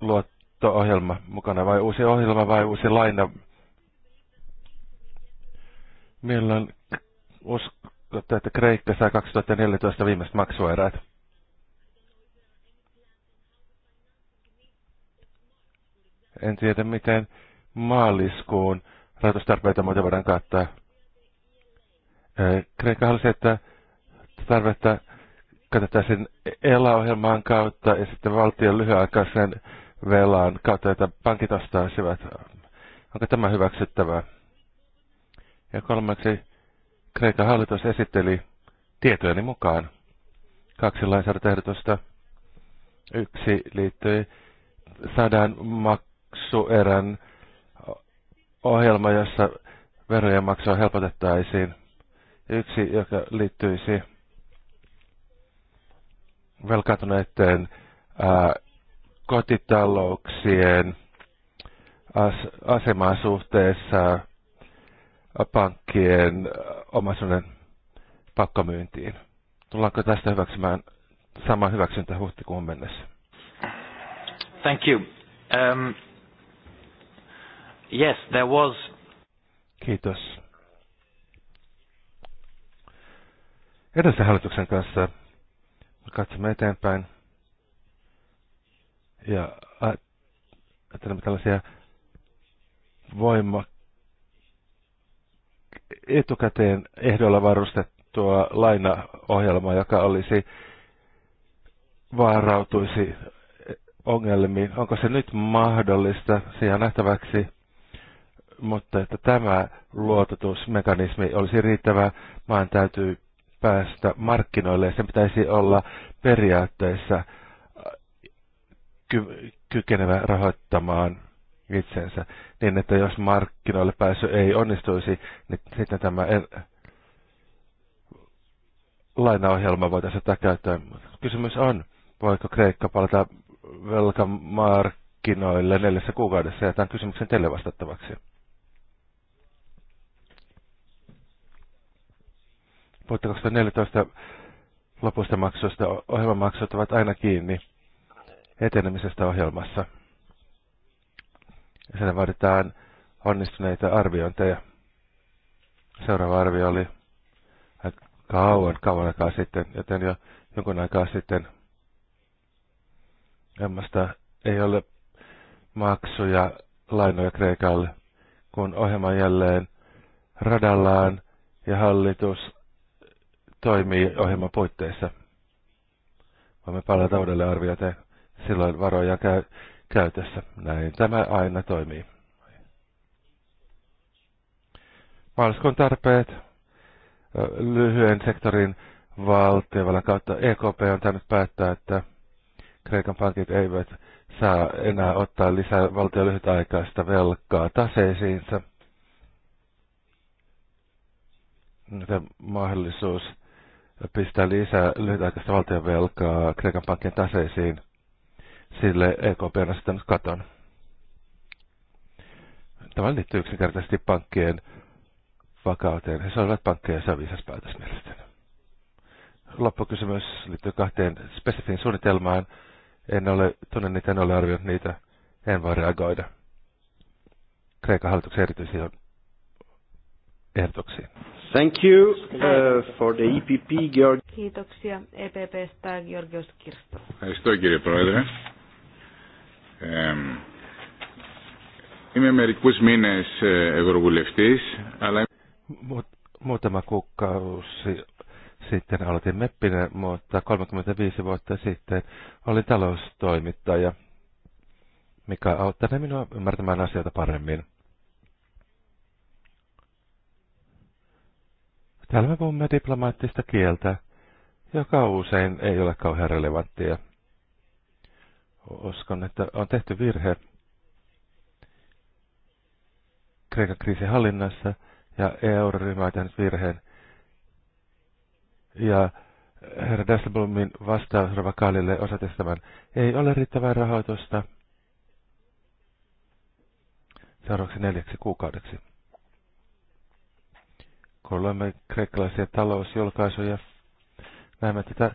luotto-ohjelma mukana vai uusi ohjelma vai uusi laina Milloin uskotte, että Kreikka saa 2014 viimeiset maksuerät? En tiedä, miten maaliskuun rahoitustarpeita muuten voidaan kattaa. Kreikka halusi, että tarvetta katsotaan ELA-ohjelman kautta ja sitten valtion lyhyaikaisen velan kautta, jota pankit ostaisivat. Onko tämä hyväksyttävää? Ja kolmeksi Kreikan hallitus esitteli tietojeni mukaan kaksi lainsäädäntöehdotusta. Yksi liittyi sadan maksuerän ohjelma, jossa verojen maksua helpotettaisiin. Yksi, joka liittyisi velkaantuneiden kotitalouksien asemaan suhteessa pankkien omaisuuden pakkomyyntiin. Tullaanko tästä hyväksymään sama hyväksyntä huhtikuun mennessä? Thank you. Um, yes, there was... Kiitos. Edellisen hallituksen kanssa katsomme eteenpäin ja ajattelemme tällaisia voimakkaita etukäteen ehdolla varustettua lainaohjelmaa, joka olisi vaarautuisi ongelmiin. Onko se nyt mahdollista? Siihen nähtäväksi mutta että tämä luototusmekanismi olisi riittävä, vaan täytyy päästä markkinoille ja sen pitäisi olla periaatteessa ky- kykenevä rahoittamaan itseensä, niin että jos markkinoille pääsy ei onnistuisi, niin sitten tämä en... lainaohjelma voitaisiin ottaa käyttöön. Kysymys on, voiko Kreikka palata velkamarkkinoille neljässä kuukaudessa, ja tämän kysymyksen teille vastattavaksi. Vuotta 2014 lopusta maksusta ohjelmamaksut ovat aina kiinni etenemisestä ohjelmassa. Siinä vaaditaan onnistuneita arviointeja. Seuraava arvio oli kauan, kauan aikaa sitten, joten jo jonkun aikaa sitten Emmasta ei ole maksuja lainoja Kreikalle, kun ohjelma jälleen radallaan ja hallitus toimii ohjelman puitteissa. Voimme palata uudelleen arvioiteen. Silloin varoja käy käytössä. Näin tämä aina toimii. Maaliskuun tarpeet lyhyen sektorin valtiovallan kautta EKP on tainnut päättää, että Kreikan pankit eivät saa enää ottaa lisää valtion lyhytaikaista velkaa taseisiinsa. Tämä mahdollisuus pistää lisää lyhytaikaista valtion velkaa Kreikan pankkien taseisiin sille EKP on asettanut katon. Tämä liittyy yksinkertaisesti pankkien vakauteen. He saivat pankkeja, se on viisas päätös mielestäni. Loppukysymys liittyy kahteen spesifiin suunnitelmaan. En ole, tunne niitä, en ole arvioinut niitä, en voi reagoida. Kreikan hallituksen erityisiin ehdotuksiin. Thank you uh, for the EPP, Georg. Kiitoksia EPPstä, Georgios Kirsto. Ευχαριστώ κύριε Πρόεδρε. Είμαι μερικού μήνε ευρωβουλευτή, αλλά... Muutama kuukausi sitten aloitin meppinä, mutta 35 vuotta sitten olin taloustoimittaja, mikä auttaa minua ymmärtämään asioita paremmin. Täällä me puhumme diplomaattista kieltä, joka usein ei ole kauhean relevanttia. Uskon, että on tehty virhe Kreikan kriisin hallinnassa ja EU-ryhmä on tehnyt virheen. Ja herra Dasselblomin vastaus Ravakaalille osatestävän ei ole riittävää rahoitusta seuraavaksi neljäksi kuukaudeksi. Kun luemme kreikkalaisia talousjulkaisuja, näemme, että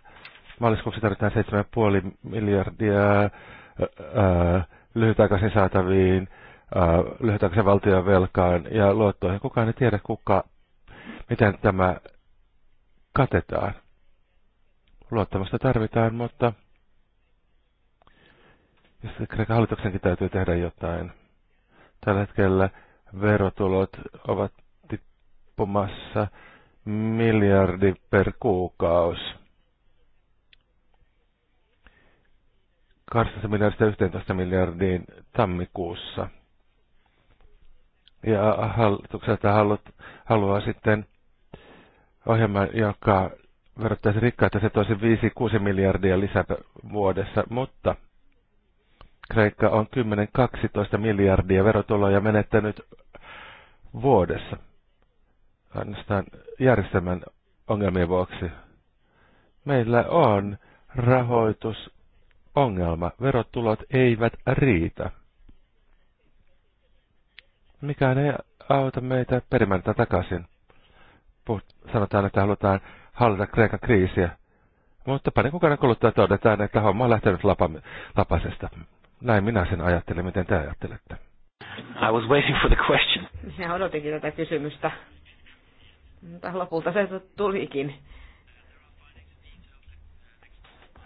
maaliskuussa tarvitaan 7,5 miljardia ää, lyhytaikaisen saataviin, ää, lyhytaikaisen valtion velkaan ja luottoihin. Kukaan ei tiedä, kuka, miten tämä katetaan. Luottamusta tarvitaan, mutta Kreikan hallituksenkin täytyy tehdä jotain. Tällä hetkellä verotulot ovat tippumassa miljardi per kuukausi 12 miljardista 11 miljardiin tammikuussa. Ja hallitukselta halut, haluaa sitten ohjelma, joka verottaisi rikkaita, se toisi 5-6 miljardia lisää vuodessa, mutta Kreikka on 10-12 miljardia verotuloja menettänyt vuodessa. Ainoastaan järjestelmän ongelmien vuoksi. Meillä on rahoitus ongelma. Verotulot eivät riitä. Mikään ei auta meitä perimään tätä takaisin. Puh, sanotaan, että halutaan hallita Kreikan kriisiä. Mutta parin kuukauden kuluttua todetaan, että homma on lähtenyt lapa, lapasesta. Näin minä sen ajattelin, miten te ajattelette. I was waiting for the question. Minä odotinkin tätä kysymystä. Mutta lopulta se tulikin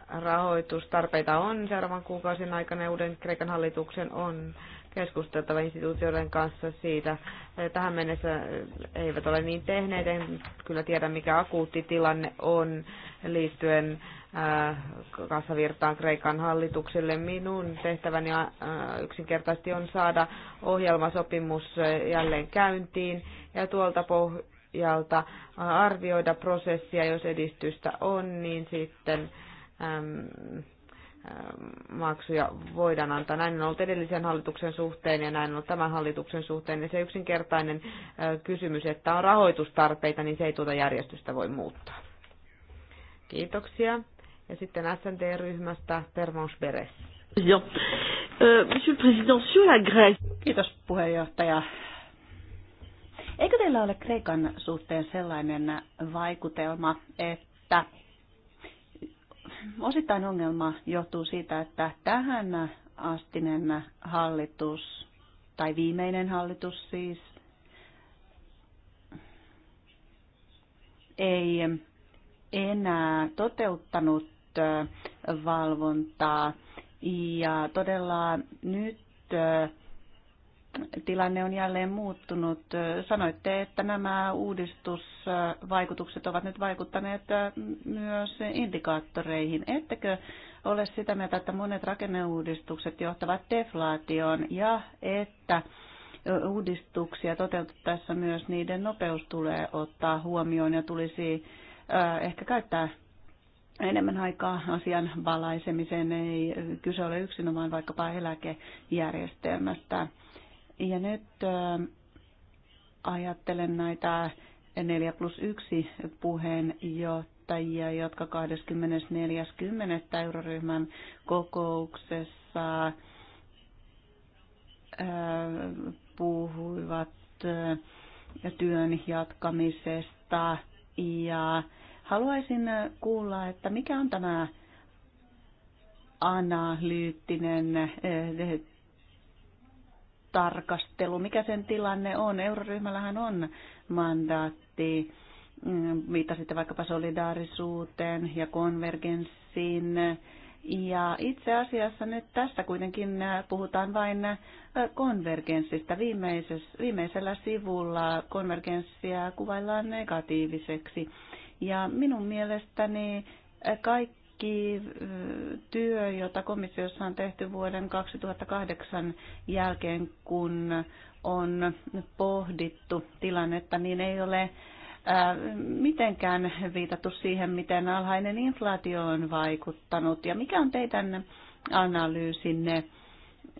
rahoitustarpeita on seuraavan kuukausien aikana uuden Kreikan hallituksen on keskusteltava instituutioiden kanssa siitä. Tähän mennessä eivät ole niin tehneet, en kyllä tiedä mikä akuutti tilanne on liittyen äh, kassavirtaan Kreikan hallitukselle. Minun tehtäväni äh, yksinkertaisesti on saada ohjelmasopimus äh, jälleen käyntiin ja tuolta pohjalta arvioida prosessia, jos edistystä on, niin sitten maksuja voidaan antaa. Näin on ollut edellisen hallituksen suhteen ja näin on ollut tämän hallituksen suhteen. Ja se yksinkertainen kysymys, että on rahoitustarpeita, niin se ei tuota järjestystä voi muuttaa. Kiitoksia. Ja sitten SNT-ryhmästä Pervans Beres. Euh, Monsieur le Président, la Grèce. Kiitos puheenjohtaja. Eikö teillä ole Kreikan suhteen sellainen vaikutelma, että osittain ongelma johtuu siitä, että tähän astinen hallitus, tai viimeinen hallitus siis, ei enää toteuttanut äh, valvontaa. Ja todella nyt äh, tilanne on jälleen muuttunut. Sanoitte, että nämä uudistusvaikutukset ovat nyt vaikuttaneet myös indikaattoreihin. Ettekö ole sitä mieltä, että monet rakenneuudistukset johtavat deflaatioon ja että uudistuksia toteutettaessa myös niiden nopeus tulee ottaa huomioon ja tulisi ehkä käyttää enemmän aikaa asian valaisemiseen. Ei kyse ole yksinomaan vaikkapa eläkejärjestelmästä ja nyt äh, ajattelen näitä 4 plus 1 puheenjohtajia, jotka 24.10. euroryhmän kokouksessa äh, puhuivat äh, työn jatkamisesta ja haluaisin kuulla, että mikä on tämä analyyttinen tarkastelu. Mikä sen tilanne on? Euroryhmällähän on mandaatti. Mm, viittasitte vaikkapa solidaarisuuteen ja konvergenssiin. Ja itse asiassa nyt tässä kuitenkin äh, puhutaan vain äh, konvergenssista. Viimeisellä sivulla konvergenssia kuvaillaan negatiiviseksi. Ja minun mielestäni äh, kaikki kaikki työ, jota komissiossa on tehty vuoden 2008 jälkeen, kun on pohdittu tilannetta, niin ei ole mitenkään viitattu siihen, miten alhainen inflaatio on vaikuttanut ja mikä on teidän analyysinne,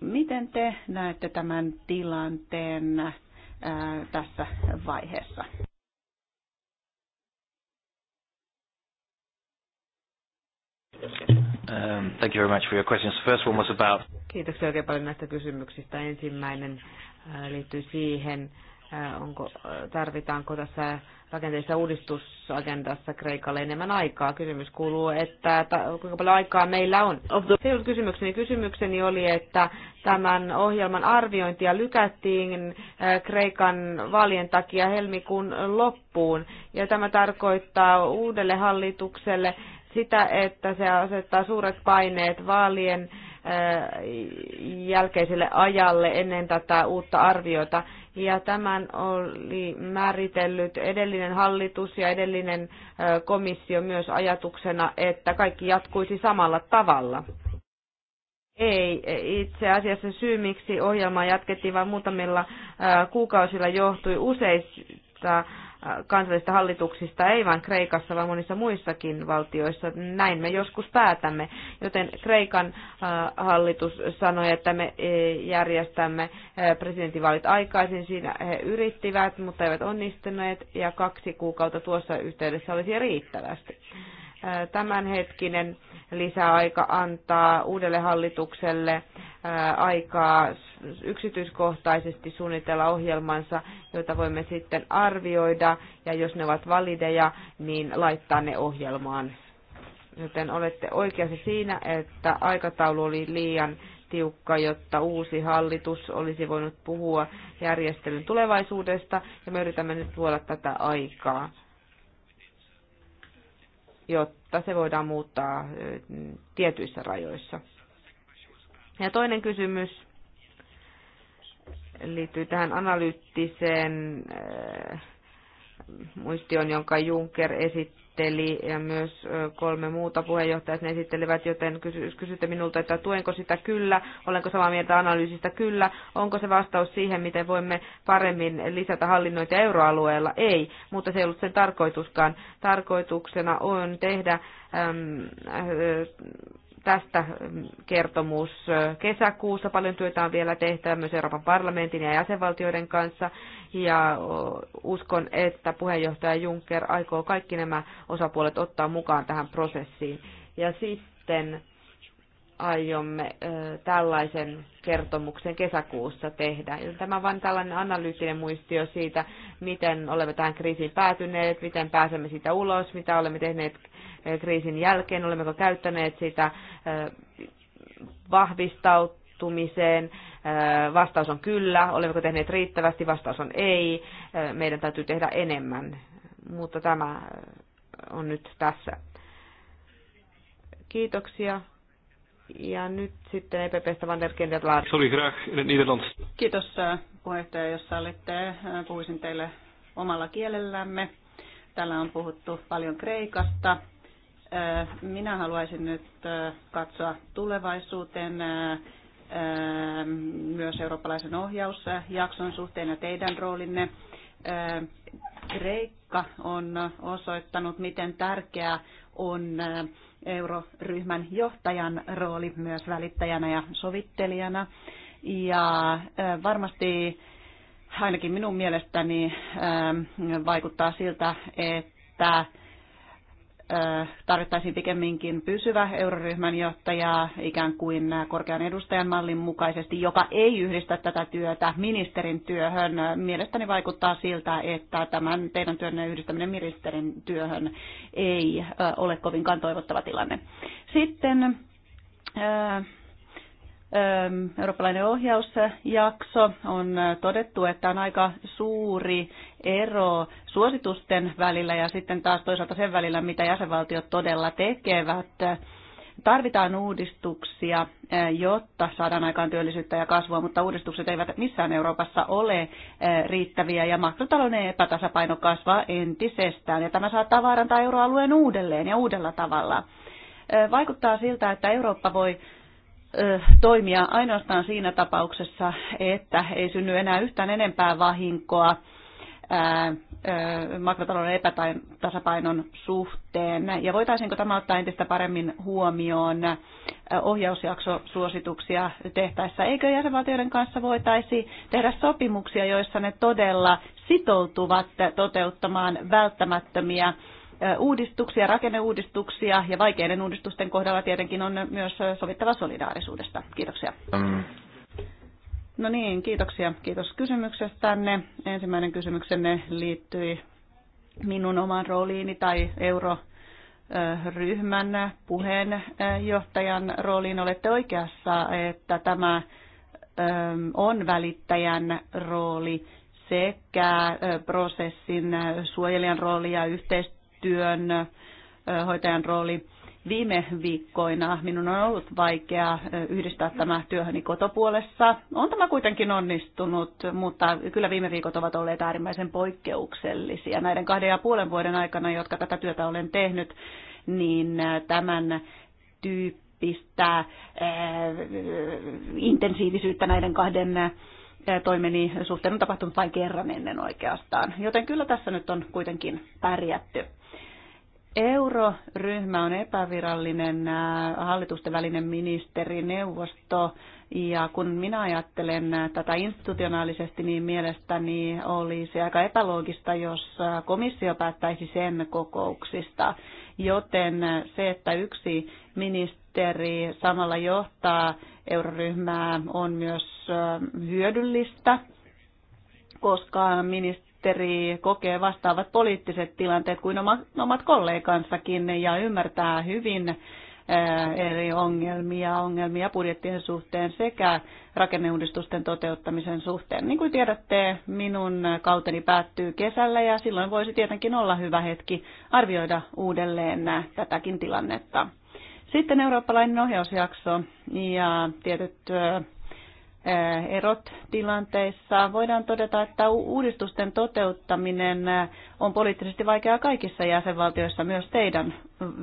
miten te näette tämän tilanteen tässä vaiheessa? Um, thank you very much for your questions. First one was about... Kiitoksia oikein paljon näistä kysymyksistä. Ensimmäinen äh, liittyy siihen, äh, onko, äh, tarvitaanko tässä rakenteellisessa uudistusagendassa Kreikalle enemmän aikaa. Kysymys kuuluu, että ta, kuinka paljon aikaa meillä on. Se ei ollut kysymykseni. Kysymykseni oli, että tämän ohjelman arviointia lykättiin Kreikan vaalien takia helmikuun loppuun. Ja tämä tarkoittaa uudelle hallitukselle sitä, että se asettaa suuret paineet vaalien äh, jälkeiselle ajalle ennen tätä uutta arviota. Ja tämän oli määritellyt edellinen hallitus ja edellinen äh, komissio myös ajatuksena, että kaikki jatkuisi samalla tavalla. Ei, itse asiassa syy, miksi ohjelmaa jatkettiin vain muutamilla äh, kuukausilla, johtui useista Äh, kansallisista hallituksista, ei vain Kreikassa, vaan monissa muissakin valtioissa. Näin me joskus päätämme. Joten Kreikan äh, hallitus sanoi, että me äh, järjestämme presidentinvaalit aikaisin. Siinä he yrittivät, mutta eivät onnistuneet, ja kaksi kuukautta tuossa yhteydessä olisi riittävästi tämänhetkinen lisäaika antaa uudelle hallitukselle aikaa yksityiskohtaisesti suunnitella ohjelmansa, joita voimme sitten arvioida ja jos ne ovat valideja, niin laittaa ne ohjelmaan. Joten olette oikeassa siinä, että aikataulu oli liian tiukka, jotta uusi hallitus olisi voinut puhua järjestelyn tulevaisuudesta, ja me yritämme nyt luoda tätä aikaa jotta se voidaan muuttaa tietyissä rajoissa. Ja toinen kysymys liittyy tähän analyyttiseen muistioon, jonka Juncker esitti esitteli ja myös kolme muuta puheenjohtajaa sen esittelivät, joten kysytte minulta, että tuenko sitä kyllä, olenko samaa mieltä analyysistä kyllä, onko se vastaus siihen, miten voimme paremmin lisätä hallinnointia euroalueella, ei, mutta se ei ollut sen tarkoituskaan. Tarkoituksena on tehdä äm, äh, tästä mm, kertomus kesäkuussa. Paljon työtä on vielä tehtävä myös Euroopan parlamentin ja jäsenvaltioiden kanssa. Ja uskon, että puheenjohtaja Juncker aikoo kaikki nämä osapuolet ottaa mukaan tähän prosessiin. Ja sitten aiomme tällaisen kertomuksen kesäkuussa tehdä. Tämä on vain tällainen analyyttinen muistio siitä, miten olemme tähän kriisiin päätyneet, miten pääsemme siitä ulos, mitä olemme tehneet kriisin jälkeen, olemmeko käyttäneet sitä vahvistautumiseen. Vastaus on kyllä. Olemmeko tehneet riittävästi? Vastaus on ei. Meidän täytyy tehdä enemmän. Mutta tämä on nyt tässä. Kiitoksia. Ja nyt sitten EPPstä Van der Kenderlaar. Sorry, in Kiitos puheenjohtaja, jos olitte. Puhuisin teille omalla kielellämme. Täällä on puhuttu paljon Kreikasta minä haluaisin nyt katsoa tulevaisuuteen myös eurooppalaisen ohjausjakson suhteen ja teidän roolinne. Kreikka on osoittanut, miten tärkeää on euroryhmän johtajan rooli myös välittäjänä ja sovittelijana. Ja varmasti ainakin minun mielestäni vaikuttaa siltä, että tarvittaisiin pikemminkin pysyvä euroryhmän johtaja ikään kuin korkean edustajan mallin mukaisesti, joka ei yhdistä tätä työtä ministerin työhön. Mielestäni vaikuttaa siltä, että tämän teidän työnne yhdistäminen ministerin työhön ei ole kovinkaan toivottava tilanne. Sitten eurooppalainen ohjausjakso on todettu, että on aika suuri ero suositusten välillä ja sitten taas toisaalta sen välillä, mitä jäsenvaltiot todella tekevät. Tarvitaan uudistuksia, jotta saadaan aikaan työllisyyttä ja kasvua, mutta uudistukset eivät missään Euroopassa ole riittäviä ja makrotalouden epätasapaino kasvaa entisestään ja tämä saattaa vaarantaa euroalueen uudelleen ja uudella tavalla. Vaikuttaa siltä, että Eurooppa voi toimia ainoastaan siinä tapauksessa, että ei synny enää yhtään enempää vahinkoa makrotalouden epätasapainon suhteen. Ja voitaisiinko tämä ottaa entistä paremmin huomioon ohjausjaksosuosituksia tehtäessä? Eikö jäsenvaltioiden kanssa voitaisi tehdä sopimuksia, joissa ne todella sitoutuvat toteuttamaan välttämättömiä uudistuksia, rakenneuudistuksia ja vaikeiden uudistusten kohdalla tietenkin on myös sovittava solidaarisuudesta. Kiitoksia. No niin, kiitoksia. Kiitos kysymyksestänne. Ensimmäinen kysymyksenne liittyi minun oman rooliini tai euroryhmän puheenjohtajan rooliin. Olette oikeassa, että tämä on välittäjän rooli sekä prosessin suojelijan rooli ja yhteistyö työn, hoitajan rooli. Viime viikkoina minun on ollut vaikea yhdistää tämä työhöni kotopuolessa. On tämä kuitenkin onnistunut, mutta kyllä viime viikot ovat olleet äärimmäisen poikkeuksellisia. Näiden kahden ja puolen vuoden aikana, jotka tätä työtä olen tehnyt, niin tämän tyyppistä äh, intensiivisyyttä näiden kahden toimeni suhteen on tapahtunut vain kerran ennen oikeastaan. Joten kyllä tässä nyt on kuitenkin pärjätty. Euroryhmä on epävirallinen hallitusten välinen ministerineuvosto ja kun minä ajattelen tätä institutionaalisesti, niin mielestäni olisi aika epäloogista, jos komissio päättäisi sen kokouksista. Joten se, että yksi ministeri samalla johtaa euroryhmää, on myös hyödyllistä koska ministeri ministeri kokee vastaavat poliittiset tilanteet kuin omat kollegansakin ja ymmärtää hyvin eh, eri ongelmia, ongelmia budjettien suhteen sekä rakenneuudistusten toteuttamisen suhteen. Niin kuin tiedätte, minun kauteni päättyy kesällä ja silloin voisi tietenkin olla hyvä hetki arvioida uudelleen tätäkin tilannetta. Sitten eurooppalainen ohjausjakso ja tietyt eh, Eh, erot tilanteissa. Voidaan todeta, että uudistusten toteuttaminen eh, on poliittisesti vaikeaa kaikissa jäsenvaltioissa, myös teidän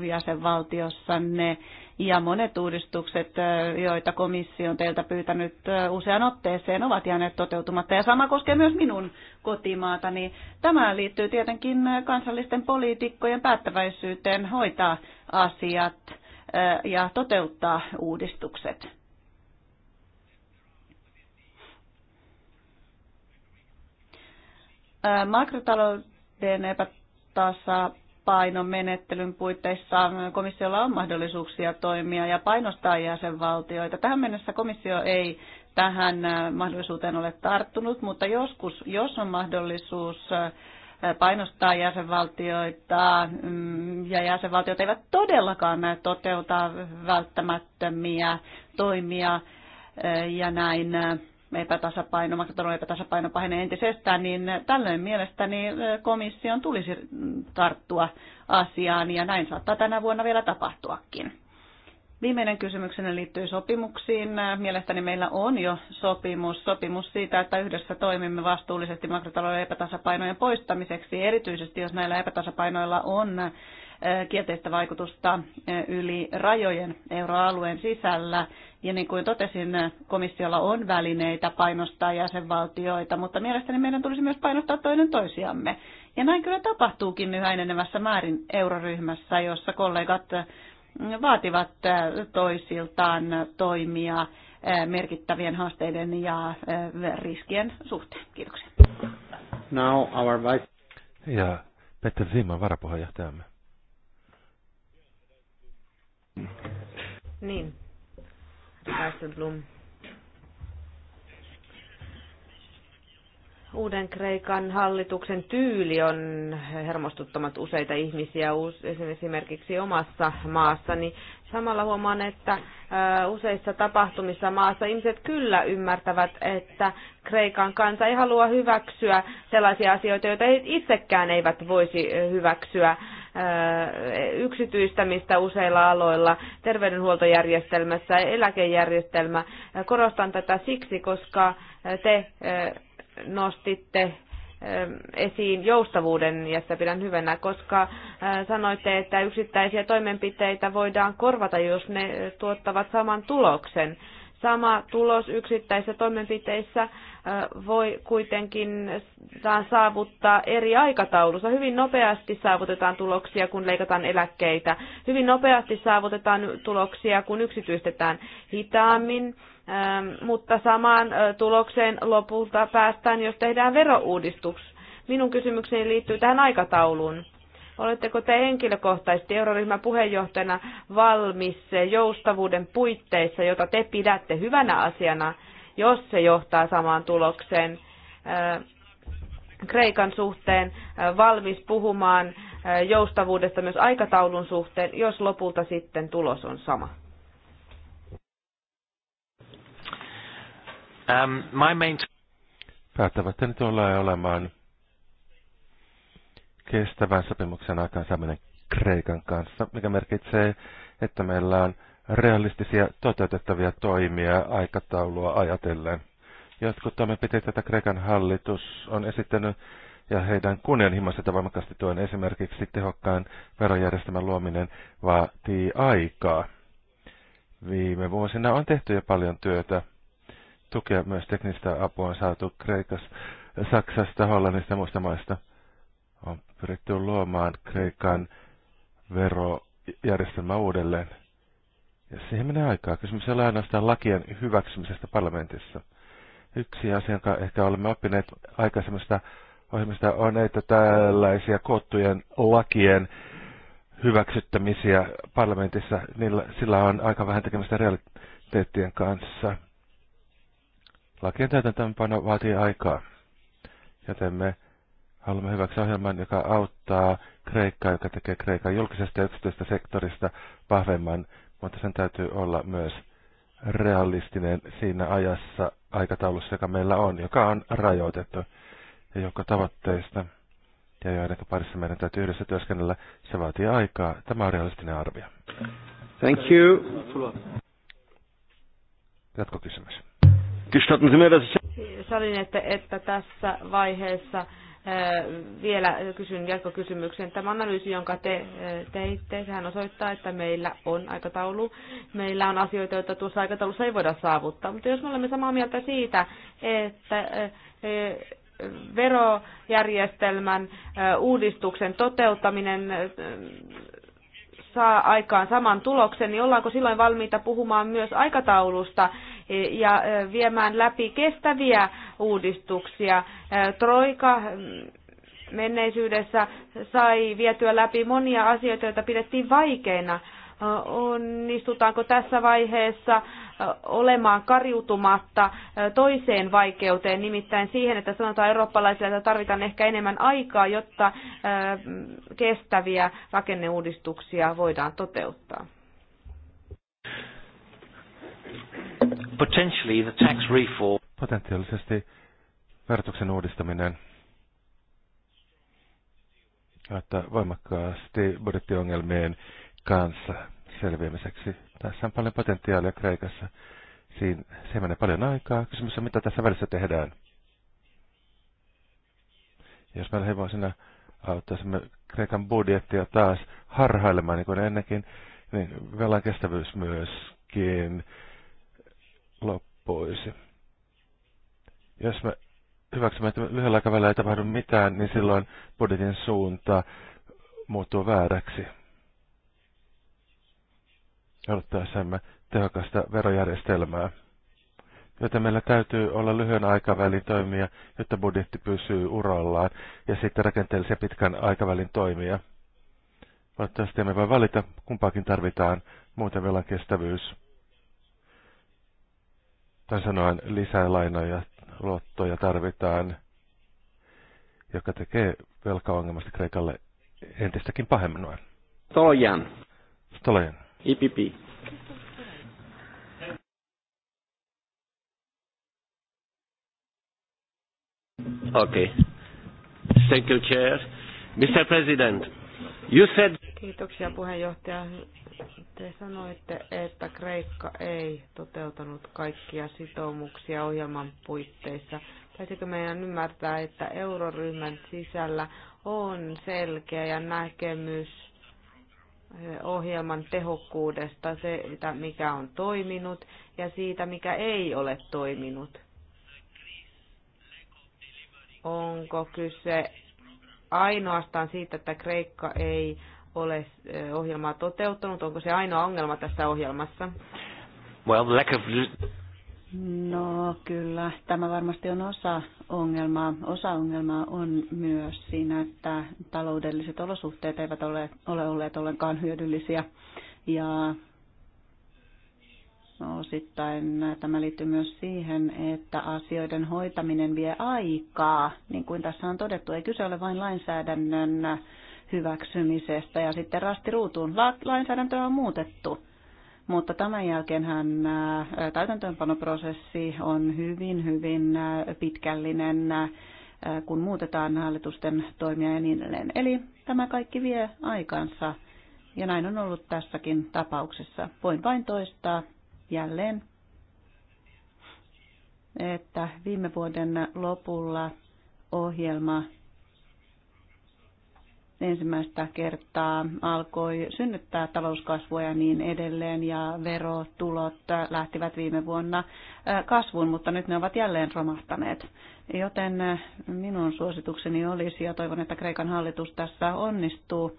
jäsenvaltiossanne. Ja monet uudistukset, eh, joita komissio on teiltä pyytänyt usean otteeseen, ovat jääneet toteutumatta. Ja sama koskee myös minun kotimaatani. Tämä liittyy tietenkin kansallisten poliitikkojen päättäväisyyteen hoitaa asiat ja toteuttaa uudistukset Makrotalouden epätasapainon menettelyn puitteissa komissiolla on mahdollisuuksia toimia ja painostaa jäsenvaltioita. Tähän mennessä komissio ei tähän mahdollisuuteen ole tarttunut, mutta joskus, jos on mahdollisuus painostaa jäsenvaltioita mm, ja jäsenvaltiot eivät todellakaan toteuta välttämättömiä toimia ja näin epätasapaino, makrotalouden epätasapaino pahenee entisestään, niin tällöin mielestäni eh, komission tulisi tarttua asiaan ja näin saattaa tänä vuonna vielä tapahtuakin. Viimeinen kysymyksenä liittyy sopimuksiin. Mielestäni meillä on jo sopimus, sopimus siitä, että yhdessä toimimme vastuullisesti makrotalouden epätasapainojen poistamiseksi, erityisesti jos näillä epätasapainoilla on eh, kielteistä vaikutusta eh, yli rajojen euroalueen sisällä. Ja niin kuin totesin, komissiolla on välineitä painostaa jäsenvaltioita, mutta mielestäni meidän tulisi myös painostaa toinen toisiamme. Ja näin kyllä tapahtuukin yhä enenevässä määrin euroryhmässä, jossa kollegat vaativat toisiltaan toimia merkittävien haasteiden ja riskien suhteen. Kiitoksia. Now our vice... Ja Petter Simman varapuheenjohtajamme. Niin, Dijsselblom. Uuden Kreikan hallituksen tyyli on hermostuttamat useita ihmisiä esimerkiksi omassa maassani. Samalla huomaan, että useissa tapahtumissa maassa ihmiset kyllä ymmärtävät, että Kreikan kansa ei halua hyväksyä sellaisia asioita, joita he itsekään eivät voisi hyväksyä yksityistämistä useilla aloilla, terveydenhuoltojärjestelmässä, eläkejärjestelmä. Korostan tätä siksi, koska te nostitte esiin joustavuuden, ja sitä pidän hyvänä, koska sanoitte, että yksittäisiä toimenpiteitä voidaan korvata, jos ne tuottavat saman tuloksen. Sama tulos yksittäisissä toimenpiteissä voi kuitenkin saavuttaa eri aikataulussa. Hyvin nopeasti saavutetaan tuloksia, kun leikataan eläkkeitä. Hyvin nopeasti saavutetaan tuloksia, kun yksityistetään hitaammin, mutta samaan tulokseen lopulta päästään, jos tehdään verouudistuks Minun kysymykseni liittyy tähän aikatauluun. Oletteko te henkilökohtaisesti euroryhmän puheenjohtajana valmis joustavuuden puitteissa, jota te pidätte hyvänä asiana, jos se johtaa samaan tulokseen. Äh, Kreikan suhteen äh, valmis puhumaan äh, joustavuudesta myös aikataulun suhteen, jos lopulta sitten tulos on sama. Um, my main... Päättävät nyt olla olemaan kestävän sopimuksen aikaan Kreikan kanssa, mikä merkitsee, että meillä on realistisia toteutettavia toimia aikataulua ajatellen. Jotkut toimenpiteet, joita Kreikan hallitus on esittänyt, ja heidän kunnianhimoiselta voimakkaasti tuen esimerkiksi tehokkaan verojärjestelmän luominen vaatii aikaa. Viime vuosina on tehty jo paljon työtä. Tukea myös teknistä apua on saatu Kreikassa, Saksasta, Hollannista ja muista maista. On pyritty luomaan Kreikan verojärjestelmä uudelleen. Ja siihen menee aikaa. Kysymys ei ole ainoastaan lakien hyväksymisestä parlamentissa. Yksi asia, jonka ehkä olemme oppineet aikaisemmista ohjelmista, on, että tällaisia koottujen lakien hyväksyttämisiä parlamentissa, niillä, sillä on aika vähän tekemistä realiteettien kanssa. Lakien täytäntöönpano vaatii aikaa, joten me haluamme hyväksyä ohjelman, joka auttaa Kreikkaa, joka tekee Kreikan julkisesta ja yksityisestä sektorista vahvemman mutta sen täytyy olla myös realistinen siinä ajassa aikataulussa, joka meillä on, joka on rajoitettu ja joka tavoitteista ja joiden parissa meidän täytyy yhdessä työskennellä, se vaatii aikaa. Tämä on realistinen arvio. Thank you. Jatkokysymys. Sanoin, että, että tässä vaiheessa vielä kysyn jatkokysymyksen. Tämä analyysi, jonka te teitte, sehän osoittaa, että meillä on aikataulu. Meillä on asioita, joita tuossa aikataulussa ei voida saavuttaa. Mutta jos me olemme samaa mieltä siitä, että verojärjestelmän uudistuksen toteuttaminen saa aikaan saman tuloksen, niin ollaanko silloin valmiita puhumaan myös aikataulusta ja e, viemään läpi kestäviä uudistuksia. E, Troika mm, menneisyydessä sai vietyä läpi monia asioita, joita pidettiin vaikeina onnistutaanko tässä vaiheessa olemaan kariutumatta toiseen vaikeuteen, nimittäin siihen, että sanotaan eurooppalaisille, että tarvitaan ehkä enemmän aikaa, jotta kestäviä rakenneuudistuksia voidaan toteuttaa. Potentially the tax reform. Potentiaalisesti verotuksen uudistaminen että voimakkaasti budjettiongelmien kanssa selviämiseksi. Tässä on paljon potentiaalia Kreikassa. Siin, se menee paljon aikaa. Kysymys on, mitä tässä välissä tehdään. Jos me lähivuosina auttaisimme Kreikan budjettia taas harhailemaan, niin kuin ennenkin, niin velan kestävyys myöskin loppuisi. Jos me hyväksymme, että lyhyellä aikavälillä ei tapahdu mitään, niin silloin budjetin suunta muuttuu vääräksi odottaessamme tehokasta verojärjestelmää. Joten meillä täytyy olla lyhyen aikavälin toimia, jotta budjetti pysyy urallaan, ja sitten rakenteellisia pitkän aikavälin toimia. Valitettavasti emme voi valita, kumpaakin tarvitaan, muuten velan kestävyys. Tai sanoen lisää lainoja, luottoja tarvitaan, joka tekee velkaongelmasta Kreikalle entistäkin pahemmin. Stolojan. Stolojan. EPP. Okay. Thank you, Chair. Mr. President, you said... Kiitoksia puheenjohtaja. Te sanoitte, että Kreikka ei toteutanut kaikkia sitoumuksia ohjelman puitteissa. Täytyykö meidän ymmärtää, että euroryhmän sisällä on selkeä näkemys ohjelman tehokkuudesta, siitä mikä on toiminut ja siitä mikä ei ole toiminut. Onko kyse ainoastaan siitä, että Kreikka ei ole ohjelmaa toteuttanut? Onko se ainoa ongelma tässä ohjelmassa? Well, lack of... No kyllä, tämä varmasti on osa ongelmaa. Osa ongelmaa on myös siinä, että taloudelliset olosuhteet eivät ole, ole olleet ollenkaan hyödyllisiä. Ja osittain tämä liittyy myös siihen, että asioiden hoitaminen vie aikaa. Niin kuin tässä on todettu, ei kyse ole vain lainsäädännön hyväksymisestä ja sitten rasti ruutuun. Lainsäädäntöä on muutettu mutta tämän hän äh, täytäntöönpanoprosessi on hyvin, hyvin äh, pitkällinen, äh, kun muutetaan hallitusten toimia ja niin edelleen. Eli tämä kaikki vie aikansa, ja näin on ollut tässäkin tapauksessa. Voin vain toistaa jälleen, että viime vuoden lopulla ohjelma ensimmäistä kertaa alkoi synnyttää talouskasvua ja niin edelleen, ja verotulot lähtivät viime vuonna kasvuun, mutta nyt ne ovat jälleen romahtaneet. Joten minun suositukseni olisi, ja toivon, että Kreikan hallitus tässä onnistuu,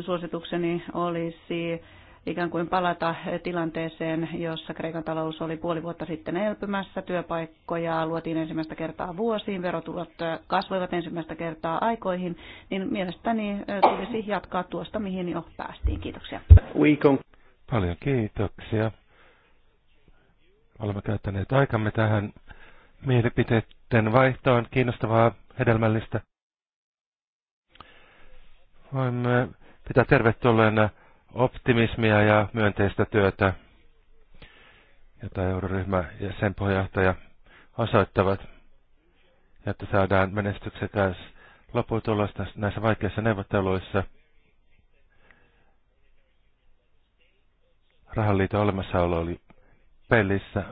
suositukseni olisi ikään kuin palata tilanteeseen, jossa Kreikan talous oli puoli vuotta sitten elpymässä, työpaikkoja luotiin ensimmäistä kertaa vuosiin, verotulot kasvoivat ensimmäistä kertaa aikoihin, niin mielestäni tulisi jatkaa tuosta, mihin jo päästiin. Kiitoksia. Paljon kiitoksia. Olemme käyttäneet aikamme tähän mielipiteiden vaihtoon. Kiinnostavaa, hedelmällistä. Voimme pitää tervetulleena optimismia ja myönteistä työtä, jota euroryhmä ja sen puheenjohtaja osoittavat, jotta saadaan menestyksekäs lopputulosta näissä vaikeissa neuvotteluissa. Rahaliiton olemassaolo oli pelissä.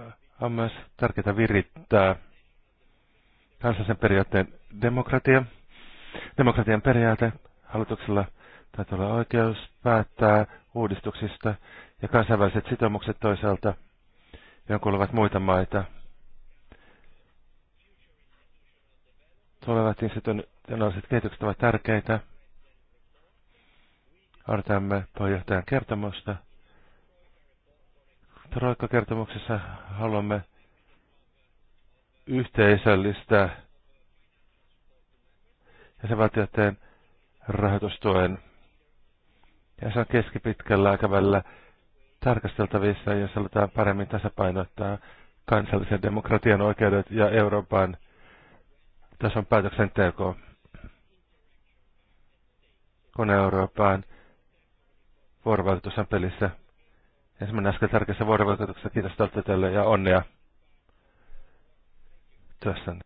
On myös tärkeää virittää kansallisen periaatteen demokratia. Demokratian periaate hallituksella tai tulee oikeus päättää uudistuksista ja kansainväliset sitoumukset toisaalta, johon kuuluvat muita maita. Tulevat institutionaaliset kehitykset ovat tärkeitä. Odotamme puheenjohtajan kertomusta. Troikka-kertomuksessa haluamme yhteisöllistä jäsenvaltioiden rahoitustuen ja se on keskipitkällä aikavälillä tarkasteltavissa, jos halutaan paremmin tasapainottaa kansallisen demokratian oikeudet ja Euroopan tason päätöksenteko, kun Euroopan vuorovaikutus on pelissä. Ensimmäinen äsken tärkeässä vuorovaikutuksessa. Kiitos tälle ja onnea Tässä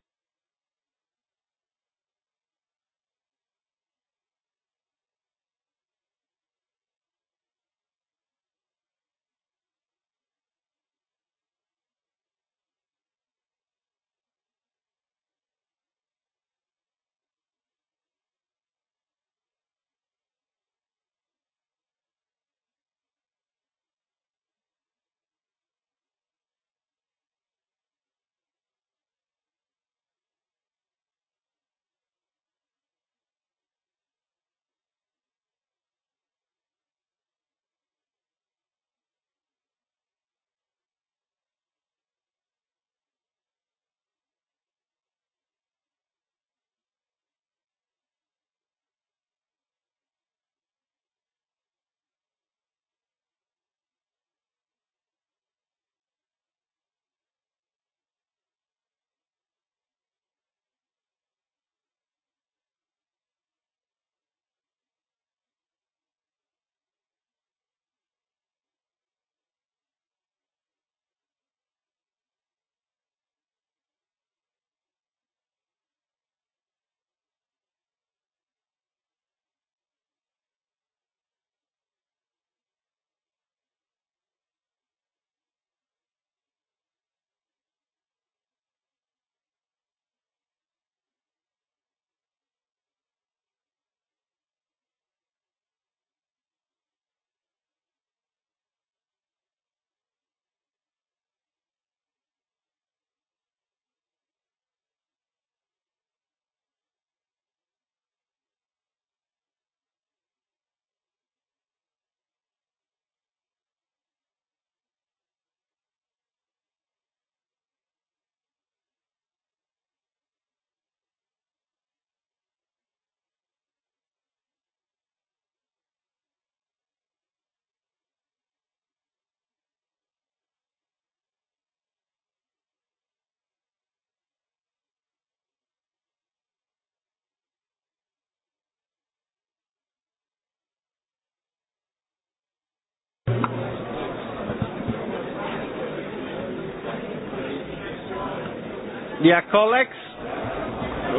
Dear colleagues,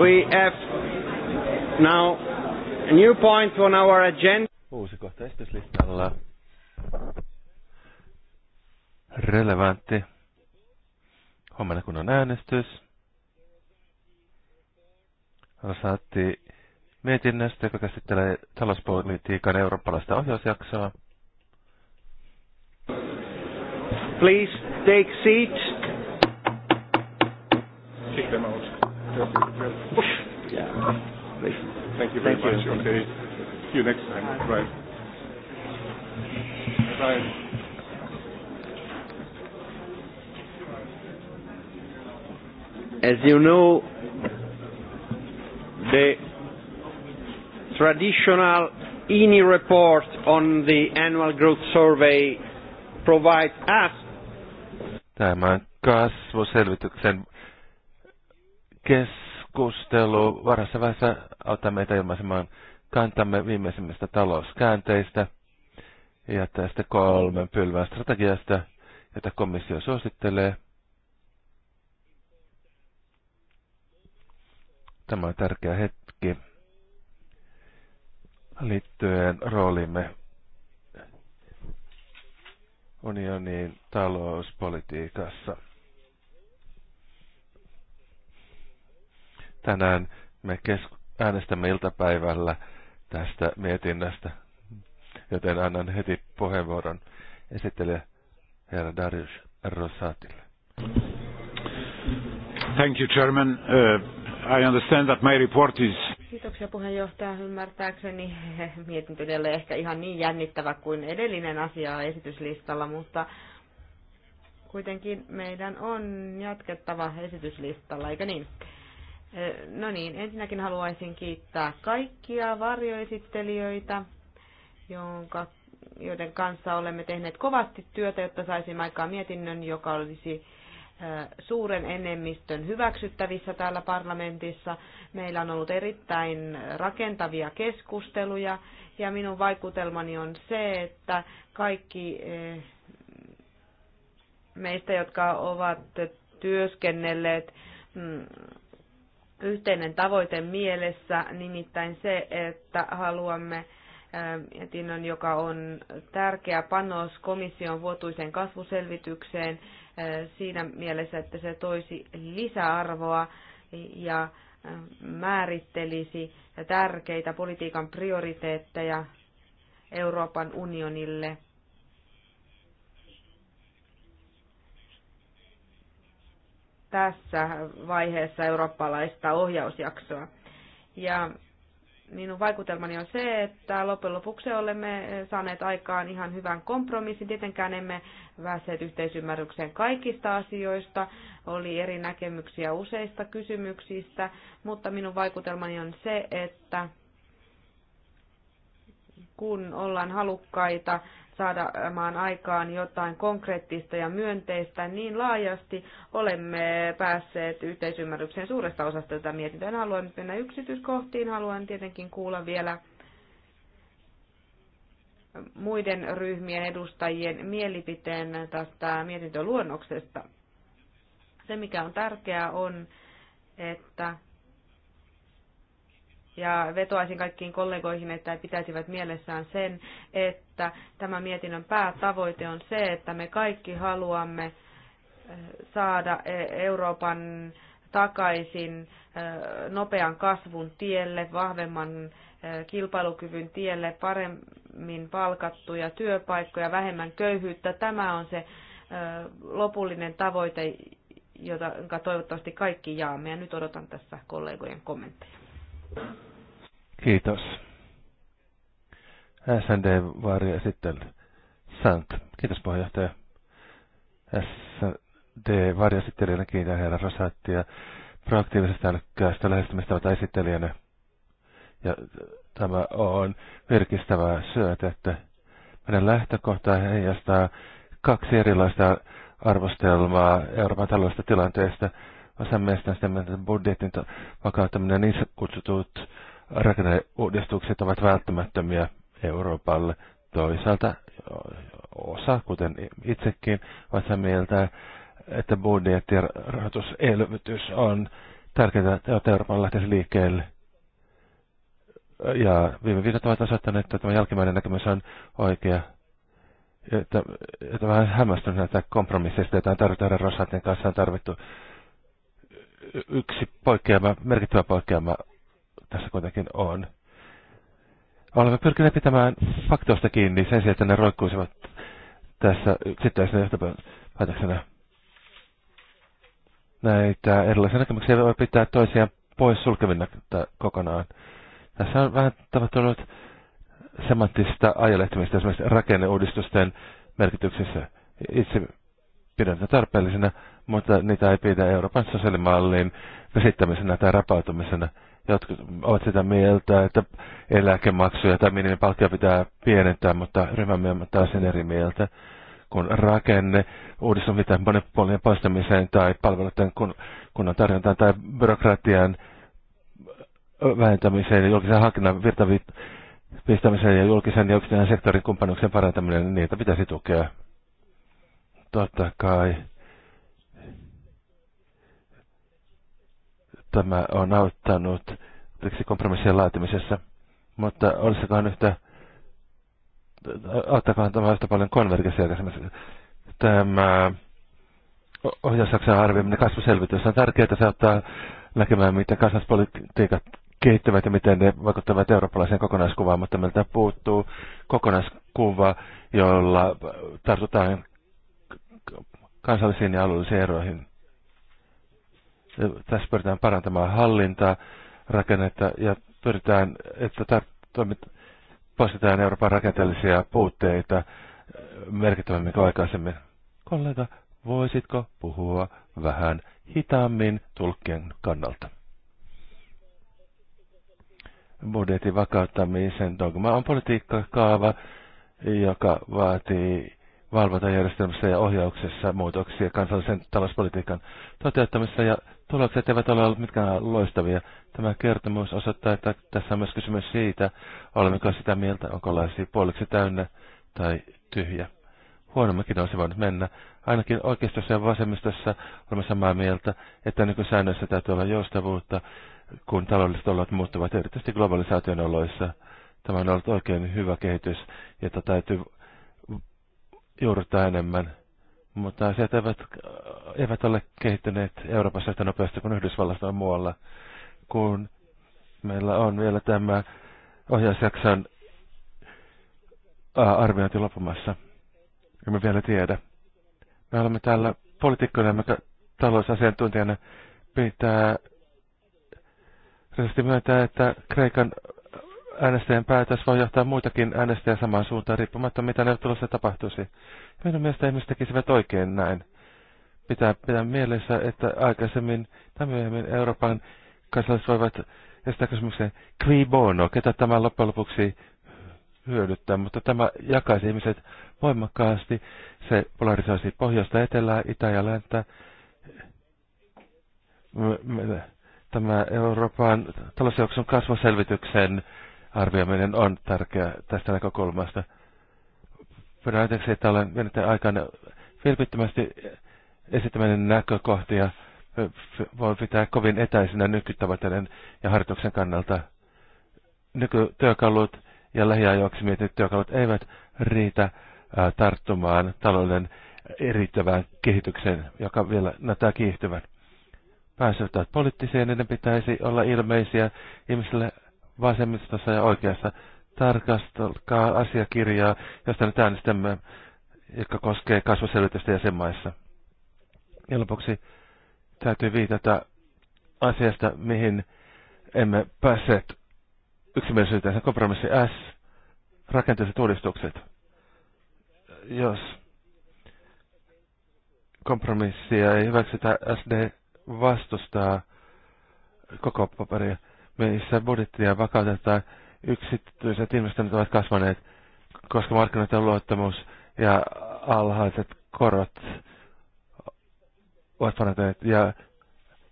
we have now a new point on our agenda. Uusi kohta esityslistalla. Relevantti. Huomenna kun on äänestys. Saatti mietinnöstä, joka käsittelee talouspolitiikan eurooppalaista ohjausjaksoa. Please take seats kick them out. Yeah. Thank you very Thank much. You. Okay. See you next time. Bye. Bye. As you know, the traditional INI e report on the annual growth survey provides us Tämän kasvuselvityksen keskustelu varassa vaiheessa auttaa meitä ilmaisemaan kantamme viimeisimmistä talouskäänteistä ja tästä kolmen pylvän strategiasta, jota komissio suosittelee. Tämä on tärkeä hetki liittyen roolimme unionin talouspolitiikassa. Tänään me äänestämme iltapäivällä tästä mietinnästä, joten annan heti puheenvuoron esittelijä herra Darius Rosatille. Thank you, Chairman. Uh, I understand that my report is... Kiitoksia puheenjohtaja. Ymmärtääkseni mietintö ei ole ehkä ihan niin jännittävä kuin edellinen asia esityslistalla, mutta kuitenkin meidän on jatkettava esityslistalla, eikö niin? No niin, ensinnäkin haluaisin kiittää kaikkia varjoesittelijöitä, jonka, joiden kanssa olemme tehneet kovasti työtä, jotta saisimme aikaa mietinnön, joka olisi suuren enemmistön hyväksyttävissä täällä parlamentissa. Meillä on ollut erittäin rakentavia keskusteluja ja minun vaikutelmani on se, että kaikki meistä, jotka ovat työskennelleet mm, yhteinen tavoite mielessä, nimittäin se, että haluamme mietinnön, ähm, joka on tärkeä panos komission vuotuiseen kasvuselvitykseen äh, siinä mielessä, että se toisi lisäarvoa ja äh, määrittelisi tärkeitä politiikan prioriteetteja Euroopan unionille – tässä vaiheessa eurooppalaista ohjausjaksoa. Ja minun vaikutelmani on se, että loppujen lopuksi olemme saaneet aikaan ihan hyvän kompromissin. Tietenkään emme vässeet yhteisymmärrykseen kaikista asioista, oli eri näkemyksiä useista kysymyksistä, mutta minun vaikutelmani on se, että kun ollaan halukkaita saadaan äh, aikaan jotain konkreettista ja myönteistä niin laajasti, olemme päässeet yhteisymmärrykseen suuresta osasta tätä mietintöä. Haluan nyt mennä yksityiskohtiin, haluan tietenkin kuulla vielä muiden ryhmien edustajien mielipiteen tästä mietintöluonnoksesta. Se, mikä on tärkeää, on, että ja vetoaisin kaikkiin kollegoihin, että pitäisivät mielessään sen, että tämä mietinnön päätavoite on se, että me kaikki haluamme äh, saada e, Euroopan takaisin äh, nopean kasvun tielle, vahvemman äh, kilpailukyvyn tielle, paremmin palkattuja työpaikkoja, vähemmän köyhyyttä. Tämä on se lopullinen tavoite, jota toivottavasti kaikki jaamme. Ja nyt odotan tässä kollegojen kommentteja. Kiitos. snd Varja sitten Sant. Kiitos puheenjohtaja. sd sitten kiitän herra ja proaktiivisesta älykkäästä lähestymistavalta esittelijänä. Ja tämä on virkistävää syötettä. Meidän lähtökohta heijastaa kaksi erilaista arvostelmaa Euroopan taloudellisesta tilanteesta. Osa meistä on sitä että budjetin vakauttaminen niissä kutsutut rakenneuudistukset ovat välttämättömiä Euroopalle. Toisaalta osa, kuten itsekin, ovat sitä mieltä, että budjetti ja rahoituselvytys on tärkeää, että Euroopan lähtisi liikkeelle. Ja viime viikot ovat osoittaneet, että tämä jälkimmäinen näkemys on oikea. Että, että vähän hämmästynyt näitä kompromisseista, joita on tarvittu Rosatin kanssa, on tarvittu yksi poikkeama, merkittävä poikkeama tässä kuitenkin on. Olemme pyrkineet pitämään faktoista kiinni sen sijaan, että ne roikkuisivat tässä yksittäisenä johtopäätöksenä. Näitä erilaisia näkemyksiä voi pitää toisiaan pois sulkevina kokonaan. Tässä on vähän tapahtunut semanttista ajalehtimistä esimerkiksi rakenneuudistusten merkityksessä. Itse pidän niitä tarpeellisena, mutta niitä ei pidä Euroopan sosiaalimallin vesittämisenä tai rapautumisena jotkut ovat sitä mieltä, että eläkemaksuja tai minimipalkkia pitää pienentää, mutta ryhmämme on taas eri mieltä kun rakenne, uudistus mitään monipuolien poistamiseen tai palveluiden kun, kunnan tarjontaan tai byrokratian vähentämiseen ja julkisen hankinnan virtavistamiseen ja julkisen ja yksityisen sektorin kumppanuksen parantaminen, niin niitä pitäisi tukea. Totta kai Tämä on auttanut kompromissien laatimisessa, mutta olisikohan yhtä, auttakohan tämä yhtä paljon konvergenssia Tämä ohjausjakson arvioiminen kasvuselvitys on tärkeää, että se auttaa näkemään, miten kansallispolitiikat kehittyvät ja miten ne vaikuttavat eurooppalaiseen kokonaiskuvaan, mutta meiltä puuttuu kokonaiskuva, jolla tartutaan kansallisiin ja alueellisiin eroihin. Tässä pyritään parantamaan hallintaa, rakennetta ja pyritään, että tar- poistetaan Euroopan rakenteellisia puutteita merkittävämmin kuin aikaisemmin. Kollega, voisitko puhua vähän hitaammin tulkkien kannalta? Budjetin vakauttamisen dogma on politiikkakaava, joka vaatii valvontajärjestelmässä ja ohjauksessa muutoksia kansallisen talouspolitiikan toteuttamisessa ja tulokset eivät ole olleet mitkään loistavia. Tämä kertomus osoittaa, että tässä on myös kysymys siitä, olemmeko sitä mieltä, onko laisi puoliksi täynnä tai tyhjä. Huonommakin olisi voinut mennä. Ainakin oikeistossa ja vasemmistossa olemme samaa mieltä, että nykysäännöissä täytyy olla joustavuutta, kun taloudelliset olot muuttuvat erityisesti globalisaation oloissa. Tämä on ollut oikein hyvä kehitys, jota täytyy juurta enemmän, mutta asiat eivät, eivät ole kehittyneet Euroopassa yhtä nopeasti kuin Yhdysvallassa on muualla, kun meillä on vielä tämä ohjausjakson arviointi lopumassa. Ja me vielä tiedä. Me olemme täällä poliitikkoina, me talousasiantuntijana pitää myöntää, että Kreikan äänestäjän päätös voi johtaa muitakin äänestäjä samaan suuntaan riippumatta mitä neuvottelussa tapahtuisi. Minun mielestä ihmiset tekisivät oikein näin. Pitää pitää mielessä, että aikaisemmin tai myöhemmin Euroopan kansalaiset voivat estää kysymykseen qui bono, ketä tämä loppujen lopuksi hyödyttää, mutta tämä jakaisi ihmiset voimakkaasti. Se polarisoisi pohjoista, etelää, itä ja länttä. Tämä Euroopan talousjouksun kasvuselvityksen arvioiminen on tärkeää tästä näkökulmasta. Pyydän anteeksi, että olen mennyt aikana vilpittömästi esittämään näkökohtia. Voin pitää kovin etäisinä nykytavoitteiden ja harjoituksen kannalta. Nykytyökalut ja lähiajoiksi mietityt työkalut eivät riitä tarttumaan talouden erittävään kehitykseen, joka vielä näyttää kiihtyvän. Pääsyttävät poliittiseen, niiden pitäisi olla ilmeisiä ihmisille vasemmistossa ja oikeassa. Tarkastelkaa asiakirjaa, josta nyt äänestämme, joka koskee kasvuselvitystä jäsenmaissa. Ja lopuksi täytyy viitata asiasta, mihin emme päässeet yksimielisyyteen, se kompromissi S, rakenteelliset uudistukset. Jos kompromissia ei hyväksytä, SD vastustaa koko paperia missä budjettia vakautetaan, yksityiset investoinnit ovat kasvaneet, koska markkinoiden luottamus ja alhaiset korot ovat parantuneet ja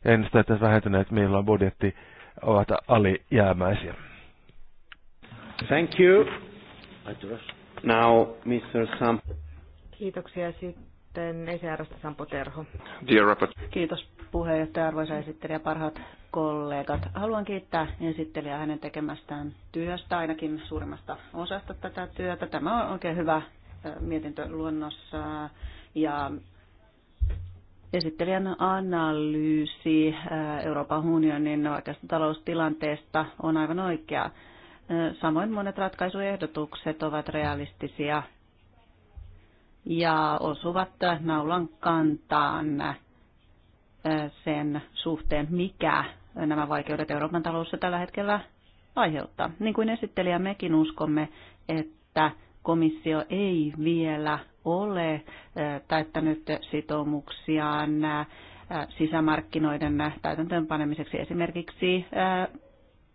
ennusteet ovat vähentyneet, milloin budjetti ovat alijäämäisiä. Thank you. Now, Mr. Sam. Kiitoksia. Sitten sitten ECRstä Sampo Terho. Kiitos puheenjohtaja, arvoisa esittelijä, parhaat kollegat. Haluan kiittää esittelijää hänen tekemästään työstä, ainakin suurimmasta osasta tätä työtä. Tämä on oikein hyvä mietintö luonnossa ja esittelijän analyysi Euroopan unionin oikeasta taloustilanteesta on aivan oikea. Samoin monet ratkaisuehdotukset ovat realistisia ja osuvat naulan kantaan äh, sen suhteen, mikä nämä vaikeudet Euroopan taloudessa tällä hetkellä aiheuttaa. Niin kuin esittelijä mekin uskomme, että komissio ei vielä ole äh, täyttänyt sitoumuksiaan äh, sisämarkkinoiden täytäntöönpanemiseksi esimerkiksi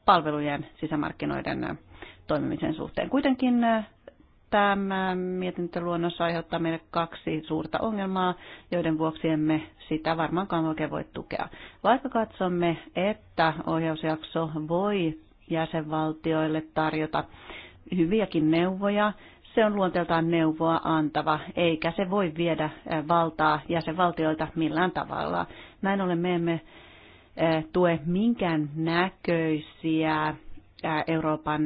palvelujen sisämarkkinoiden toimimisen suhteen. Kuitenkin tämä mietintöluonnos aiheuttaa meille kaksi suurta ongelmaa, joiden vuoksi emme sitä varmaankaan oikein voi tukea. Vaikka katsomme, että ohjausjakso voi jäsenvaltioille tarjota hyviäkin neuvoja, se on luonteeltaan neuvoa antava, eikä se voi viedä valtaa jäsenvaltioilta millään tavalla. Näin ollen me emme tue minkään näköisiä Euroopan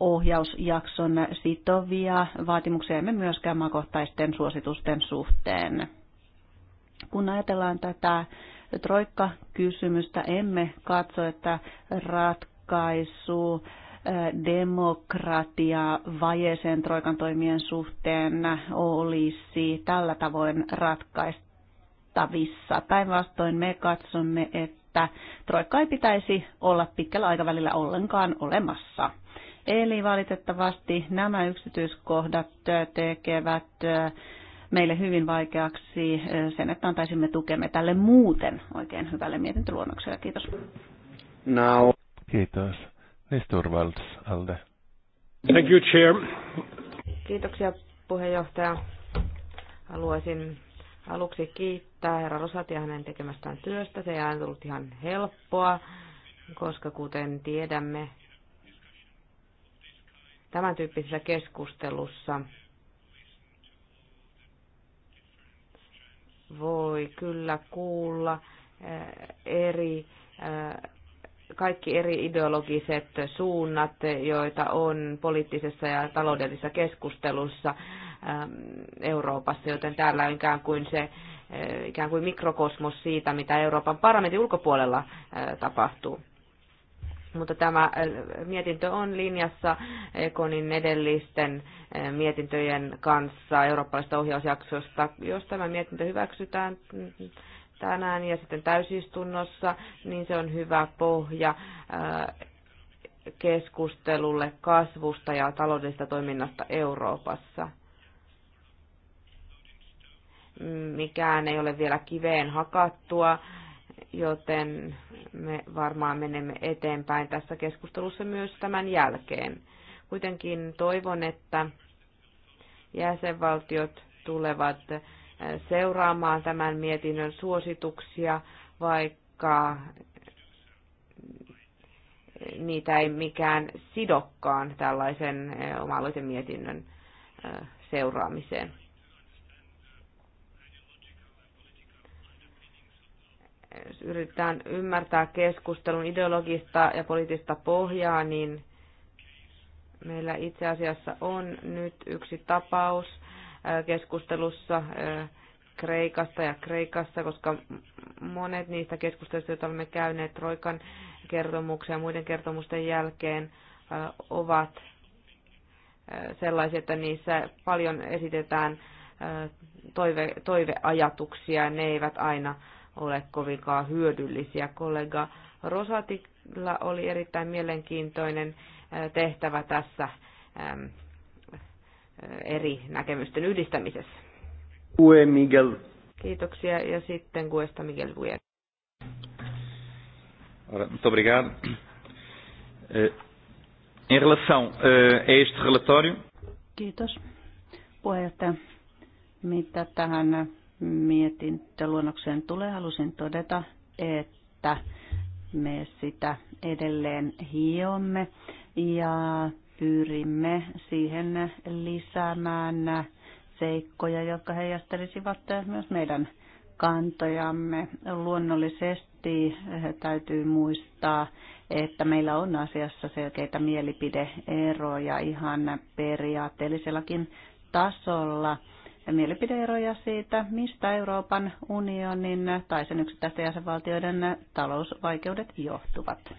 ohjausjakson sitovia vaatimuksia emme myöskään maakohtaisten suositusten suhteen. Kun ajatellaan tätä troikka-kysymystä, emme katso, että ratkaisu eh, demokratia vajeeseen troikan toimien suhteen olisi tällä tavoin ratkaistavissa. Päinvastoin me katsomme, että troikka ei pitäisi olla pitkällä aikavälillä ollenkaan olemassa. Eli valitettavasti nämä yksityiskohdat tekevät meille hyvin vaikeaksi sen, että antaisimme tukemme tälle muuten oikein hyvälle mietintöluonnokselle. Kiitos. Now. Kiitos. Valds, Alde. Thank you, Chair. Kiitoksia, puheenjohtaja. Haluaisin aluksi kiittää herra Rosatia hänen tekemästään työstä. Se ei aina ollut ihan helppoa, koska kuten tiedämme, tämän tyyppisessä keskustelussa voi kyllä kuulla eh, eri, eh, kaikki eri ideologiset suunnat, joita on poliittisessa ja taloudellisessa keskustelussa eh, Euroopassa, joten täällä on ikään kuin se ikään kuin mikrokosmos siitä, mitä Euroopan parlamentin ulkopuolella tapahtuu mutta tämä äh, mietintö on linjassa Ekonin edellisten äh, mietintöjen kanssa eurooppalaisesta ohjausjaksosta. Jos tämä mietintö hyväksytään tänään ja sitten täysistunnossa, niin se on hyvä pohja äh, keskustelulle kasvusta ja taloudellisesta toiminnasta Euroopassa. Mikään ei ole vielä kiveen hakattua joten me varmaan menemme eteenpäin tässä keskustelussa myös tämän jälkeen. Kuitenkin toivon, että jäsenvaltiot tulevat eh, seuraamaan tämän mietinnön suosituksia, vaikka eh, niitä ei mikään sidokkaan tällaisen eh, oma mietinnön seuraamiseen. jos yritetään ymmärtää keskustelun ideologista ja poliittista pohjaa, niin meillä itse asiassa on nyt yksi tapaus keskustelussa Kreikasta ja Kreikassa, koska monet niistä keskusteluista, joita olemme käyneet Troikan kertomuksen ja muiden kertomusten jälkeen, ovat sellaisia, että niissä paljon esitetään toive, toiveajatuksia, ne eivät aina ole kovinkaan hyödyllisiä. Kollega Rosatilla oli erittäin mielenkiintoinen tehtävä tässä eri näkemysten yhdistämisessä. Ue Miguel. Kiitoksia ja sitten Guesta Miguel Vuer. obrigado. en eh, relação eh, a este relatório. Kiitos puheenjohtaja. Mitä tähän mietintöluonnokseen tulee, halusin todeta, että me sitä edelleen hiomme ja pyrimme siihen lisäämään seikkoja, jotka heijastelisivat myös meidän kantojamme. Luonnollisesti täytyy muistaa, että meillä on asiassa selkeitä mielipideeroja ihan periaatteellisellakin tasolla mielipideeroja siitä, mistä Euroopan unionin tai sen yksittäisten jäsenvaltioiden talousvaikeudet johtuvat.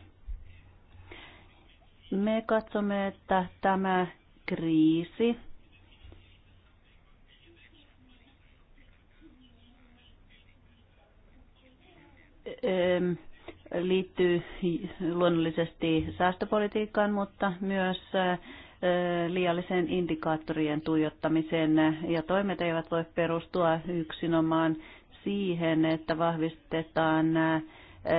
Me katsomme, että tämä kriisi liittyy luonnollisesti säästöpolitiikkaan, mutta myös liiallisen indikaattorien tuijottamiseen ja toimet eivät voi perustua yksinomaan siihen, että vahvistetaan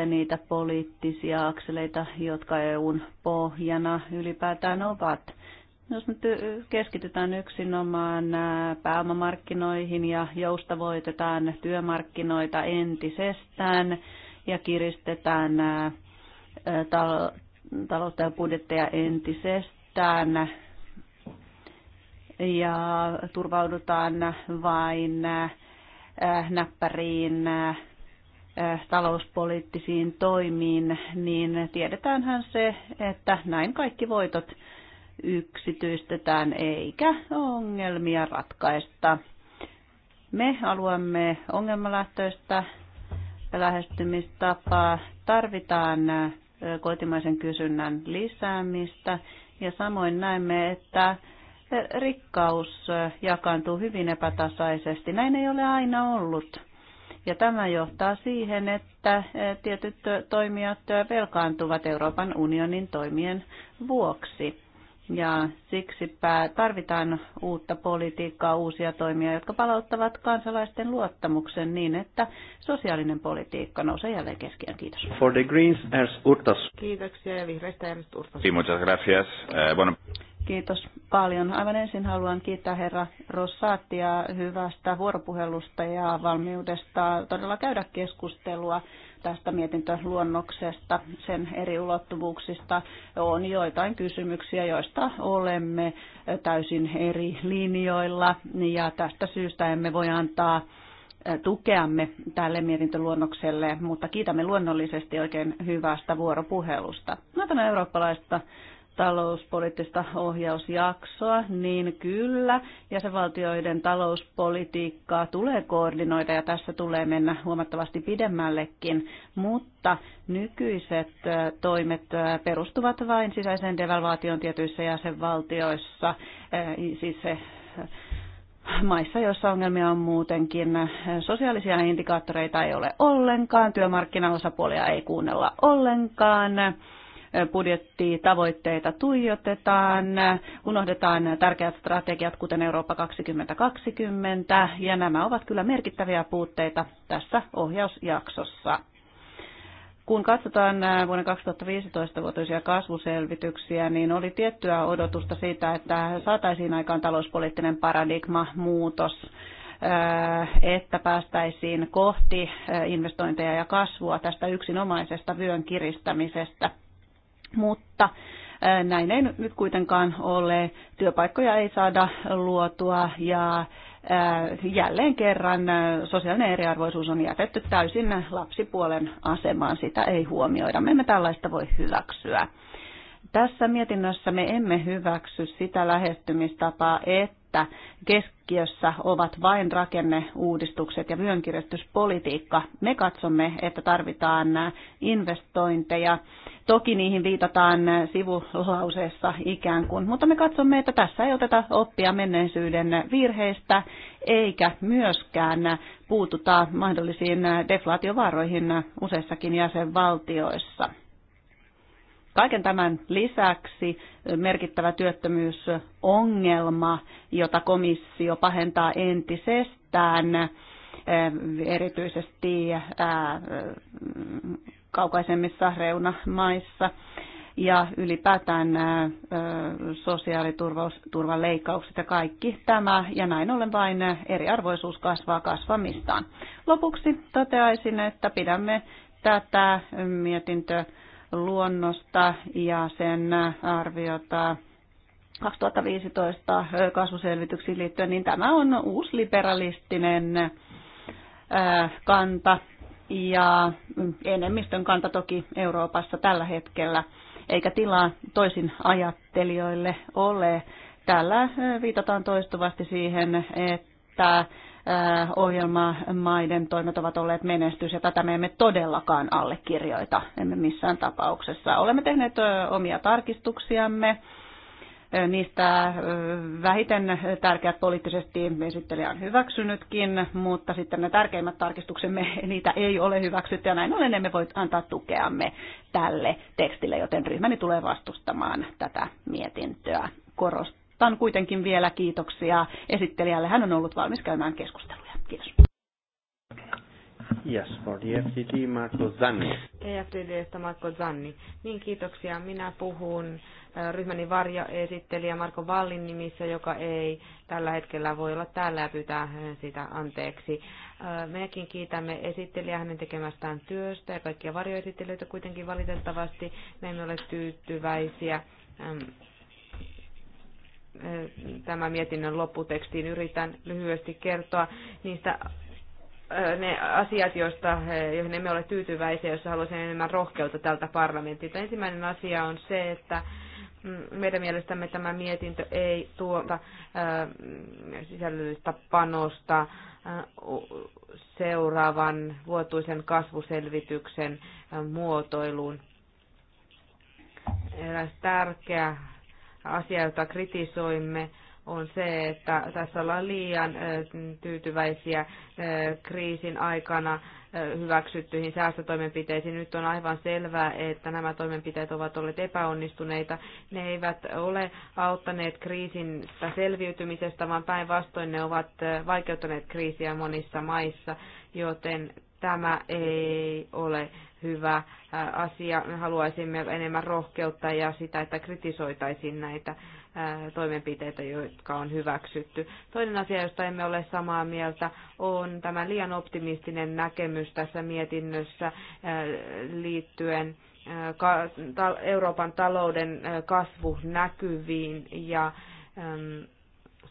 niitä poliittisia akseleita, jotka EUn pohjana ylipäätään ovat. Jos nyt keskitytään yksinomaan pääomamarkkinoihin ja joustavoitetaan työmarkkinoita entisestään ja kiristetään taloutta ja budjetteja entisestään, käytetään ja turvaudutaan vain äh, näppäriin äh, talouspoliittisiin toimiin, niin tiedetäänhän se, että näin kaikki voitot yksityistetään eikä ongelmia ratkaista. Me haluamme ongelmalähtöistä lähestymistapaa. Tarvitaan äh, kotimaisen kysynnän lisäämistä ja samoin näemme, että rikkaus jakaantuu hyvin epätasaisesti. Näin ei ole aina ollut. Ja tämä johtaa siihen, että tietyt toimijat velkaantuvat Euroopan unionin toimien vuoksi. Ja siksi tarvitaan uutta politiikkaa, uusia toimia, jotka palauttavat kansalaisten luottamuksen niin, että sosiaalinen politiikka nousee jälleen keskiöön. Kiitos. For the Greens, Ernst Urtas. Kiitoksia ja vihreistä Ernst Urtas. Sí, muchas gracias. Eh, bueno. Kiitos paljon. Aivan ensin haluan kiittää herra Rossaattia hyvästä vuoropuhelusta ja valmiudesta todella käydä keskustelua tästä mietintöluonnoksesta, sen eri ulottuvuuksista. On joitain kysymyksiä, joista olemme täysin eri linjoilla ja tästä syystä emme voi antaa tukeamme tälle mietintöluonnokselle, mutta kiitämme luonnollisesti oikein hyvästä vuoropuhelusta. Mä no, tämä eurooppalaista talouspoliittista ohjausjaksoa, niin kyllä jäsenvaltioiden talouspolitiikkaa tulee koordinoida ja tässä tulee mennä huomattavasti pidemmällekin, mutta nykyiset toimet perustuvat vain sisäiseen devalvaation tietyissä jäsenvaltioissa, siis se maissa, joissa ongelmia on muutenkin. Sosiaalisia indikaattoreita ei ole ollenkaan, työmarkkinaosapuolia ei kuunnella ollenkaan budjettitavoitteita tuijotetaan, unohdetaan tärkeät strategiat, kuten Eurooppa 2020, ja nämä ovat kyllä merkittäviä puutteita tässä ohjausjaksossa. Kun katsotaan vuoden 2015 vuotuisia kasvuselvityksiä, niin oli tiettyä odotusta siitä, että saataisiin aikaan talouspoliittinen paradigma-muutos että päästäisiin kohti investointeja ja kasvua tästä yksinomaisesta vyön kiristämisestä mutta näin ei nyt kuitenkaan ole. Työpaikkoja ei saada luotua ja jälleen kerran sosiaalinen eriarvoisuus on jätetty täysin lapsipuolen asemaan. Sitä ei huomioida. Me emme tällaista voi hyväksyä. Tässä mietinnössä me emme hyväksy sitä lähestymistapaa, että että keskiössä ovat vain rakenneuudistukset ja vyönkiristyspolitiikka. Me katsomme, että tarvitaan investointeja. Toki niihin viitataan sivulauseessa ikään kuin, mutta me katsomme, että tässä ei oteta oppia menneisyyden virheistä, eikä myöskään puututa mahdollisiin deflaatiovaaroihin useissakin jäsenvaltioissa. Kaiken tämän lisäksi merkittävä työttömyysongelma, jota komissio pahentaa entisestään, eh, erityisesti eh, kaukaisemmissa reunamaissa ja ylipäätään eh, sosiaaliturvan leikkaukset ja kaikki tämä, ja näin ollen vain eriarvoisuus kasvaa kasvamistaan. Lopuksi toteaisin, että pidämme tätä mietintöä luonnosta ja sen arviota 2015 kasvuselvityksiin liittyen, niin tämä on uusliberalistinen kanta ja enemmistön kanta toki Euroopassa tällä hetkellä, eikä tilaa toisin ajattelijoille ole. Täällä viitataan toistuvasti siihen, että ohjelmamaiden toimet ovat olleet menestys, ja tätä me emme todellakaan allekirjoita, emme missään tapauksessa. Olemme tehneet omia tarkistuksiamme. Niistä vähiten tärkeät poliittisesti esittelijä on hyväksynytkin, mutta sitten ne tärkeimmät tarkistuksemme, niitä ei ole hyväksytty ja näin ollen emme voi antaa tukeamme tälle tekstille, joten ryhmäni tulee vastustamaan tätä mietintöä. Korost, Suuntaan kuitenkin vielä kiitoksia esittelijälle. Hän on ollut valmis käymään keskusteluja. Kiitos. Yes, for the FTT, Marco Zanni. EFTDstä Marco Zanni. Niin, kiitoksia. Minä puhun äh, ryhmäni varjoesittelijä Marko Vallin nimissä, joka ei tällä hetkellä voi olla täällä ja pyytää sitä anteeksi. Äh, mekin kiitämme esittelijää hänen tekemästään työstä ja kaikkia varjoesittelijöitä kuitenkin valitettavasti. Me emme ole tyytyväisiä tämän mietinnön lopputekstiin. Yritän lyhyesti kertoa niistä ne asiat, joista, joihin emme ole tyytyväisiä, jos haluaisin enemmän rohkeutta tältä parlamentilta. Ensimmäinen asia on se, että mm, meidän mielestämme tämä mietintö ei tuota sisällöllistä panosta seuraavan vuotuisen kasvuselvityksen muotoiluun. Eräs tärkeä asia, jota kritisoimme, on se, että tässä ollaan liian tyytyväisiä kriisin aikana hyväksyttyihin säästötoimenpiteisiin. Nyt on aivan selvää, että nämä toimenpiteet ovat olleet epäonnistuneita. Ne eivät ole auttaneet kriisin selviytymisestä, vaan päinvastoin ne ovat vaikeuttaneet kriisiä monissa maissa, joten tämä ei ole hyvä asia. Me haluaisimme enemmän rohkeutta ja sitä, että kritisoitaisiin näitä toimenpiteitä, jotka on hyväksytty. Toinen asia, josta emme ole samaa mieltä, on tämä liian optimistinen näkemys tässä mietinnössä liittyen Euroopan talouden kasvunäkyviin ja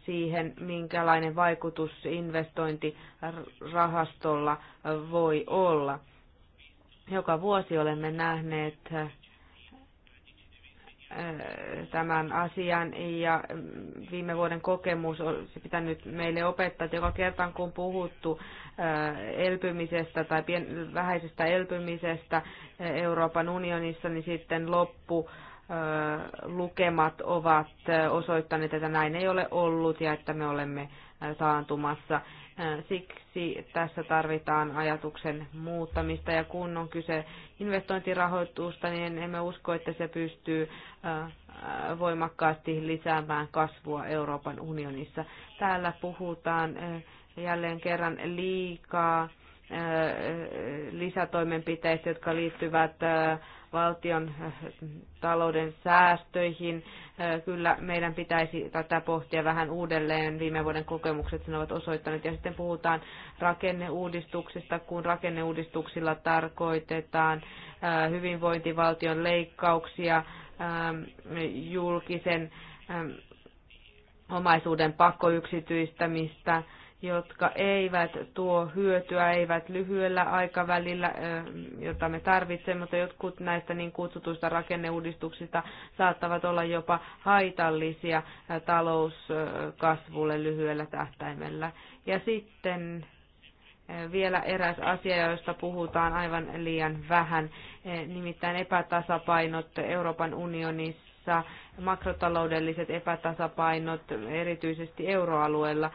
siihen, minkälainen vaikutus investointirahastolla voi olla joka vuosi olemme nähneet äh, tämän asian ja mm, viime vuoden kokemus on pitänyt meille opettaa, että joka kerta kun puhuttu äh, elpymisestä tai pien, vähäisestä elpymisestä äh, Euroopan unionissa, niin sitten loppu lukemat ovat osoittaneet, että näin ei ole ollut ja että me olemme taantumassa. Siksi tässä tarvitaan ajatuksen muuttamista ja kun on kyse investointirahoitusta, niin emme usko, että se pystyy voimakkaasti lisäämään kasvua Euroopan unionissa. Täällä puhutaan jälleen kerran liikaa lisätoimenpiteistä, jotka liittyvät valtion äh, talouden säästöihin. Äh, kyllä meidän pitäisi tätä pohtia vähän uudelleen. Viime vuoden kokemukset sen ovat osoittaneet. Ja sitten puhutaan rakenneuudistuksista, kun rakenneuudistuksilla tarkoitetaan äh, hyvinvointivaltion leikkauksia, ähm, julkisen ähm, omaisuuden pakkoyksityistämistä, jotka eivät tuo hyötyä, eivät lyhyellä aikavälillä, eh, jota me tarvitsemme, mutta jotkut näistä niin kutsutuista rakenneuudistuksista saattavat olla jopa haitallisia eh, talouskasvulle lyhyellä tähtäimellä. Ja sitten eh, vielä eräs asia, josta puhutaan aivan liian vähän, nimittäin epätasapainot Euroopan unionissa, makrotaloudelliset epätasapainot erityisesti euroalueella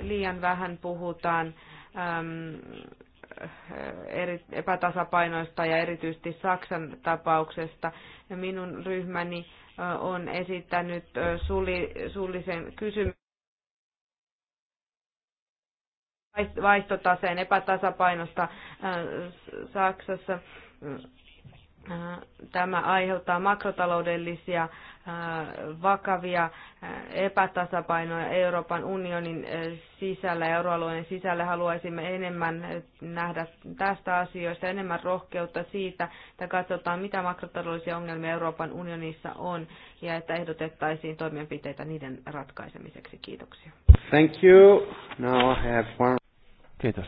liian vähän puhutaan eri, epätasapainoista ja erityisesti Saksan tapauksesta. Minun ryhmäni on esittänyt suli, suullisen kysymyksen vaihtotaseen epätasapainosta Saksassa Tämä aiheuttaa makrotaloudellisia äh, vakavia äh, epätasapainoja Euroopan unionin äh, sisällä, euroalueen sisällä. Haluaisimme enemmän nähdä tästä asioista, enemmän rohkeutta siitä, että katsotaan mitä makrotaloudellisia ongelmia Euroopan unionissa on ja että ehdotettaisiin toimenpiteitä niiden ratkaisemiseksi. Kiitoksia. Thank you. Now I have one. Kiitos.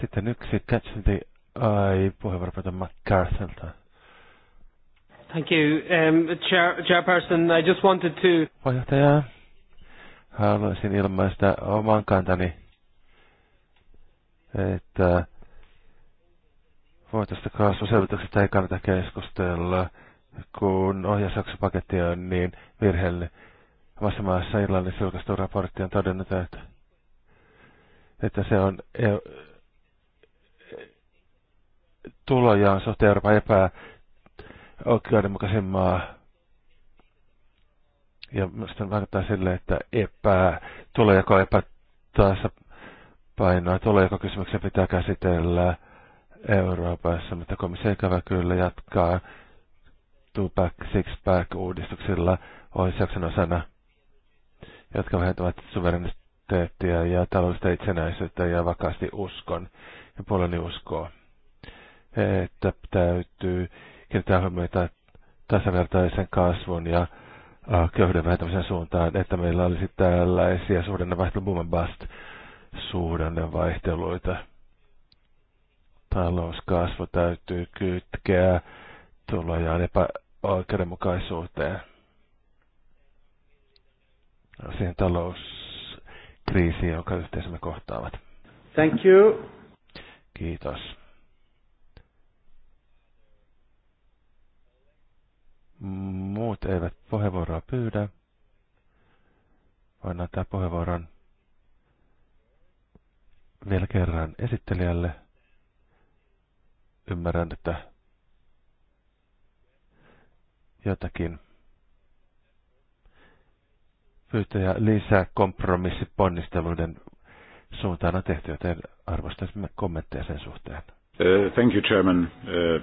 Sitten yksi Catch the Ai, puheenvuoropäätön McCarthylta. Thank you, um, chair, Chairperson. I just wanted to... Puheenjohtaja, haluaisin ilmaista oman kantani, että voitosta kasvuselvityksestä ei kannata keskustella, kun ohjausjaksopaketti on niin virheellinen. Omassa maassa Irlannissa julkaistu raportti on todennut, että, että se on e- tulojaan suhteen Euroopan epäoikeudenmukaisin maa. Ja minusta vaikuttaa sille, että epä, tulojako epätaassa painoa, tulojako kysymyksen pitää käsitellä Euroopassa, mutta komissio ikävä kyllä jatkaa two-pack, six-pack uudistuksilla ohjausjakson osana, jotka vähentävät suvereniteettia ja taloudellista itsenäisyyttä ja vakaasti uskon ja puoleni uskoo että täytyy kiinnittää huomiota tasavertaisen kasvun ja köyhyyden vähentämisen suuntaan, että meillä olisi tällaisia suhdannevaihteluja, boom bust suhdannevaihteluita. Talouskasvu täytyy kytkeä tulojaan epäoikeudenmukaisuuteen. Siihen talouskriisiin, jonka yhteisömme kohtaavat. Thank you. Kiitos. Muut eivät puheenvuoroa pyydä. Voin antaa puheenvuoron vielä kerran esittelijälle. Ymmärrän, että jotakin pyytäjä lisää kompromissiponnisteluiden suuntaan on tehty, joten arvostaisimme kommentteja sen suhteen. Uh, thank you, Chairman. Uh,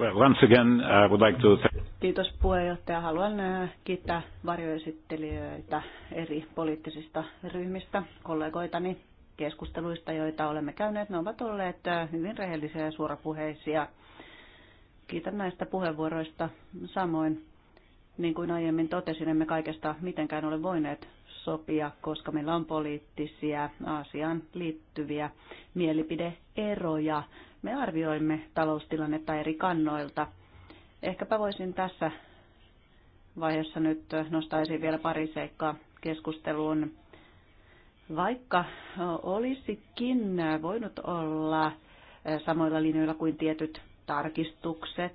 well, once again, I would like to thank Kiitos puheenjohtaja. Haluan uh, kiittää varjoesittelijöitä eri poliittisista ryhmistä, kollegoitani keskusteluista, joita olemme käyneet. Ne ovat olleet hyvin rehellisiä ja suorapuheisia. Kiitän näistä puheenvuoroista. Samoin, niin kuin aiemmin totesin, emme kaikesta mitenkään ole voineet sopia, koska meillä on poliittisia Aasiaan liittyviä mielipideeroja. Me arvioimme taloustilannetta eri kannoilta. Ehkäpä voisin tässä vaiheessa nyt nostaisin vielä pari seikkaa keskusteluun. Vaikka olisikin voinut olla samoilla linjoilla kuin tietyt tarkistukset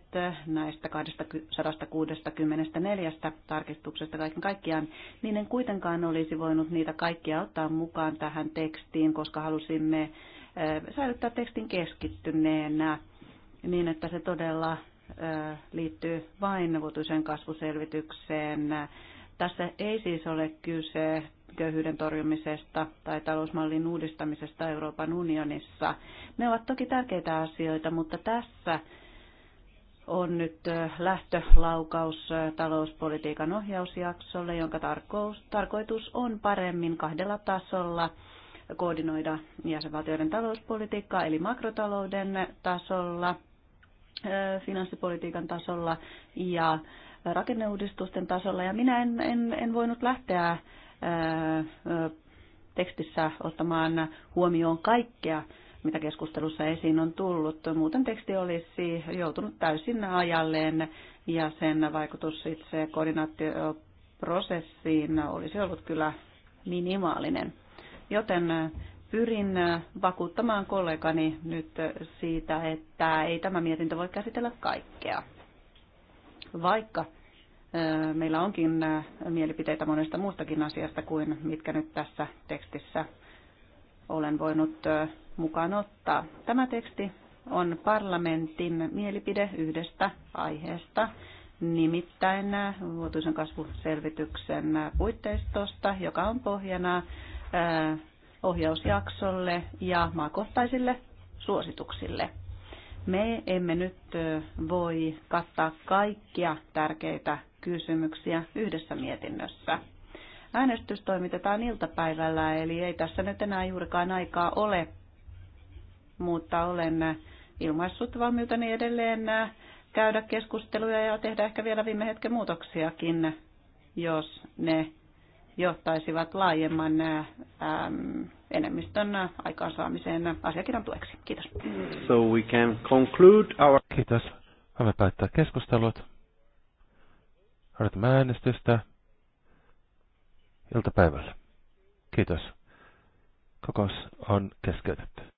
näistä 264 tarkistuksesta kaiken kaikkiaan, niin en kuitenkaan olisi voinut niitä kaikkia ottaa mukaan tähän tekstiin, koska halusimme eh, säilyttää tekstin keskittyneenä niin, että se todella eh, liittyy vain vuotuiseen kasvuselvitykseen. Tässä ei siis ole kyse köyhyyden torjumisesta tai talousmallin uudistamisesta Euroopan unionissa. Ne ovat toki tärkeitä asioita, mutta tässä on nyt lähtölaukaus talouspolitiikan ohjausjaksolle, jonka tarkoitus on paremmin kahdella tasolla koordinoida jäsenvaltioiden talouspolitiikkaa, eli makrotalouden tasolla, finanssipolitiikan tasolla ja rakenneuudistusten tasolla. Ja minä en, en, en voinut lähteä tekstissä ottamaan huomioon kaikkea, mitä keskustelussa esiin on tullut. Muuten teksti olisi joutunut täysin ajalleen ja sen vaikutus itse koordinaatioprosessiin olisi ollut kyllä minimaalinen. Joten pyrin vakuuttamaan kollegani nyt siitä, että ei tämä mietintö voi käsitellä kaikkea. Vaikka meillä onkin mielipiteitä monesta muustakin asiasta kuin mitkä nyt tässä tekstissä olen voinut mukaan ottaa. Tämä teksti on parlamentin mielipide yhdestä aiheesta, nimittäin vuotuisen kasvuselvityksen puitteistosta, joka on pohjana ohjausjaksolle ja maakohtaisille suosituksille. Me emme nyt voi kattaa kaikkia tärkeitä kysymyksiä yhdessä mietinnössä. Äänestys toimitetaan iltapäivällä, eli ei tässä nyt enää juurikaan aikaa ole, mutta olen ilmaissut valmiuteni edelleen käydä keskusteluja ja tehdä ehkä vielä viime hetken muutoksiakin, jos ne johtaisivat laajemman ähm, enemmistön aikaansaamiseen asiakirjan tueksi. Kiitos. So we can conclude our... Kiitos. Voimme päättää keskustelut. Odotamme äänestystä iltapäivällä. Kiitos. Kokous on keskeytetty.